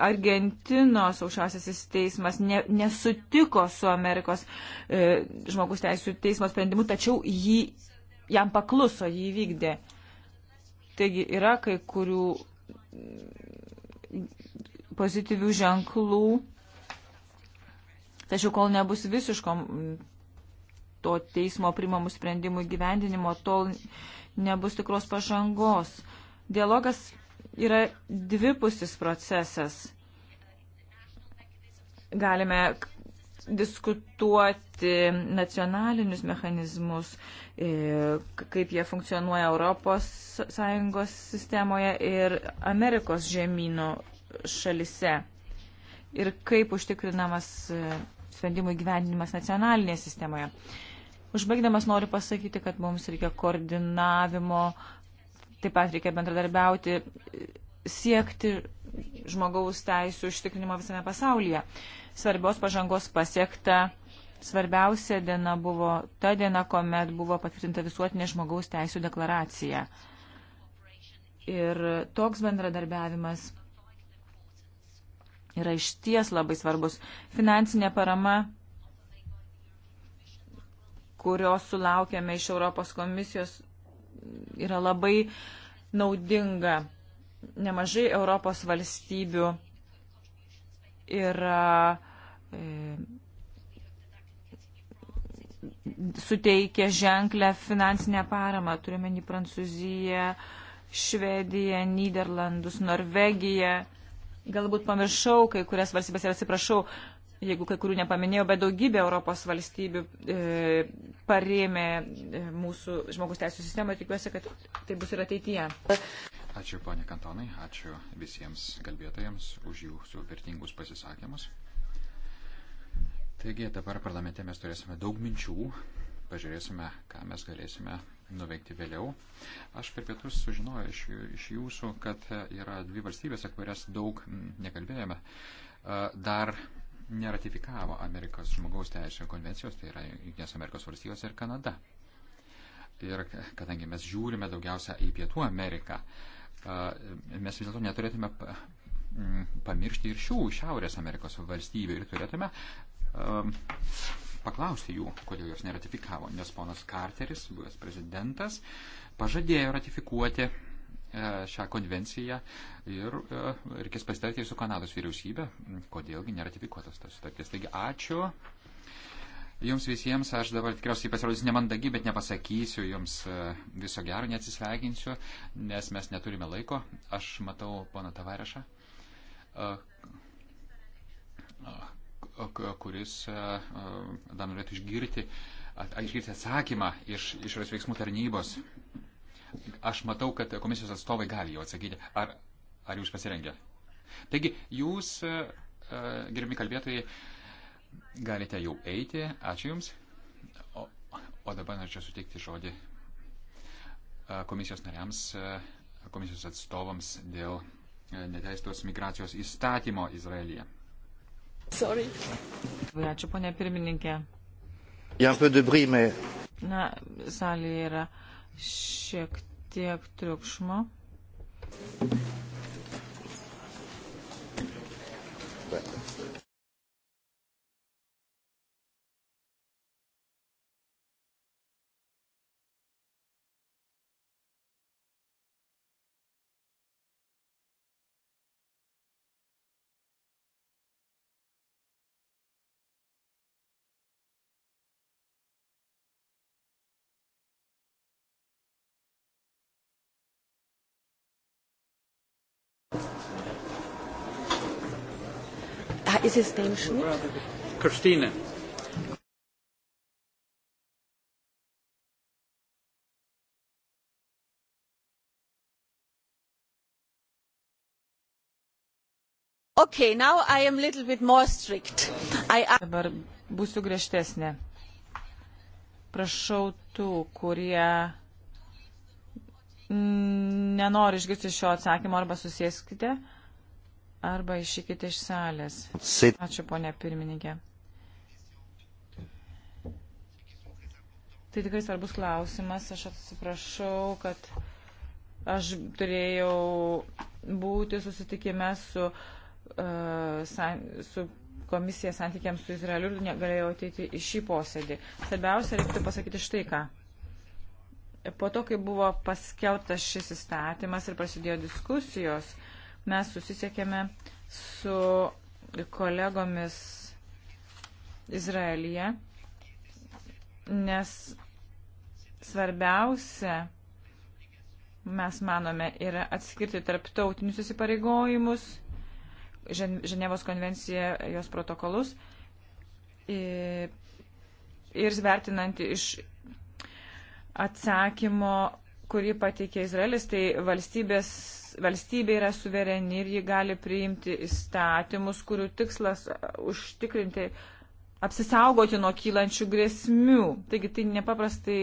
Argentinos aukščiausiasis teismas ne, nesutiko su Amerikos e, žmogus teisų teismo sprendimu, tačiau jį, jam pakluso, jį įvykdė. Taigi yra kai kurių pozityvių ženklų, tačiau kol nebus visiško to teismo primamų sprendimų gyvendinimo, tol nebus tikros pažangos. Dialogas yra dvipusis procesas. Galime diskutuoti nacionalinius mechanizmus, e, kaip jie funkcionuoja ES sistemoje ir Amerikos žemynų šalise ir kaip užtikrinamas e, sprendimų įgyvendinimas nacionalinėje sistemoje. Užbaigdamas noriu pasakyti, kad mums reikia koordinavimo Taip pat reikia bendradarbiauti, siekti žmogaus teisų užtikrinimo visame pasaulyje. Svarbios pažangos pasiekta. Svarbiausia diena buvo ta diena, kuomet buvo patvirtinta visuotinė žmogaus teisų deklaracija. Ir toks bendradarbiavimas yra išties labai svarbus. Finansinė parama, kurios sulaukėme iš Europos komisijos, yra labai naudinga. Nemažai Europos valstybių yra e, suteikia ženklę finansinę paramą, turime į Prancūziją, Švediją, Niderlandus, Norvegiją. Galbūt pamiršau kai kurias valstybės ir atsiprašau, jeigu kai kurių nepaminėjau, bet daugybė Europos valstybių e, parėmė e, mūsų žmogus teisų sistemą ir tikiuosi, kad tai bus ir ateityje. Ačiū, ponė Kantonai, ačiū visiems kalbėtojams už jūsų vertingus pasisakymus. Taigi dabar parlamente mes turėsime daug minčių, pažiūrėsime, ką mes galėsime nuveikti vėliau. Aš per pietus sužinojau iš, iš jūsų, kad yra dvi valstybės, apie kurias daug mm, nekalbėjome. E, dar neratifikavo Amerikos žmogaus teisų konvencijos, tai yra Junktinės Amerikos valstijos ir Kanada. Ir kadangi mes žiūrime daugiausia į Pietų Ameriką, mes vis dėlto neturėtume pamiršti ir šių Šiaurės Amerikos valstybių ir turėtume paklausti jų, kodėl jos neratifikavo, nes ponas Karteris, buvęs prezidentas, pažadėjo ratifikuoti E, šią konvenciją ir e, reikės pasitarti ir su Kanados vyriausybė, kodėlgi neratifikuotas tas sutartis. Taigi ačiū. Jums visiems aš dabar tikriausiai pasirodys nemandagi, bet nepasakysiu jums e, viso gero, neatsisveikinsiu, nes mes neturime laiko. Aš matau poną Tavarešą, kuris dar norėtų išgirti, išgirti atsakymą iš išorės veiksmų tarnybos. Aš matau, kad komisijos atstovai gali jau atsakyti. Ar, ar jūs pasirengę? Taigi, jūs, e, e, gerbimi kalbėtojai, galite jau eiti. Ačiū Jums. O, o dabar norėčiau suteikti žodį e, komisijos nariams, komisijos atstovams dėl neteistos migracijos įstatymo Izraelyje. Sorry. Ačiū, ponė pirmininkė. Na, salėje yra šiek tiek triukšmo. Is his name Schmidt? Christina. Okay, now I am a little bit more strict. I... Dabar būsiu griežtesnė. Prašau tų, kurie nenori išgirsti šio atsakymo arba susieskite. Uh, arba išikite iš salės. Ačiū, ponia pirmininkė. Tai tikrai svarbus klausimas. Aš atsiprašau, kad aš turėjau būti susitikime su, uh, san, su komisija santykiams su Izraeliu ir negalėjau ateiti į šį posėdį. Svarbiausia, reikėtų pasakyti štai ką. Po to, kai buvo paskelbtas šis įstatymas ir prasidėjo diskusijos, uh, mes susisiekėme su kolegomis Izraelyje, nes svarbiausia, mes manome, yra atskirti tarptautinius įsipareigojimus, Ženevos konvenciją, jos protokolus ir, ir vertinant iš atsakymo, kurį pateikė Izraelis, tai valstybės valstybė yra suvereni ir ji gali priimti įstatymus, kurių tikslas užtikrinti, apsisaugoti nuo kylančių grėsmių. Taigi tai nepaprastai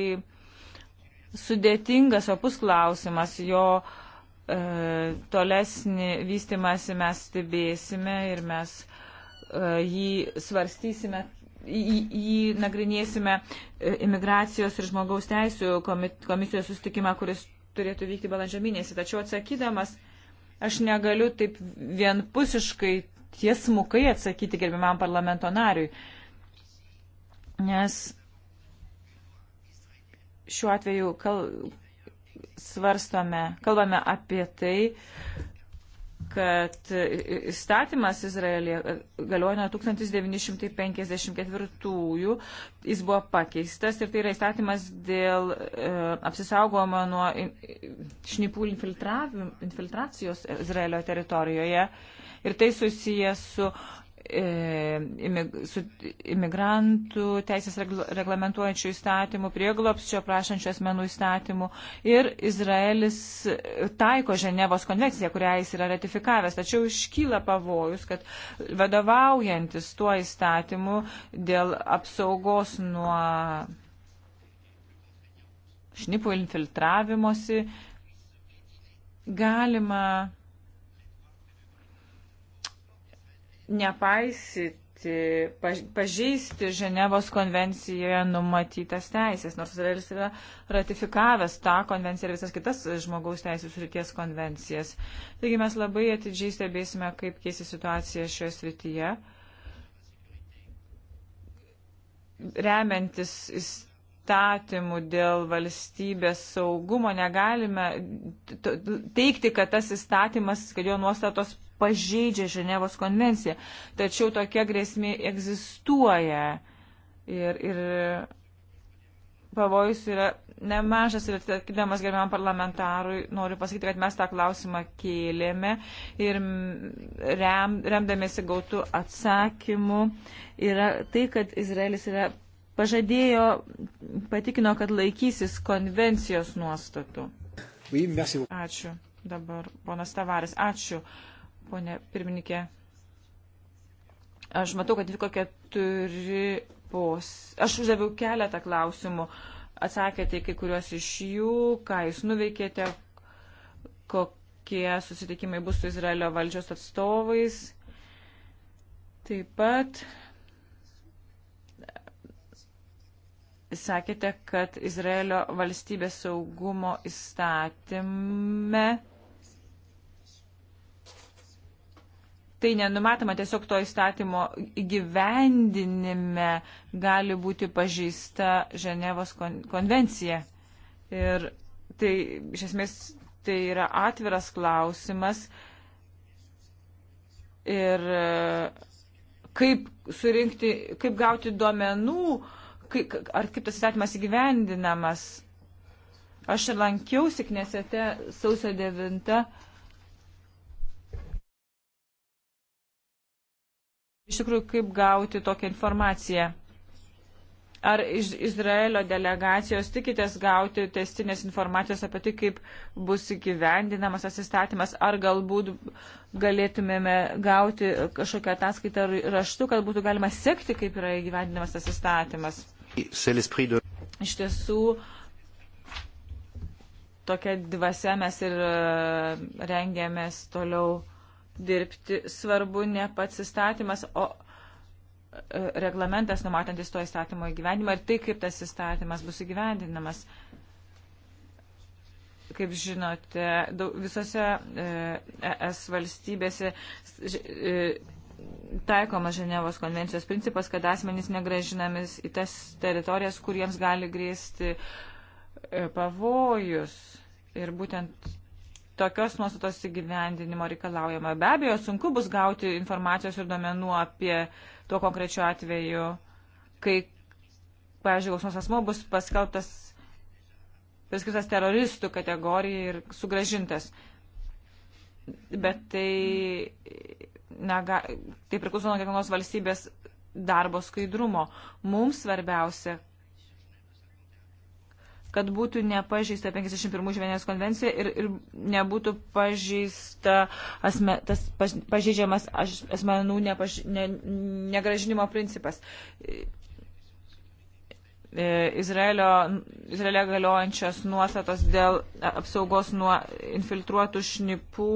sudėtingas opus klausimas, jo e, tolesnį vystimąsi mes stebėsime ir mes e, jį svarstysime jį, jį nagrinėsime e, imigracijos ir žmogaus teisų komisijos sustikimą, kuris turėtų vykti balandžio mėnesį. Tačiau atsakydamas, aš negaliu taip vienpusiškai tiesmukai atsakyti gerbiamam parlamento nariui. Nes šiuo atveju kal, svarstome, kalbame apie tai, kad įstatymas Izraelija galioja nuo 1954-ųjų, jis buvo pakeistas ir tai yra įstatymas dėl e, apsisaugojimo nuo in, šnipų infiltracijos Izraelio teritorijoje ir tai susijęs su E, su imigrantų teisės reglamentuojančių įstatymų, prieglopsčio prašančių asmenų įstatymų ir Izraelis taiko Ženevos konvenciją, kurią jis yra ratifikavęs. Tačiau iškyla pavojus, kad vadovaujantis tuo įstatymu dėl apsaugos nuo šnipų infiltravimosi galima nepaisyti, pažeisti Ženevos konvencijoje numatytas teisės, nors Izraelis yra ratifikavęs tą konvenciją ir visas kitas žmogaus teisės ryties konvencijas. Taigi mes labai atidžiai stebėsime, kaip keisi situacija šioje srityje, remiantis įstatymų dėl valstybės saugumo negalime teikti, kad tas įstatymas, kad jo nuostatos pažeidžia Ženevos konvenciją. Tačiau tokia grėsmė egzistuoja ir, ir pavojus yra nemažas ir atsakydamas gerbiamam parlamentarui noriu pasakyti, kad mes tą klausimą kėlėme ir rem, remdamėsi gautų atsakymų yra tai, kad Izraelis yra pažadėjo, patikino, kad laikysis konvencijos nuostatų. Ačiū. Dabar ponas Tavaris, ačiū ponė pirmininkė. Aš matau, kad vyko keturi pos. Aš uždaviau keletą klausimų. Atsakėte kai kuriuos iš jų, ką jūs nuveikėte, kokie susitikimai bus su Izraelio valdžios atstovais. Taip pat sakėte, kad Izraelio valstybės saugumo įstatyme tai nenumatoma, tiesiog to įstatymo gyvendinime gali būti pažeista Ženevos kon konvencija. Ir tai iš esmės tai yra atviras klausimas. Ir e, kaip surinkti, kaip gauti duomenų, kaip, ar kaip tas įstatymas įgyvendinamas. Aš ir lankiausi knesete sausio 9 Iš tikrųjų, kaip gauti tokią informaciją? Ar iš Izraelio delegacijos tikitės gauti testinės informacijos apie tai, kaip bus įgyvendinamas tas įstatymas, ar galbūt galėtumėme gauti kažkokią ataskaitą raštu, kad būtų galima sekti, kaip yra įgyvendinamas tas įstatymas? Iš tiesų, tokia dvasia mes ir e, rengėmės toliau dirbti. Svarbu ne pats įstatymas, o e, reglamentas numatantis to įstatymo įgyvendimą ir tai, kaip tas įstatymas bus įgyvendinamas. Kaip žinote, visose ES e valstybėse e, taikomas Ženevos konvencijos principas, kad asmenys negražinamis į tas teritorijas, kuriems gali grėsti pavojus. Ir būtent tokios nuostatos įgyvendinimo reikalaujama. Be abejo, sunku bus gauti informacijos ir duomenų apie tuo konkrečiu atveju, kai, pažiūrėjau, gausmas asmo bus paskelbtas, priskirtas teroristų kategorijai ir sugražintas. Bet tai, na, ga, tai priklauso nuo kiekvienos valstybės darbo skaidrumo. Mums svarbiausia, kad būtų nepažeista 51 žemės konvencija ir, ir nebūtų pažeista asme, tas paž, pažeidžiamas asmenų nepaž, ne, negražinimo principas. E, Izraelio, Izraelio galiojančios nuostatos dėl apsaugos nuo infiltruotų šnipų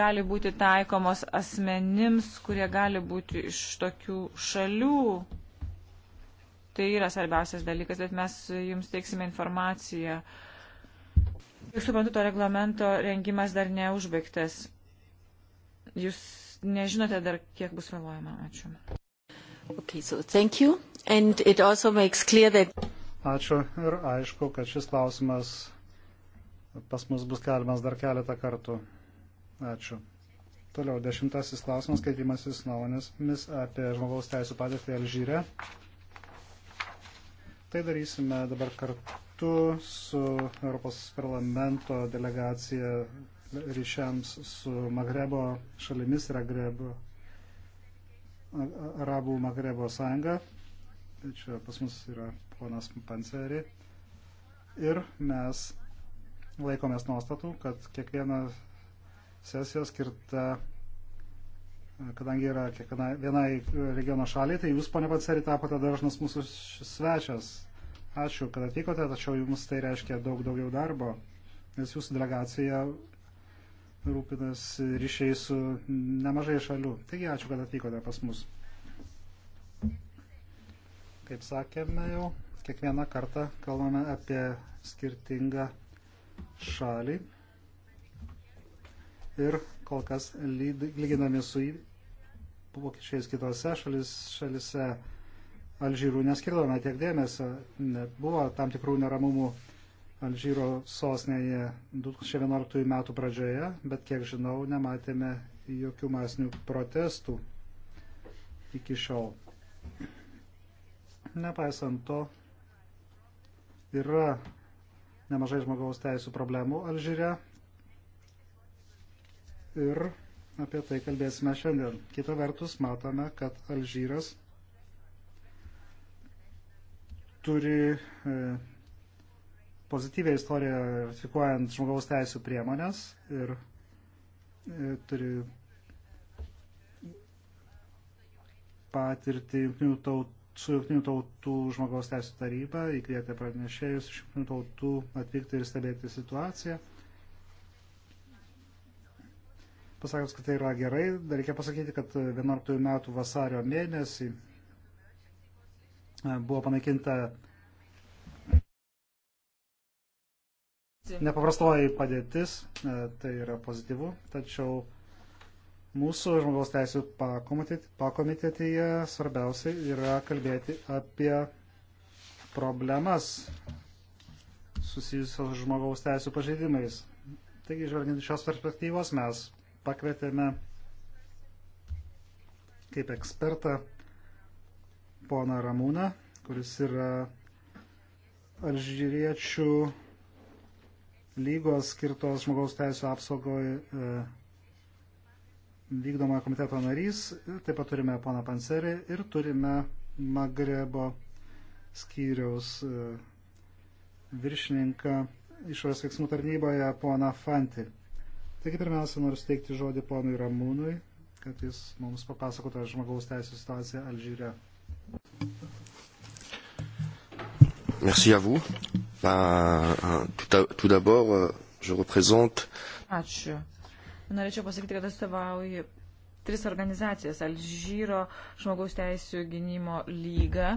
gali būti taikomos asmenims, kurie gali būti iš tokių šalių tai yra svarbiausias dalykas, bet mes jums teiksime informaciją. Kaip suprantu, to reglamento rengimas dar neužbaigtas. Jūs nežinote dar, kiek bus vėluojama. Ačiū. Okay, so thank you. And it also makes clear that... Ačiū ir aišku, kad šis klausimas pas mus bus keliamas dar keletą kartų. Ačiū. Toliau, dešimtasis klausimas, skaitimasis nuomonės apie žmogaus teisų padėtį Alžyre. Tai darysime dabar kartu su Europos parlamento delegacija ryšiams su Magrebo šalimis ir Agrebo, Arabų Magrebo sąjunga. Tai čia pas mus yra ponas Panceri. Ir mes laikomės nuostatų, kad kiekviena sesija skirta kadangi yra kiekviena, vienai regiono šaliai, tai jūs, ponia Patseri, tapote dažnas mūsų svečias. Ačiū, kad atvykote, tačiau jums tai reiškia daug daugiau darbo, nes jūsų delegacija rūpinasi ryšiai su nemažai šalių. Taigi ačiū, kad atvykote pas mus. Kaip sakėme jau, kiekvieną kartą kalbame apie skirtingą šalį ir kol kas lyginami su pokyčiais kitose šalis, šalise Alžyrų neskirdome tiek dėmesio. Ne, buvo tam tikrų neramumų Alžyro sosnėje 2011 metų pradžioje, bet kiek žinau, nematėme jokių masinių protestų iki šiol. Nepaisant to, yra nemažai žmogaus teisų problemų Alžyre ir apie tai kalbėsime šiandien. Kita vertus, matome, kad Alžyras turi e, pozityvę istoriją ratifikuojant žmogaus teisų priemonės ir e, turi patirti tautų, su jungtinių tautų žmogaus teisų taryba, įkvietė pranešėjus iš jungtinių tautų atvykti ir stebėti situaciją. Pasakęs, kad tai yra gerai, dar reikia pasakyti, kad 11 metų vasario mėnesį e, buvo panaikinta nepaprastoji padėtis, e, tai yra pozityvu, tačiau mūsų žmogaus teisų pakomitetyje svarbiausia yra kalbėti apie problemas susijusios žmogaus teisų pažeidimais. Taigi, žvelgiant iš šios perspektyvos, mes pakvietėme kaip ekspertą poną Ramūną, kuris yra alžyriečių lygos skirtos žmogaus teisų apsaugoje vykdomojo komiteto narys, taip pat turime poną Panserį ir turime Magrebo skyriaus e, viršininką išorės veiksmų tarnyboje poną Fantį. Taigi pirmiausia, noriu steigti žodį ponui Ramūnui, kad jis mums papasakotų žmogaus teisų situaciją Alžyre. Merci à vous. Uh, tout, tout d'abord, uh, je représente. Ačiū. Norėčiau pasakyti, kad atstovauju tris organizacijas - Alžyro žmogaus teisų gynimo lyga,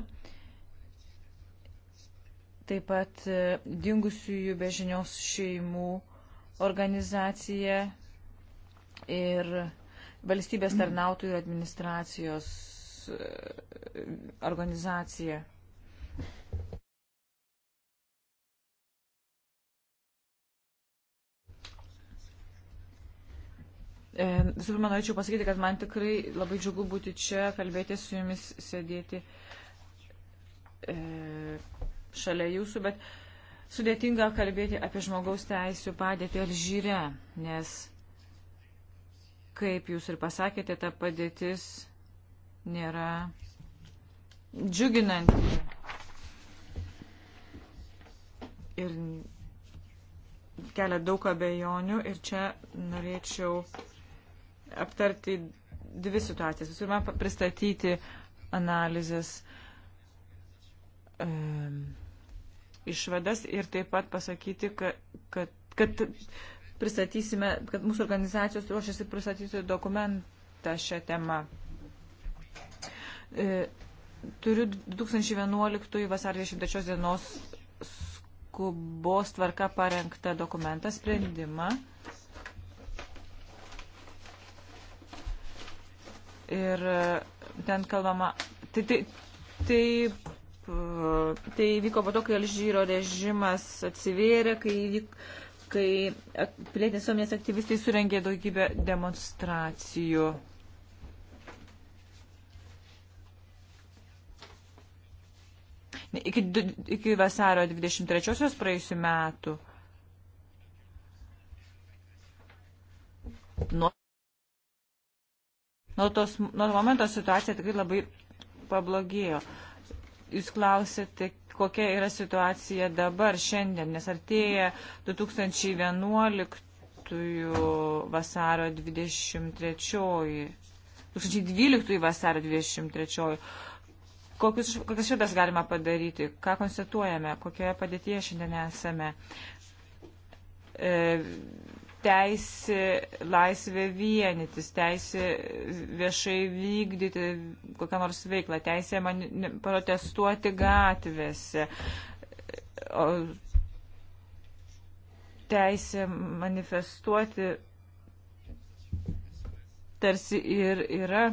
taip pat e, dingusiųjų bežinios šeimų organizacija ir valstybės tarnautojų ir administracijos e, organizacija. E, visų pirma, norėčiau pasakyti, kad man tikrai labai džiugu būti čia, kalbėti su jumis, sėdėti e, šalia jūsų, bet sudėtinga kalbėti apie žmogaus teisų padėtį Alžyre, nes, kaip jūs ir pasakėte, ta padėtis nėra džiuginanti. Ir kelia daug abejonių ir čia norėčiau aptarti dvi situacijas. Visų pirma, pristatyti analizės. Um, išvadas ir taip pat pasakyti, kad, kad, kad pristatysime, kad mūsų organizacijos ruošiasi pristatyti dokumentą šią temą. E, turiu 2011 vasario 23 dienos skubos tvarka parengtą dokumentą sprendimą. Ir ten kalbama, tai, tai, tai Tai vyko po to, kai Alžyro režimas atsivėrė, kai, kai pilietinės suomenės aktyvistai surengė daugybę demonstracijų. Iki, iki vasario 23-osios praėjusių metų. Nuo, nuo, tos, nuo momento situacija tikrai labai pablogėjo. Uh, jūs klausėte, kokia yra situacija dabar, šiandien, nes artėja 2011 vasaro 23. 2012 vasaro 23. Kokius, kokias švedas galima padaryti, ką konstatuojame, kokioje padėtyje šiandien esame. E, teisė laisvė vienytis, teisė viešai vykdyti kokią nors veiklą, teisė man, protestuoti gatvėse, o, teisė manifestuoti tarsi ir yra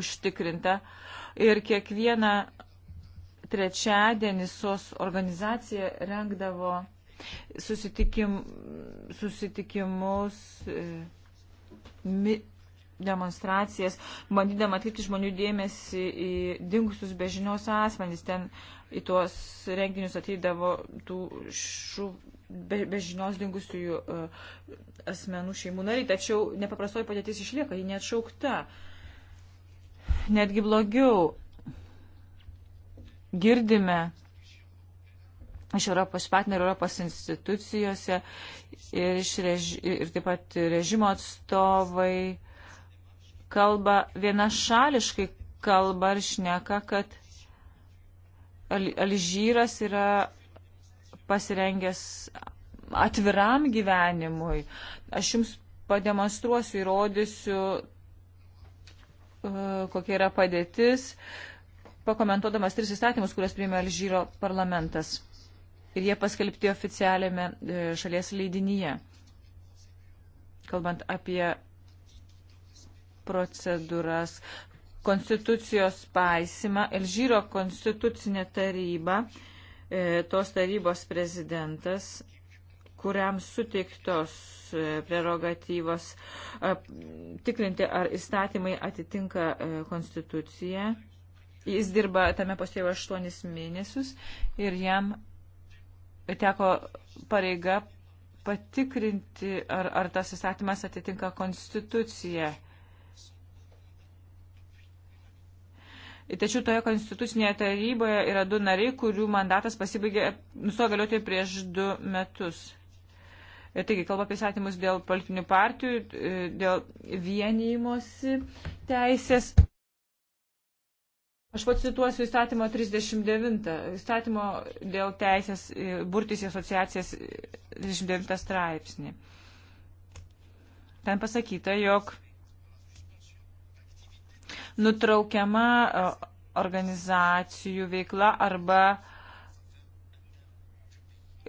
užtikrinta. Ir kiekvieną trečiadienį SOS organizacija rengdavo susitikim, susitikimus, e, mi, demonstracijas, bandydama atlikti žmonių dėmesį į dingusius bežinios asmenys. Ten į tuos renginius ateidavo tų šių be, bežinios dingusiųjų e, asmenų šeimų nariai, tačiau nepaprastoji padėtis išlieka, ji neatšaukta. Netgi blogiau. Girdime iš Europos partnerių Europos institucijose ir, iš reži, ir taip pat režimo atstovai kalba vienašališkai kalba ir šneka, kad Al Alžyras yra pasirengęs atviram gyvenimui. Aš jums pademonstruosiu, įrodysiu, e, kokia yra padėtis, pakomentuodamas tris įstatymus, kurias priėmė Alžyro parlamentas ir jie paskelbti oficialiame e, šalies leidinyje. Kalbant apie procedūras, konstitucijos paisimą, Elžyro konstitucinė taryba, e, tos tarybos prezidentas, kuriam suteiktos e, prerogatyvos tikrinti, ar įstatymai atitinka konstituciją. Jis dirba tame postėje 8 mėnesius ir jam teko pareiga patikrinti, ar, ar tas įstatymas atitinka konstituciją. Tačiau toje konstitucinėje taryboje yra du nariai, kurių mandatas pasibaigė, nustojo galioti prieš du metus. Taigi, kalba apie įstatymus dėl politinių partijų, dėl vienymosi teisės. Aš pats cituosiu įstatymo 39, įstatymo dėl teisės e, burtis į asociacijas 39 e, straipsnį. Ten pasakyta, jog nutraukiama e, organizacijų veikla arba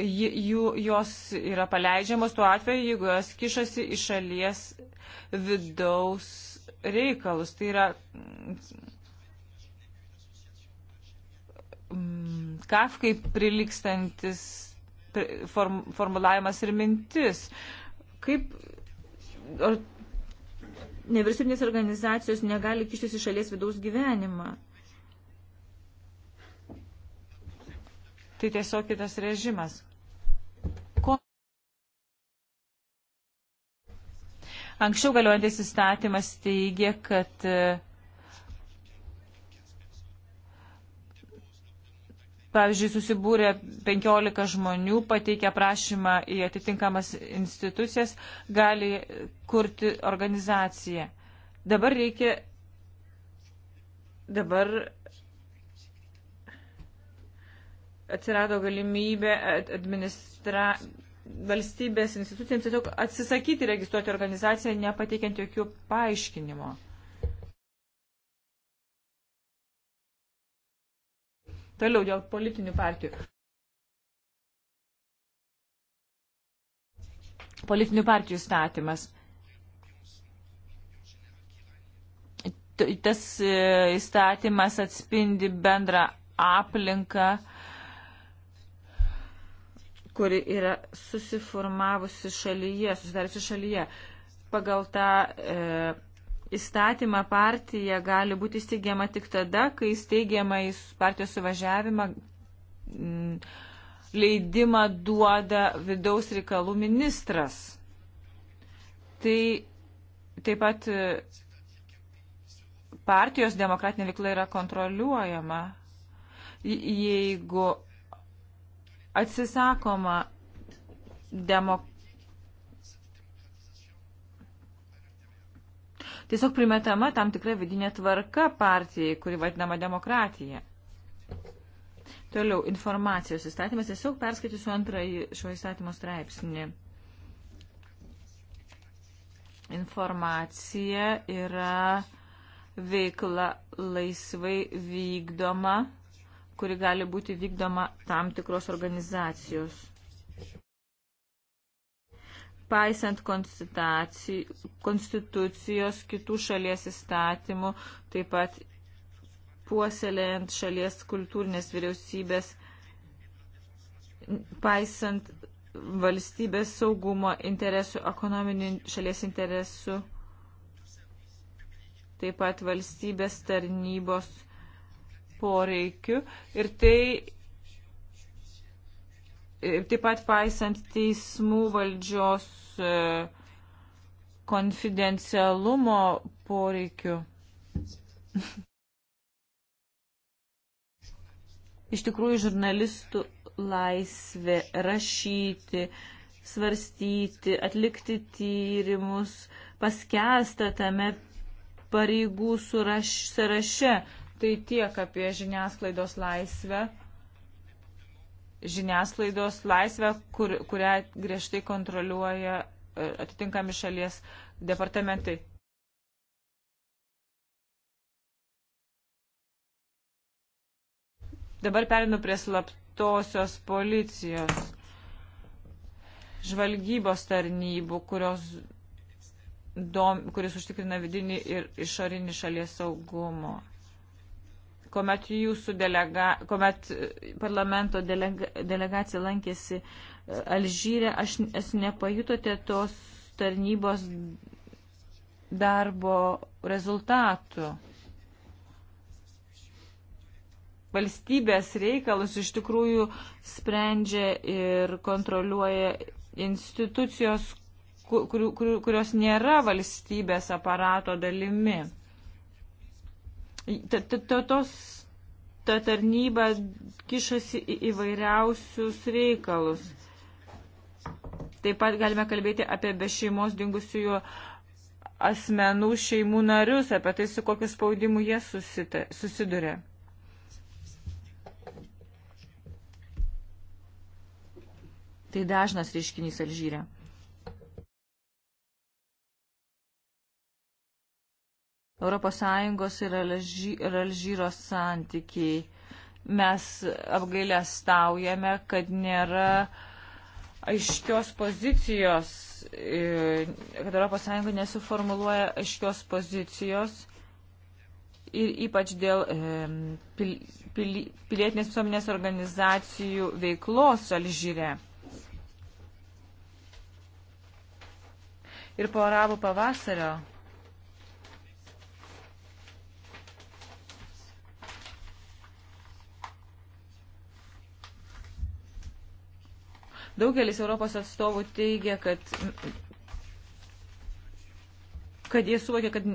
jų, jos yra paleidžiamos tuo atveju, jeigu jos kišasi į šalies vidaus reikalus. Tai yra Mm, kafkai prilikstantis form, formulavimas ir mintis. Kaip ar nevyriausybinės organizacijos negali kištis į šalies vidaus gyvenimą? Tai tiesiog kitas režimas. Ko... Anksčiau galiojantis įstatymas teigia, kad e, Pavyzdžiui, susibūrė 15 žmonių, pateikia prašymą į atitinkamas institucijas, gali kurti organizaciją. Dabar reikia. Dabar atsirado galimybė administra, valstybės institucijams tiesiog atsisakyti registruoti organizaciją, nepateikiant jokių paaiškinimo. Toliau dėl politinių partijų. Politinių partijų statymas. Tas e, įstatymas atspindi bendrą aplinką, kuri yra susiformavusi šalyje, susidariusi šalyje. Pagal tą e, įstatymą partija gali būti steigiama tik tada, kai steigiama į partijos suvažiavimą mm, leidimą duoda vidaus reikalų ministras. Tai taip pat e, partijos demokratinė veikla yra kontroliuojama. Jeigu atsisakoma demok tiesiog primetama tam tikra vidinė tvarka partijai, kuri vadinama demokratija. Toliau, informacijos įstatymas. Tiesiog perskaitysiu antrąjį šio įstatymo straipsnį. Informacija yra veikla laisvai vykdoma, kuri gali būti vykdoma tam tikros organizacijos paisant konstitucijos, kitų šalies įstatymų, taip pat puoselėjant šalies kultūrinės vyriausybės, paisant valstybės saugumo interesų, ekonominių šalies interesų, taip pat valstybės tarnybos poreikių. Ir tai taip pat paisant teismų valdžios e, konfidencialumo poreikių. Iš tikrųjų, žurnalistų laisvė rašyti, svarstyti, atlikti tyrimus paskęsta tame pareigų sąraše. Tai tiek apie žiniasklaidos laisvę žiniasklaidos laisvę, kur, kurią griežtai kontroliuoja e, atitinkami šalies departamentai. Dabar perinu prie slaptosios policijos žvalgybos tarnybų, kurios dom, kuris užtikrina vidinį ir išorinį šalies saugumo kuomet jūsų delega, kuomet parlamento delega, delegacija lankėsi e, Alžyre, aš, aš nepajutote tos tarnybos darbo rezultatų. Valstybės reikalus iš tikrųjų sprendžia ir kontroliuoja institucijos, kur, kur, kur, kurios nėra valstybės aparato dalimi ta, ta, ta, tos ta tarnyba kišasi į įvairiausius reikalus. Taip pat galime kalbėti apie be šeimos dingusiųjų asmenų šeimų narius, apie tai, su kokiu spaudimu jie susita, susiduria. Tai dažnas reiškinys Alžyre. ES ir, Alži, ir Alžyros santykiai. Mes apgailę staujame, kad nėra aiškios pozicijos, e, kad ES nesuformuluoja aiškios pozicijos ir ypač dėl e, pil, pil, pilietinės visuomenės organizacijų veiklos Alžyre. Ir po arabų pavasario Daugelis Europos atstovų teigia, kad kad jie suvokia, kad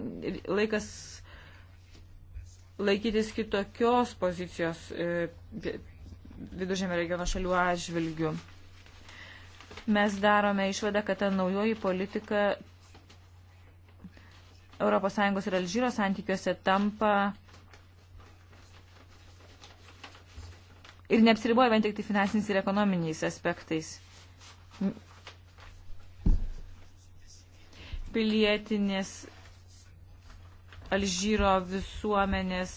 laikas laikytis kitokios pozicijos e, viduržėmio regiono šalių atžvilgių. Mes darome išvadą, kad ta naujoji politika ES ir Alžyro santykiuose tampa ir neapsiriboja vien tik tai finansiniais ir ekonominiais aspektais. Pilietinės Alžyro visuomenės,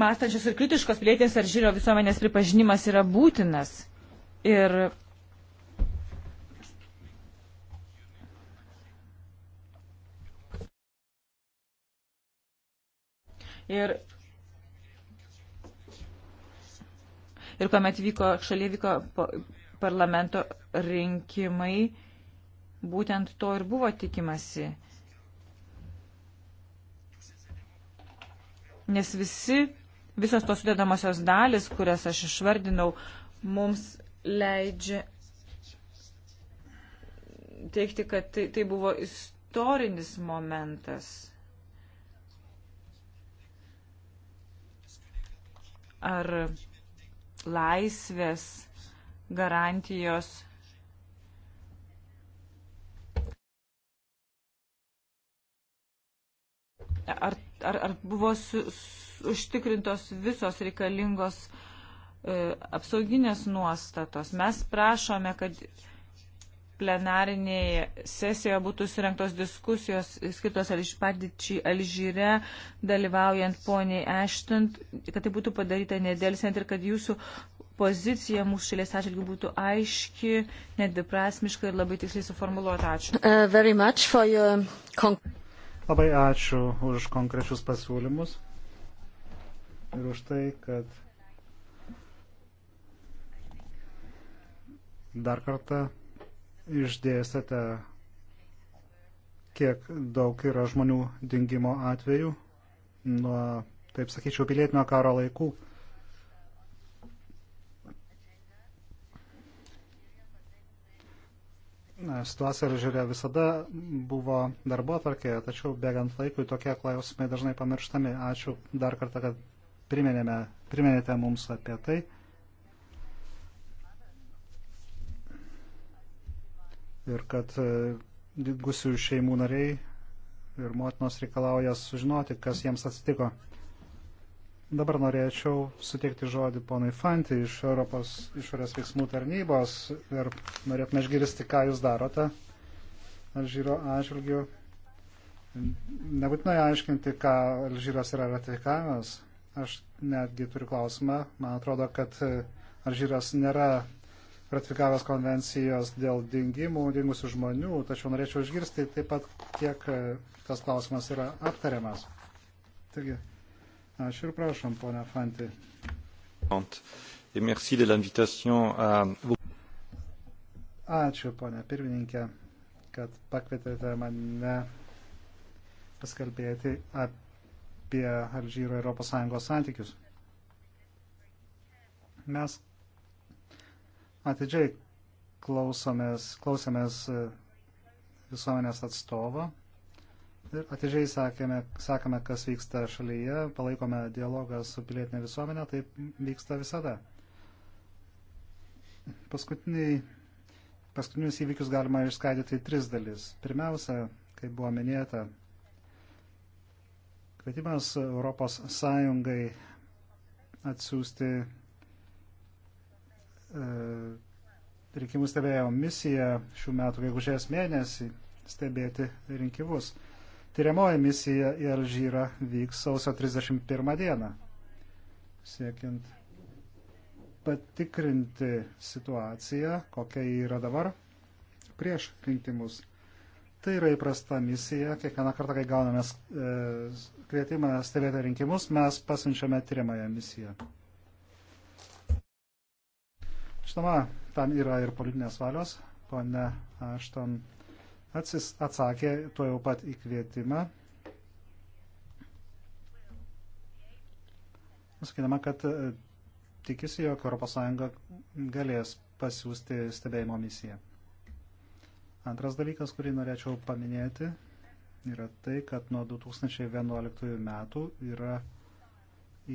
mąstančios ir kritiškos pilietinės Alžyro visuomenės pripažinimas yra būtinas. Ir Ir ir kuomet vyko, šalyje vyko parlamento rinkimai, būtent to ir buvo tikimasi. Nes visi, visos tos sudėdamosios dalis, kurias aš išvardinau, mums leidžia teikti, kad tai, tai buvo istorinis momentas. Ar laisvės garantijos. Ar, ar, ar buvo su, su, užtikrintos visos reikalingos e, apsauginės nuostatos? Mes prašome, kad plenarinėje sesijoje būtų surinktos diskusijos skirtos padėčiai Alžyre, dalyvaujant poniai Eštant, kad tai būtų padaryta nedėlsiant ir kad jūsų pozicija mūsų šalies atžvilgių būtų aiški, nedviprasmiška ir labai tiksliai suformuluota. Ačiū. Uh, your... Labai ačiū už konkrečius pasiūlymus ir už tai, kad dar kartą išdėstėte, kiek daug yra žmonių dingimo atvejų nuo, taip sakyčiau, pilietinio karo laikų. Na, situacija Alžyre visada buvo darbo atvarkėje, tačiau bėgant laikui tokie klausimai dažnai pamirštami. Ačiū dar kartą, kad priminėme, priminėte mums apie tai. ir kad e, gusių šeimų nariai ir motinos reikalauja sužinoti, kas jiems atsitiko. Dabar norėčiau suteikti žodį ponui Fanti iš Europos išorės veiksmų tarnybos ir norėtume išgirsti, ką jūs darote Alžyro atžvilgiu. Nebūtinai aiškinti, ką Alžyras yra ratifikavęs. Aš netgi turiu klausimą. Man atrodo, kad e, Alžyras nėra ratifikavęs konvencijos dėl dingimų, dingusių žmonių, tačiau norėčiau išgirsti taip pat, kiek e, tas klausimas yra aptariamas. Taigi, aš ir prašom, ponia Fanti. Ačiū, ponia pirmininkė, kad pakvietėte mane paskalbėti apie Alžyro ir ES santykius. Mes atidžiai klausomės, klausėmės e, visuomenės atstovo ir atidžiai sakėme, sakome, kas vyksta šalyje, palaikome dialogą su pilietinė visuomenė, taip vyksta visada. Paskutiniai, paskutinius įvykius galima išskaidyti į tris dalis. Pirmiausia, kaip buvo minėta, kvietimas Europos Sąjungai atsiųsti E, rinkimų stebėjo misiją šių metų gegužės mėnesį stebėti rinkimus. Tyriamoji misija į Alžyrą vyks sausio 31 dieną, siekiant patikrinti situaciją, kokia yra dabar prieš rinkimus. Tai yra įprasta misija. Kiekvieną kartą, kai gauname e, kvietimą stebėti rinkimus, mes pasiunčiame tyriamąją misiją svarstoma, tam yra ir politinės valios. Pone Ašton atsis, atsakė tuo jau pat į kvietimą. Sakydama, kad e, tikisi, jog ES galės pasiūsti stebėjimo misiją. Antras dalykas, kurį norėčiau paminėti, yra tai, kad nuo 2011 metų yra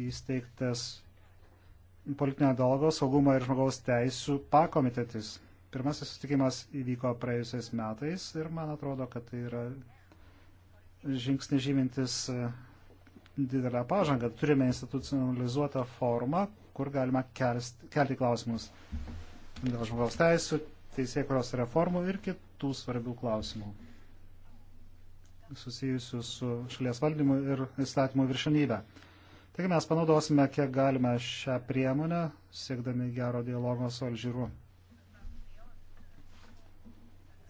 įsteigtas politinio dialogo saugumo ir žmogaus teisų pakomitetis. Pirmasis susitikimas įvyko praėjusiais metais ir man atrodo, kad tai yra žingsnis žymintis e, didelę pažangą. Turime institucionalizuotą formą, kur galima kelst, kelti klausimus dėl žmogaus teisų, teisėkuros reformų ir kitų svarbių klausimų susijusių su šalies valdymu ir įstatymų viršenybė. Taigi mes panaudosime, kiek galime šią priemonę, siekdami gero dialogo su Alžyru.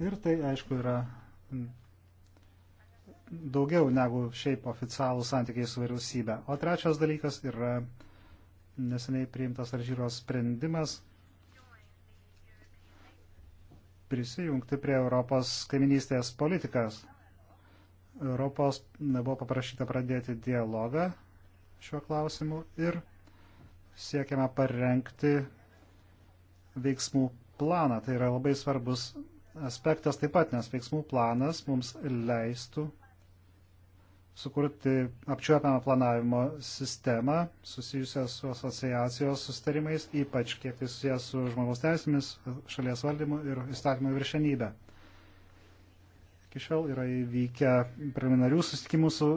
Ir tai, aišku, yra daugiau negu šiaip oficialų santykiai su vyriausybė. O trečias dalykas yra neseniai priimtas Alžyros sprendimas prisijungti prie Europos kaiminystės politikas. Europos buvo paprašyta pradėti dialogą šiuo klausimu ir siekiame parengti veiksmų planą. Tai yra labai svarbus aspektas taip pat, nes veiksmų planas mums leistų sukurti apčiuopiamą planavimo sistemą susijusią su asociacijos sustarimais, ypač kiek tai susijęs su žmogaus teisėmis, šalies valdymu ir įstatymų viršenybė. Iki šiol yra įvykę preliminarių susitikimų su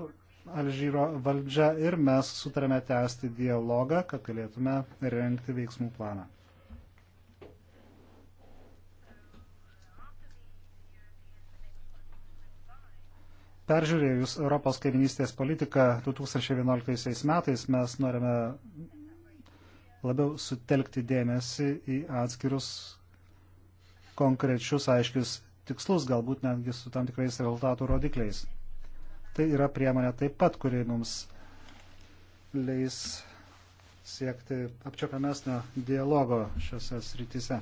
Alžyro valdžia ir mes sutarėme tęsti dialogą, kad galėtume renkti veiksmų planą. Peržiūrėjus Europos kaiminystės politiką 2011 metais mes norime labiau sutelkti dėmesį į atskirus konkrečius aiškius tikslus, galbūt netgi su tam tikrais rezultatų rodikliais. Tai yra priemonė taip pat, kuri mums leis siekti apčiopiamesnio dialogo šiose srityse.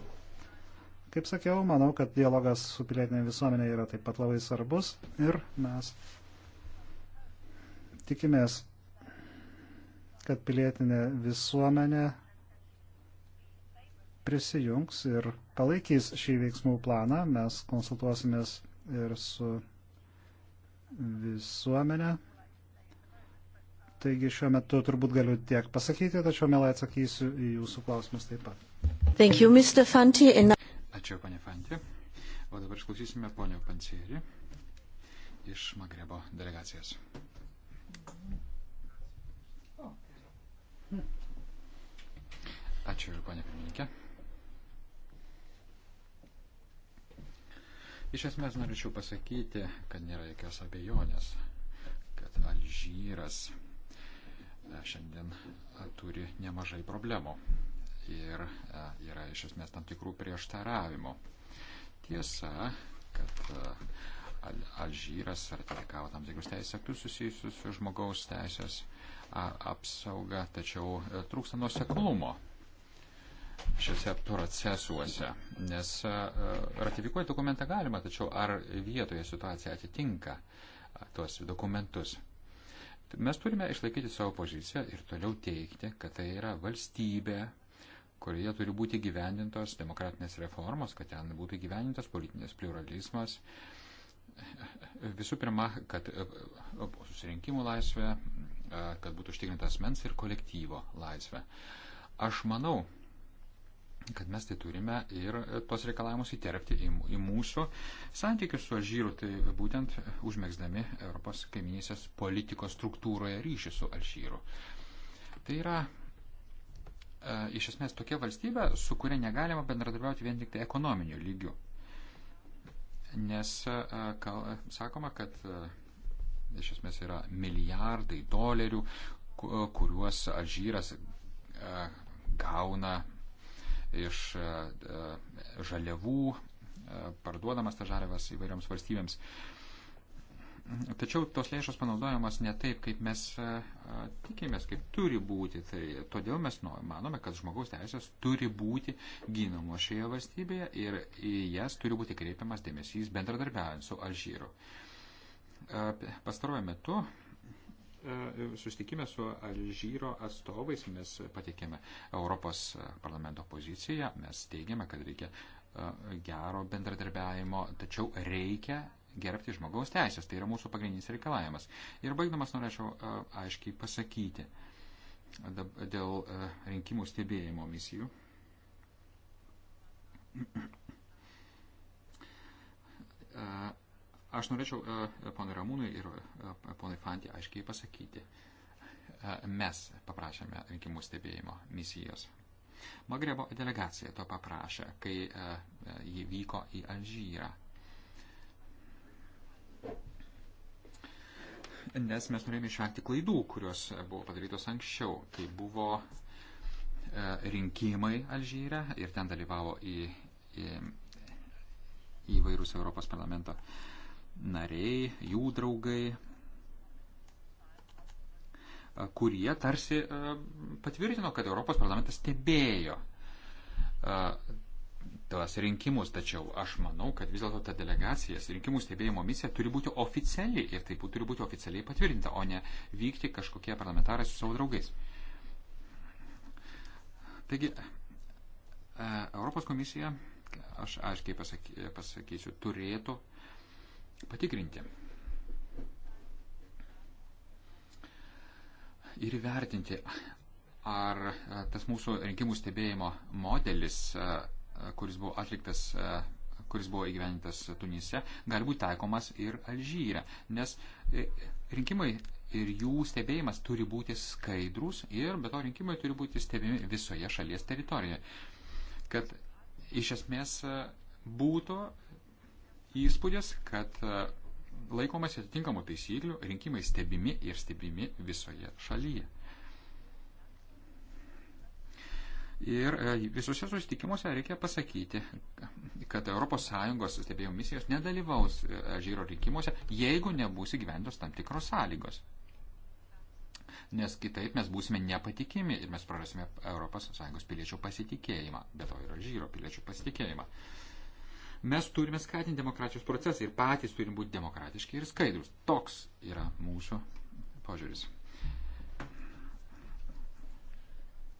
Kaip sakiau, manau, kad dialogas su pilietinė visuomenė yra taip pat labai svarbus ir mes tikimės, kad pilietinė visuomenė prisijungs ir palaikys šį veiksmų planą. Mes konsultuosimės ir su visuomenę. Taigi šiuo metu turbūt galiu tiek pasakyti, tačiau mielai atsakysiu į jūsų klausimus taip pat. Thank you, Mr. Fanti. And... Ačiū, ponė Fanti. O dabar išklausysime ponio Pancieri iš Magrebo delegacijos. Ačiū, ponė pirmininkė. Iš esmės norėčiau pasakyti, kad nėra jokios abejonės, kad Alžyras e, šiandien e, turi nemažai problemų ir e, yra iš esmės tam tikrų prieštaravimų. Tiesa, kad Al Alžyras ratifikavo tam tikrus teisės aktus susijusius su žmogaus teisės apsauga, tačiau trūksta nuoseklumo šiuose procesuose, nes e, ratifikuoti dokumentą galima, tačiau ar vietoje situacija atitinka tuos dokumentus. Mes turime išlaikyti savo poziciją ir toliau teikti, kad tai yra valstybė, kurioje turi būti gyvendintos demokratinės reformos, kad ten būtų gyvendintas politinės pluralizmas. Visų pirma, kad e, e, susirinkimų laisvė, kad būtų užtikrinta asmens ir kolektyvo laisvė. Aš manau, kad mes tai turime ir e, tos reikalavimus įterpti į, į mūsų santykius su Alžyru, tai būtent užmėgsdami Europos kaiminysės politikos struktūroje ryšį su Alžyru. Tai yra e, iš esmės tokia valstybė, su kuria negalima bendradarbiauti vien tik tai ekonominiu lygiu. Nes e, kal, sakoma, kad e, iš esmės yra milijardai dolerių, kuriuos Alžyras e, gauna iš e, žaliavų, e, parduodamas tas žaliavas įvairioms valstybėms. Tačiau tos lėšos panaudojamas ne taip, kaip mes e, tikimės, kaip turi būti. Tai todėl mes manome, kad žmogaus teisės turi būti ginamos šioje valstybėje ir į jas turi būti kreipiamas dėmesys bendradarbiaujant su Alžyru. Pastaruoju metu E, sustikime su Alžyro atstovais mes pateikėme Europos parlamento poziciją, mes teigiame, kad reikia e, gero bendradarbiavimo, tačiau reikia gerbti žmogaus teisės. Tai yra mūsų pagrindinis reikalavimas. Ir baigdamas norėčiau e, aiškiai pasakyti dėl rinkimų stebėjimo misijų. Aš norėčiau e, e, ponui Ramūnui ir e, ponui Fantį aiškiai pasakyti. Mes paprašėme rinkimų stebėjimo misijos. Magrebo delegacija to paprašė, kai jį vyko į Alžyrą. Nes mes norėjome išvengti klaidų, kurios buvo padarytos anksčiau, kai buvo rinkimai Alžyre ir ten dalyvavo į, į, įvairūs Europos parlamento uh, nariai, jų draugai, kurie tarsi e, patvirtino, kad Europos parlamentas stebėjo e, tas rinkimus, tačiau aš manau, kad vis dėlto ta delegacija, rinkimų stebėjimo misija turi būti oficiali ir tai turi būti oficialiai patvirtinta, o ne vykti kažkokie parlamentarai su savo draugais. Taigi, e, Europos komisija, aš aiškiai pasakysiu, turėtų patikrinti ir įvertinti, ar e, tas mūsų rinkimų stebėjimo modelis, e, kuris buvo atliktas e, kuris buvo įgyvenintas Tunise, gali būti taikomas ir Alžyre, nes rinkimai ir jų stebėjimas turi būti skaidrus ir be to rinkimai turi būti stebimi visoje šalies teritorijoje. Kad iš esmės būtų įspūdis, kad e, laikomasi atitinkamų taisyklių, rinkimai stebimi ir stebimi visoje šalyje. Ir e, visose susitikimuose reikia pasakyti, kad ES stebėjimo misijos nedalyvaus e, žyro rinkimuose, jeigu nebus įgyvendos tam tikros sąlygos. Nes kitaip mes būsime nepatikimi ir mes prarasime ES piliečių pasitikėjimą, bet to yra žyro piliečių pasitikėjimą. Uh, Mes turime skatinti demokratijos procesą ir patys turim būti demokratiški ir skaidrus. Toks yra mūsų požiūris.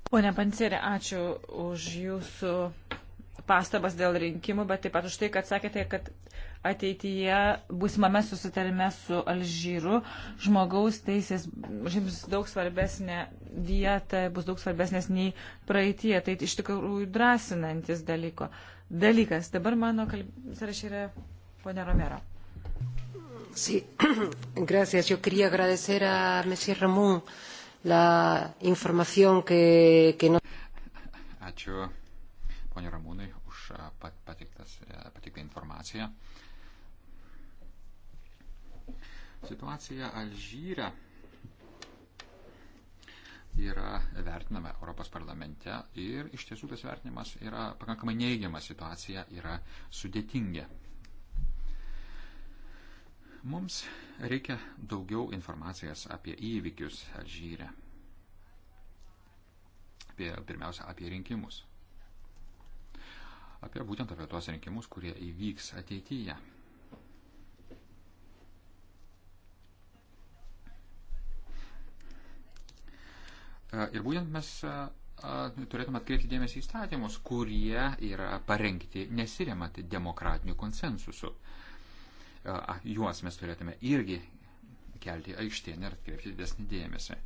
Pone Panceri, ačiū už jūsų pastabas dėl rinkimų, bet taip pat už tai, kad sakėte, kad ateityje būsimame susitarime su Alžyru žmogaus teisės žims daug svarbesnė vieta, bus daug svarbesnės nei praeitie. Tai iš tikrųjų drąsinantis dalyko, dalykas. Dabar mano kalb... sąrašė yra ponia Romero. Sí, gracias. Yo quería agradecer a Messi Ramón la información que, que nos. Ačiū, ponia Ramūnai, už pat, patiktą e, informaciją. Situacija Alžyre yra vertinama Europos parlamente ir iš tiesų tas vertinimas yra pakankamai neigiama situacija, yra sudėtinga. Mums reikia daugiau informacijos apie įvykius Alžyre. Apie, pirmiausia, apie rinkimus. Apie būtent apie tuos rinkimus, kurie įvyks ateityje. E, ir būtent mes e, e, turėtume atkreipti dėmesį įstatymus, kurie yra parengti nesiremant demokratiniu konsensusu. Juos mes turėtume irgi kelti aikštėn ir atkreipti didesnį dėmesį.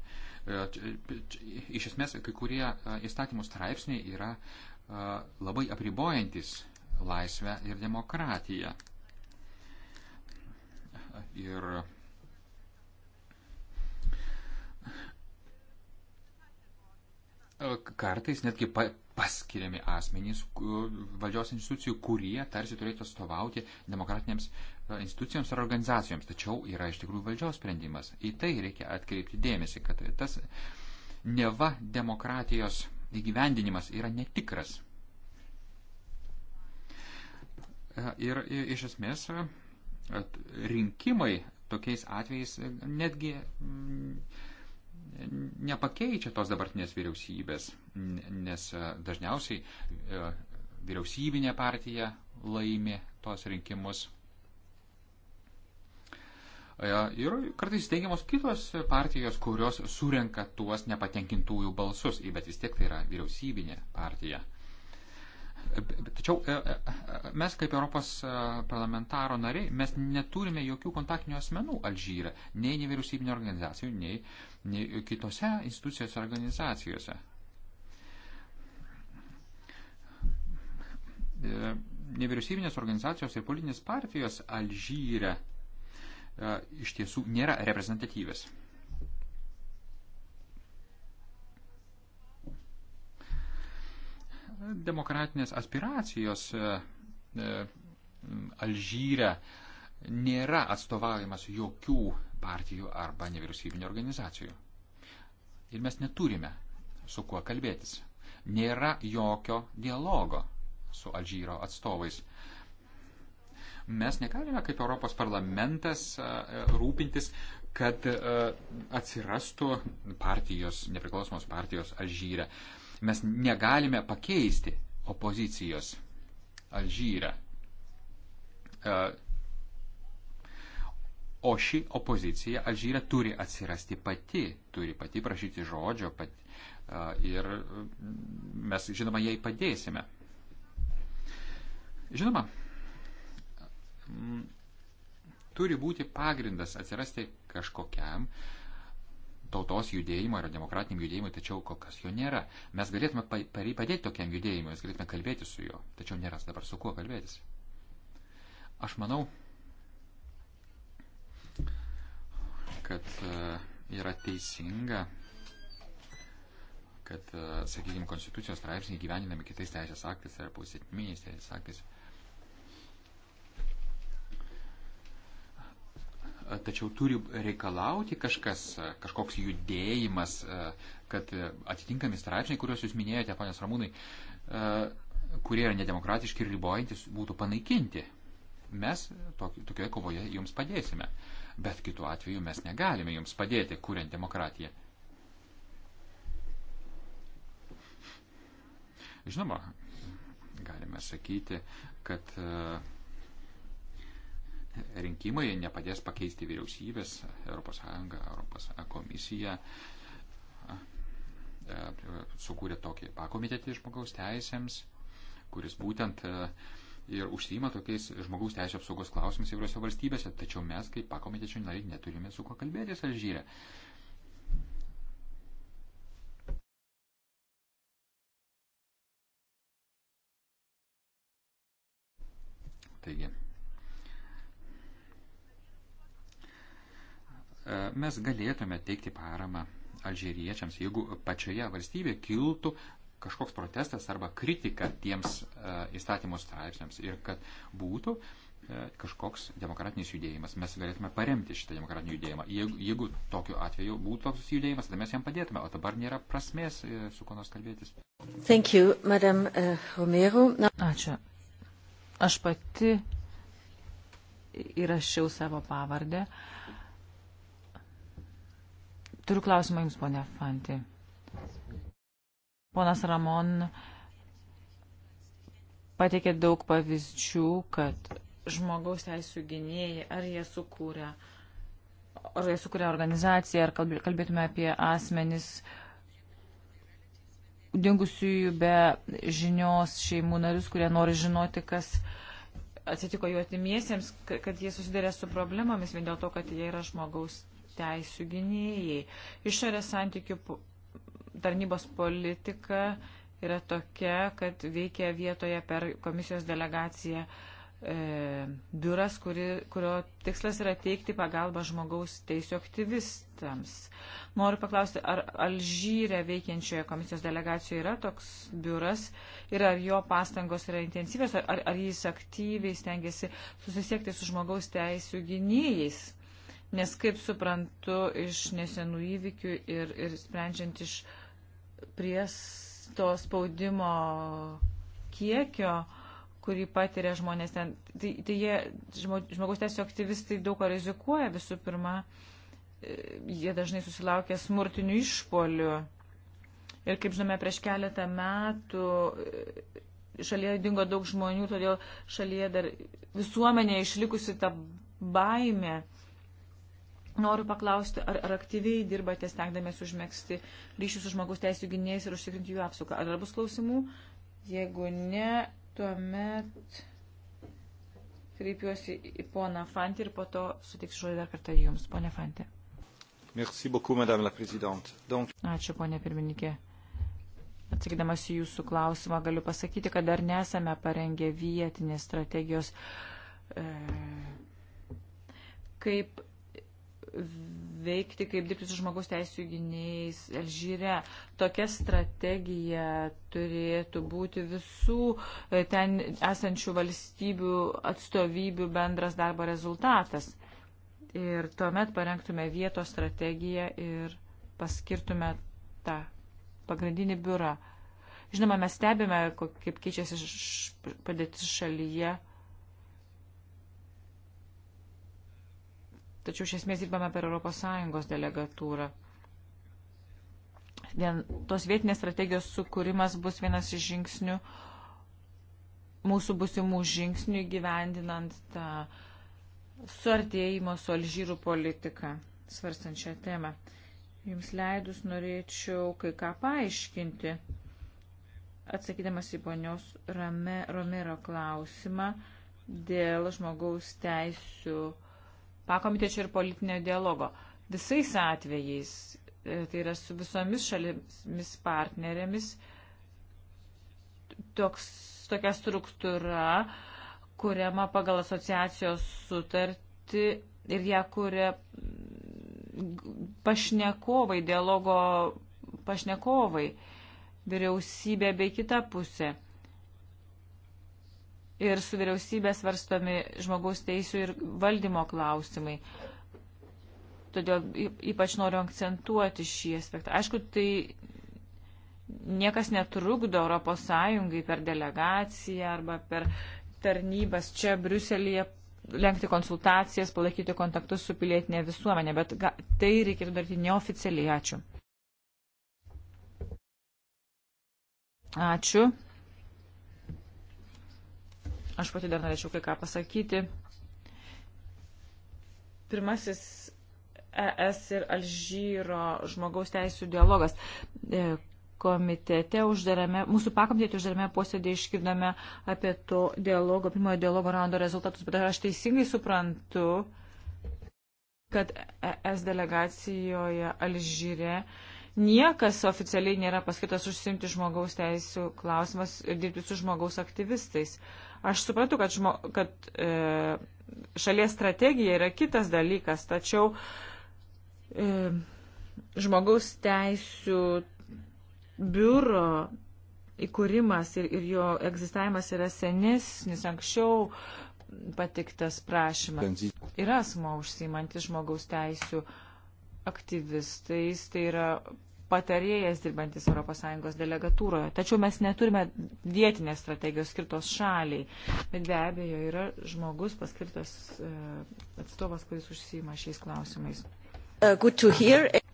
Iš esmės, kai kurie įstatymų straipsniai yra labai apribojantis laisvę ir demokratiją. Ir kartais netgi pa, paskiriami asmenys valdžios institucijų, kurie tarsi turėtų atstovauti demokratinėms e, institucijoms ar organizacijoms. Tačiau yra iš tikrųjų valdžios sprendimas. Į tai reikia atkreipti dėmesį, kad tas neva demokratijos įgyvendinimas yra netikras. E, ir iš esmės e, rinkimai tokiais atvejais netgi nepakeičia tos dabartinės vyriausybės, nes e, dažniausiai e, vyriausybinė partija laimi tos rinkimus. E, ir kartais teigiamos kitos partijos, kurios surenka tuos nepatenkintųjų balsus, bet vis tiek tai yra vyriausybinė partija. Tačiau mes kaip Europos parlamentaro nariai, mes neturime jokių kontaktinių asmenų Alžyre, nei nevyriausybinio organizacijų, nei nei kitose institucijose organizacijose. E, nevyriausybinės organizacijos ir politinės partijos Alžyre e, iš tiesų nėra reprezentatyvės. Demokratinės aspiracijos e, Alžyre nėra atstovavimas jokių partijų arba nevyriausybinio organizacijų. Ir mes neturime su kuo kalbėtis. Nėra jokio dialogo su Alžyro atstovais. Mes negalime kaip Europos parlamentas rūpintis, kad atsirastų partijos, nepriklausomos partijos Alžyre. Mes negalime pakeisti opozicijos Alžyre O ši opozicija Alžyre turi atsirasti pati, turi pati prašyti žodžio pat, ir mes, žinoma, jai padėsime. Žinoma, turi būti pagrindas atsirasti kažkokiam tautos judėjimo ar demokratiniam judėjimui, tačiau kol kas jo nėra. Mes galėtume padėti tokiam judėjimui, mes galėtume kalbėti su juo, tačiau nėra dabar su kuo kalbėtis. Aš manau, kad e, yra teisinga, kad, e, sakykime, konstitucijos straipsniai gyveninami kitais teisės aktais ar pusėtminiais teisės aktais. Tačiau turi reikalauti kažkas, kažkoks judėjimas, e, kad atitinkami straipsniai, kuriuos jūs minėjote, panės Ramūnai, kurie yra nedemokratiški ir ribojantis, būtų panaikinti. Mes tokioje kovoje jums padėsime. Uh, bet kitu atveju mes negalime jums padėti, kuriant demokratiją. Žinoma, galime sakyti, kad e, rinkimai nepadės pakeisti vyriausybės, ES, ES komisija e, sukūrė tokį pakomitetį žmogaus teisėms, kuris būtent uh, ir užsima tokiais žmogaus teisų apsaugos klausimais įvairiose valstybėse, tačiau mes, kaip pakomitečio nariai, neturime su kuo kalbėtis Alžyre. Taigi, e, mes galėtume teikti paramą alžyriečiams, jeigu pačioje valstybėje kiltų kažkoks protestas arba kritika tiems e, įstatymų straipsniams ir kad būtų e, kažkoks demokratinis judėjimas. Mes galėtume paremti šitą demokratinį judėjimą. Jeigu, jeigu tokiu atveju būtų toks judėjimas, tada mes jam padėtume, o dabar nėra prasmės e, su kuo nors kalbėtis. Thank you, Madam Romero. Na... Ačiū. Aš pati įrašiau savo pavardę. Turiu klausimą Jums, ponia Fanti. Ponas Ramon pateikė daug pavyzdžių, kad žmogaus teisų gynėjai, ar jie sukūrė, ar jie sukūrė organizaciją, ar kalbėtume apie asmenis dingusiųjų be žinios šeimų narius, kurie nori žinoti, kas atsitiko jų atimiesiems, kad jie susidarė su problemomis vien dėl to, kad jie yra žmogaus teisų gynėjai. Išorės santykių tarnybos politika yra tokia, kad veikia vietoje per komisijos delegaciją e, biuras, kuri, kurio tikslas yra teikti pagalbą žmogaus teisų aktyvistams. Noriu paklausti, ar Alžyre veikiančioje komisijos delegacijoje yra toks biuras ir ar jo pastangos yra intensyvios, ar, ar jis aktyviai stengiasi susisiekti su žmogaus teisų gynėjais. Nes kaip suprantu iš nesenų įvykių ir, ir sprendžiant iš prie to spaudimo kiekio, kurį patiria žmonės ten. Tai, tai jie, žmogaus teisų aktyvistai daug ko rizikuoja visų pirma, e, jie dažnai susilaukia smurtinių išpolių. Ir kaip žinome, prieš keletą metų e, šalyje dingo daug žmonių, todėl šalyje dar visuomenė išlikusi ta baime. Noriu paklausti, ar, ar aktyviai dirbate stengdamės užmėgsti ryšius su žmogus teisų gynėjais ir užtikrinti jų apsaugą. Ar, ar bus klausimų? Jeigu ne, tuomet kreipiuosi į poną Fantį ir po to sutiksiu žodį dar kartą jums, ponė Fantė. Merci beaucoup, madame la présidente. Donc... Ačiū, ponė pirmininkė. Atsakydamas į jūsų klausimą, galiu pasakyti, kad dar nesame parengę vietinės strategijos, e, kaip veikti, kaip dirbti su žmogaus teisų gynėjais Alžyre. Tokia strategija turėtų būti visų e, ten esančių valstybių atstovybių bendras darbo rezultatas. Ir tuomet parengtume vietos strategiją ir paskirtume tą pagrindinį biurą. Žinoma, mes stebime, kaip keičiasi padėtis šalyje Tačiau iš esmės dirbame per ES delegatūrą. Vien tos vietinės strategijos sukūrimas bus vienas iš žingsnių, mūsų busimų žingsnių gyvendinant tą suartėjimo su Alžyru politiką, svarstant šią temą. Jums leidus norėčiau kai ką paaiškinti, atsakydamas į ponios Rame, Romero klausimą dėl žmogaus teisų pakomitečio ir politinio dialogo. Visais atvejais, e, tai yra su visomis šalimis partnerėmis, toks, tokia struktūra kuriama pagal asociacijos sutartį ir ją kuria pašnekovai, dialogo pašnekovai, vyriausybė bei kita pusė ir su vyriausybės varstomi žmogaus teisų ir valdymo klausimai. Todėl ypač noriu akcentuoti šį aspektą. Aišku, tai niekas netrukdo ES per delegaciją arba per tarnybas čia Briuselėje lenkti konsultacijas, palaikyti kontaktus su pilietinė visuomenė, bet ga, tai reikėtų daryti neoficialiai. Ačiū. Ačiū. Aš pati dar norėčiau kai ką pasakyti. Pirmasis ES ir Alžyro žmogaus teisų dialogas. E, komitete uždarame, mūsų pakomitete uždarame posėdė iškirdame apie to dialogo, pirmojo dialogo raundo rezultatus, bet aš teisingai suprantu, kad ES delegacijoje Alžyre niekas oficialiai nėra paskirtas užsimti žmogaus teisų klausimas ir dirbti su žmogaus aktyvistais. Uh, Aš suprantu, kad, žmo, kad e, šalies strategija yra kitas dalykas, tačiau e, žmogaus teisų biuro įkūrimas ir, ir jo egzistavimas yra senesnis, anksčiau patiktas prašymas. Yra asmo užsimantis žmogaus teisų aktyvistais, tai yra patarėjas dirbantis ES delegatūroje. Tačiau mes neturime vietinės strategijos skirtos šaliai, bet be abejo yra žmogus paskirtas e, atstovas, kuris užsima šiais klausimais. Uh,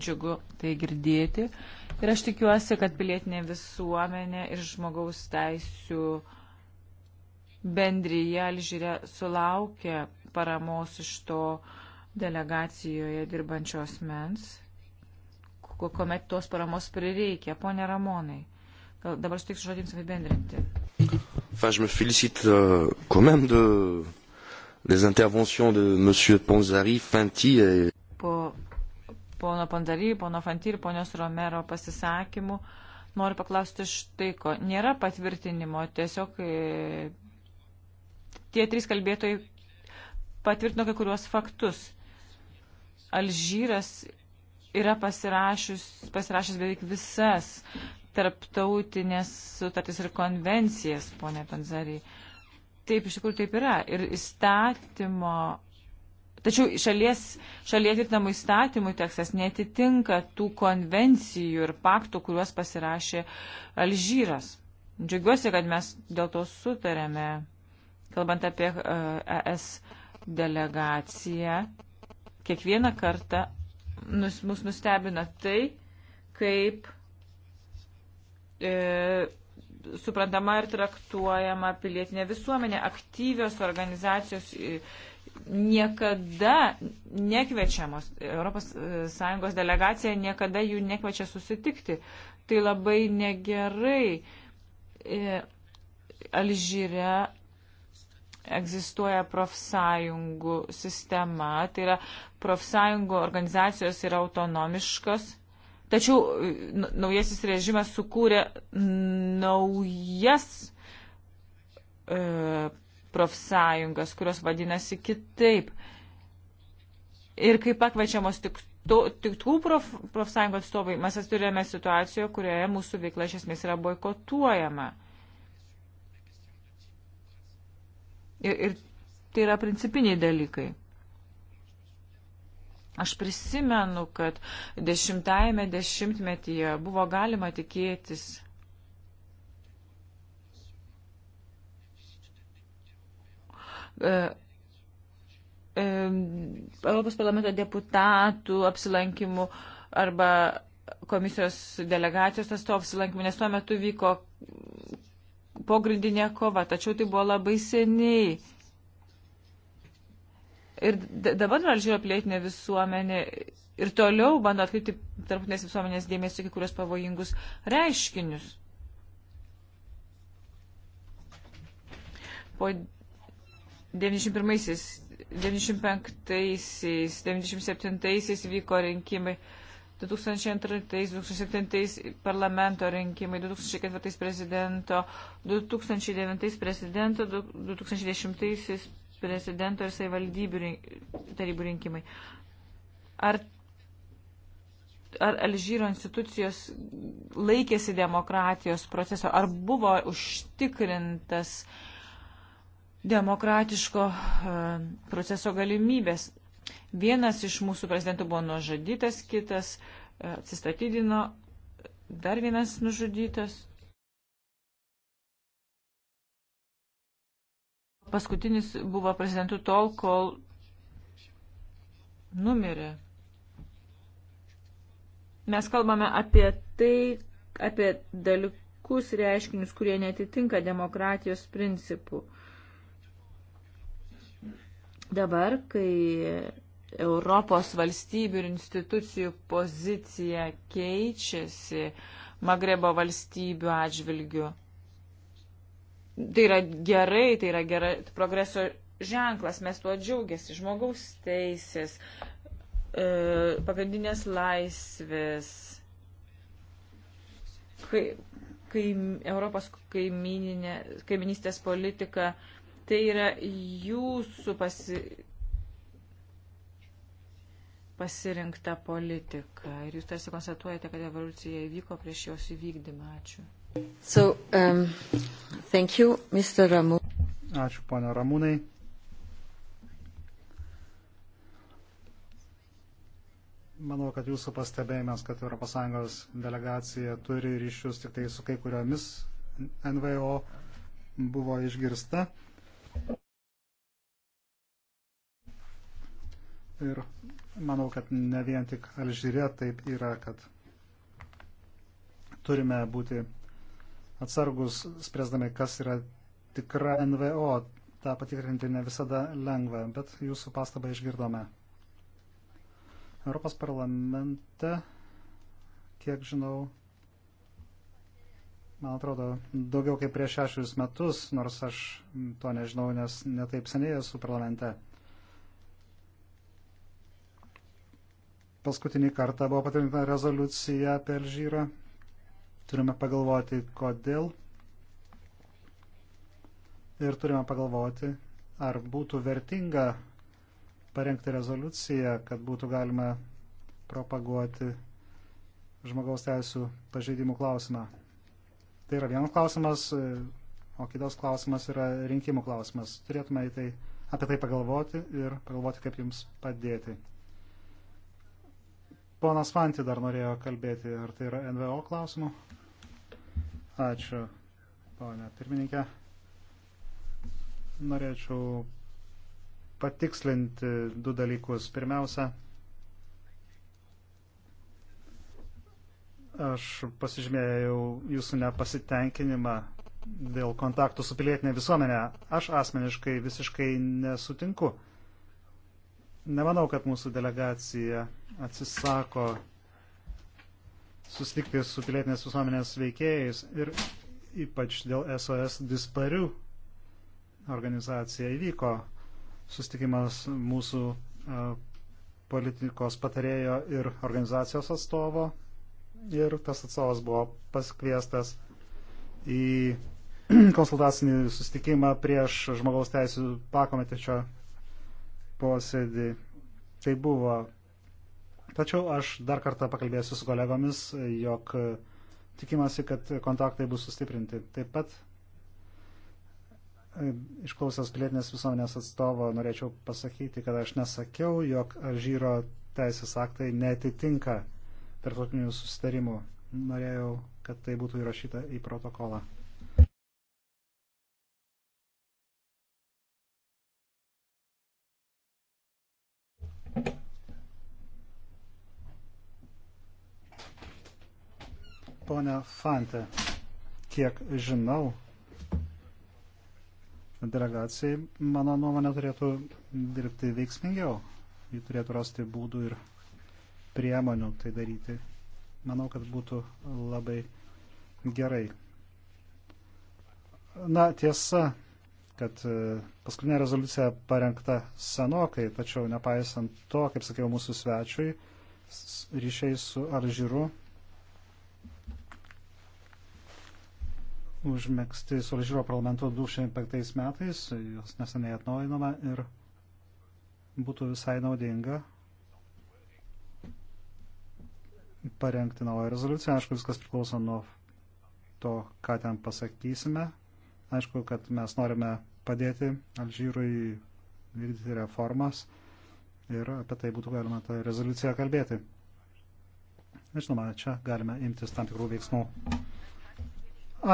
Džiugu tai girdėti. Ir aš tikiuosi, kad pilietinė visuomenė ir žmogaus teisų bendryje Alžyre sulaukė paramos iš to delegacijoje dirbančios mens kuomet tos paramos prireikia. Pone Ramonai, gal dabar sutiksiu žodį jums apibendrinti. Enfin, je me félicite euh, quand même de, des interventions de M. Ponzari, Fanti et... Po pono Ponzari, pono Fanti ir ponios Romero pasisakymų noriu paklausti štai ko. Nėra patvirtinimo, tiesiog e, tie trys kalbėtojai patvirtino kai kuriuos faktus. Alžyras yra pasirašius, pasirašęs beveik visas tarptautinės sutartis ir konvencijas, ponė Panzariai. Taip, iš tikrųjų taip yra. Ir įstatymo. Tačiau šalies, šalie tvirtinamų įstatymų tekstas netitinka tų konvencijų ir paktų, kuriuos pasirašė Alžyras. Džiaugiuosi, kad mes dėl to sutarėme, kalbant apie uh, e, ES delegaciją. Kiekvieną kartą nus, mus nustebino tai, kaip e, suprantama ir traktuojama pilietinė visuomenė, aktyvios organizacijos e, niekada nekviečiamos, ES e, delegacija niekada jų nekviečia susitikti. Tai labai negerai. E, Alžyre egzistuoja profsąjungų sistema, tai yra profsąjungų organizacijos yra autonomiškos, tačiau naujasis režimas sukūrė naujas e, profsąjungas, kurios vadinasi kitaip. Ir kaip pakviečiamos tik, to, tik tų prof, profsąjungų atstovai, mes turėjome situaciją, kurioje mūsų veikla iš esmės yra boikotuojama. E, Ir, ir tai yra principiniai dalykai. Aš prisimenu, kad dešimtajame dešimtmetyje buvo galima tikėtis e, e, Europos parlamento deputatų apsilankimų arba komisijos delegacijos atstovų apsilankimų, nes tuo metu vyko pogrindinė kova, tačiau tai buvo labai seniai. Ir dabar Alžyro plėtinė visuomenė ir toliau bando atkreipti tarptautinės visuomenės dėmesį kai kurios pavojingus reiškinius. Po 91-aisiais, 95-aisiais, 97-aisiais vyko rinkimai 2002-2007 parlamento rinkimai, 2004 prezidento, 2009 prezidento, 2010 prezidento ir savivaldybių tarybų rinkimai. Ar, ar Alžyro institucijos laikėsi demokratijos proceso, ar buvo užtikrintas demokratiško e, proceso galimybės? Vienas iš mūsų prezidentų buvo nužudytas, kitas e, atsistatydino, dar vienas nužudytas. Paskutinis buvo prezidentu tol, kol numirė. Mes kalbame apie tai, apie dalykus reiškinius, kurie netitinka demokratijos principų. Uh, Dabar, kai Europos valstybių ir institucijų pozicija keičiasi Magrebo valstybių atžvilgių, tai yra gerai, tai yra gerai, progreso ženklas, mes tuo džiaugiasi, žmogaus teisės, e, pagrindinės laisvės, kai, kai Europos kaimininė, kaiminystės politika, uh, Tai yra jūsų pasi... pasirinkta politika ir jūs tarsi konstatuojate, kad evoliucija įvyko prieš jos įvykdymą. Ačiū. So, um, thank you, Mr. Ramu. Ačiū, ponia Ramūnai. Manau, kad jūsų pastebėjimas, kad ES delegacija turi ryšius tik tai su kai kuriomis NVO buvo išgirsta. Ir manau, kad ne vien tik Alžyre taip yra, kad turime būti atsargus, spręsdami, kas yra tikra NVO. Ta patikrinti ne visada lengva, bet jūsų pastabą išgirdome. Europos parlamente, kiek žinau, man atrodo, daugiau kaip prieš šešius metus, nors aš to nežinau, nes netaip seniai esu parlamente. Paskutinį kartą buvo patvirtinta rezoliucija apie Alžyrą. Turime pagalvoti, kodėl. Ir turime pagalvoti, ar būtų vertinga parengti rezoliuciją, kad būtų galima propaguoti žmogaus teisų pažeidimų klausimą. Tai yra vienas klausimas, o kitas klausimas yra rinkimų klausimas. Turėtume tai, apie tai pagalvoti ir pagalvoti, kaip jums padėti. Ponas Vanti dar norėjo kalbėti, ar tai yra NVO klausimų? Ačiū, ponė pirmininkė. Norėčiau patikslinti du dalykus. Pirmiausia, Aš pasižymėjau jūsų nepasitenkinimą dėl kontaktų su pilietinė visuomenė. Aš asmeniškai visiškai nesutinku. Nemanau, kad mūsų delegacija atsisako susitikti su pilietinės visuomenės veikėjais ir ypač dėl SOS disparių organizacija įvyko susitikimas mūsų politikos patarėjo ir organizacijos atstovo ir tas atstovas buvo paskviestas į konsultacinį susitikimą prieš žmogaus teisų pakomitečio posėdį. Tai buvo. Tačiau aš dar kartą pakalbėsiu su kolegomis, jog tikimasi, kad kontaktai bus sustiprinti. Taip pat e, išklausęs pilietinės visuomenės atstovo norėčiau pasakyti, kad aš nesakiau, jog Alžyro teisės aktai netitinka tarptautinių susitarimų. Norėjau, kad tai būtų įrašyta į protokolą. Pone Fante, kiek žinau, delegacijai, mano nuomonė, turėtų dirbti veiksmingiau. Ji turėtų rasti būdų ir priemonių tai daryti. Manau, kad būtų labai gerai. Na, tiesa, kad e, paskutinė rezoliucija parengta senokai, tačiau nepaisant to, kaip sakiau mūsų svečiui, ryšiai su Alžyru užmėgsti su Alžyro parlamentu 2005 metais, jos neseniai atnaujinama ir būtų visai naudinga parengti naują rezoliuciją. Aišku, viskas priklauso nuo to, ką ten pasakysime. Aišku, kad mes norime padėti Alžyrui vykdyti reformas ir apie tai būtų galima tą rezoliuciją kalbėti. Žinoma, čia galime imtis tam tikrų veiksmų.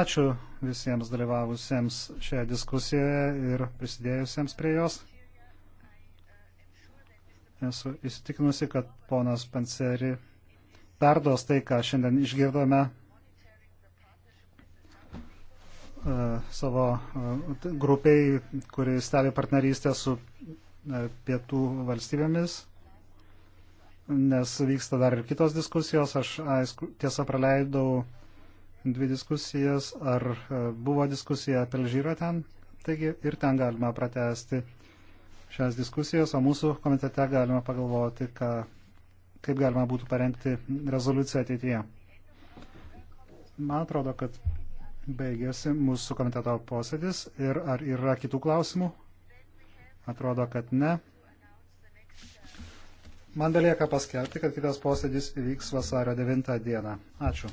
Ačiū visiems dalyvavusiems šioje diskusijoje ir prisidėjusiems prie jos. Esu įsitikinusi, kad ponas Panseri perduos tai, ką šiandien išgirdome e, savo e, grupiai, kuri stebi partnerystę su e, pietų valstybėmis, nes vyksta dar ir kitos diskusijos. Aš aišku, tiesa praleidau dvi diskusijas, ar buvo diskusija apie Alžyrą ten, taigi ir ten galima pratesti šias diskusijas, o mūsų komitete galima pagalvoti, ką kaip galima būtų parengti rezoliuciją ateityje. Man atrodo, kad baigėsi mūsų komiteto posėdis ir ar yra kitų klausimų? Atrodo, kad ne. Man belieka paskelbti, kad kitas posėdis vyks vasario 9 dieną. Ačiū.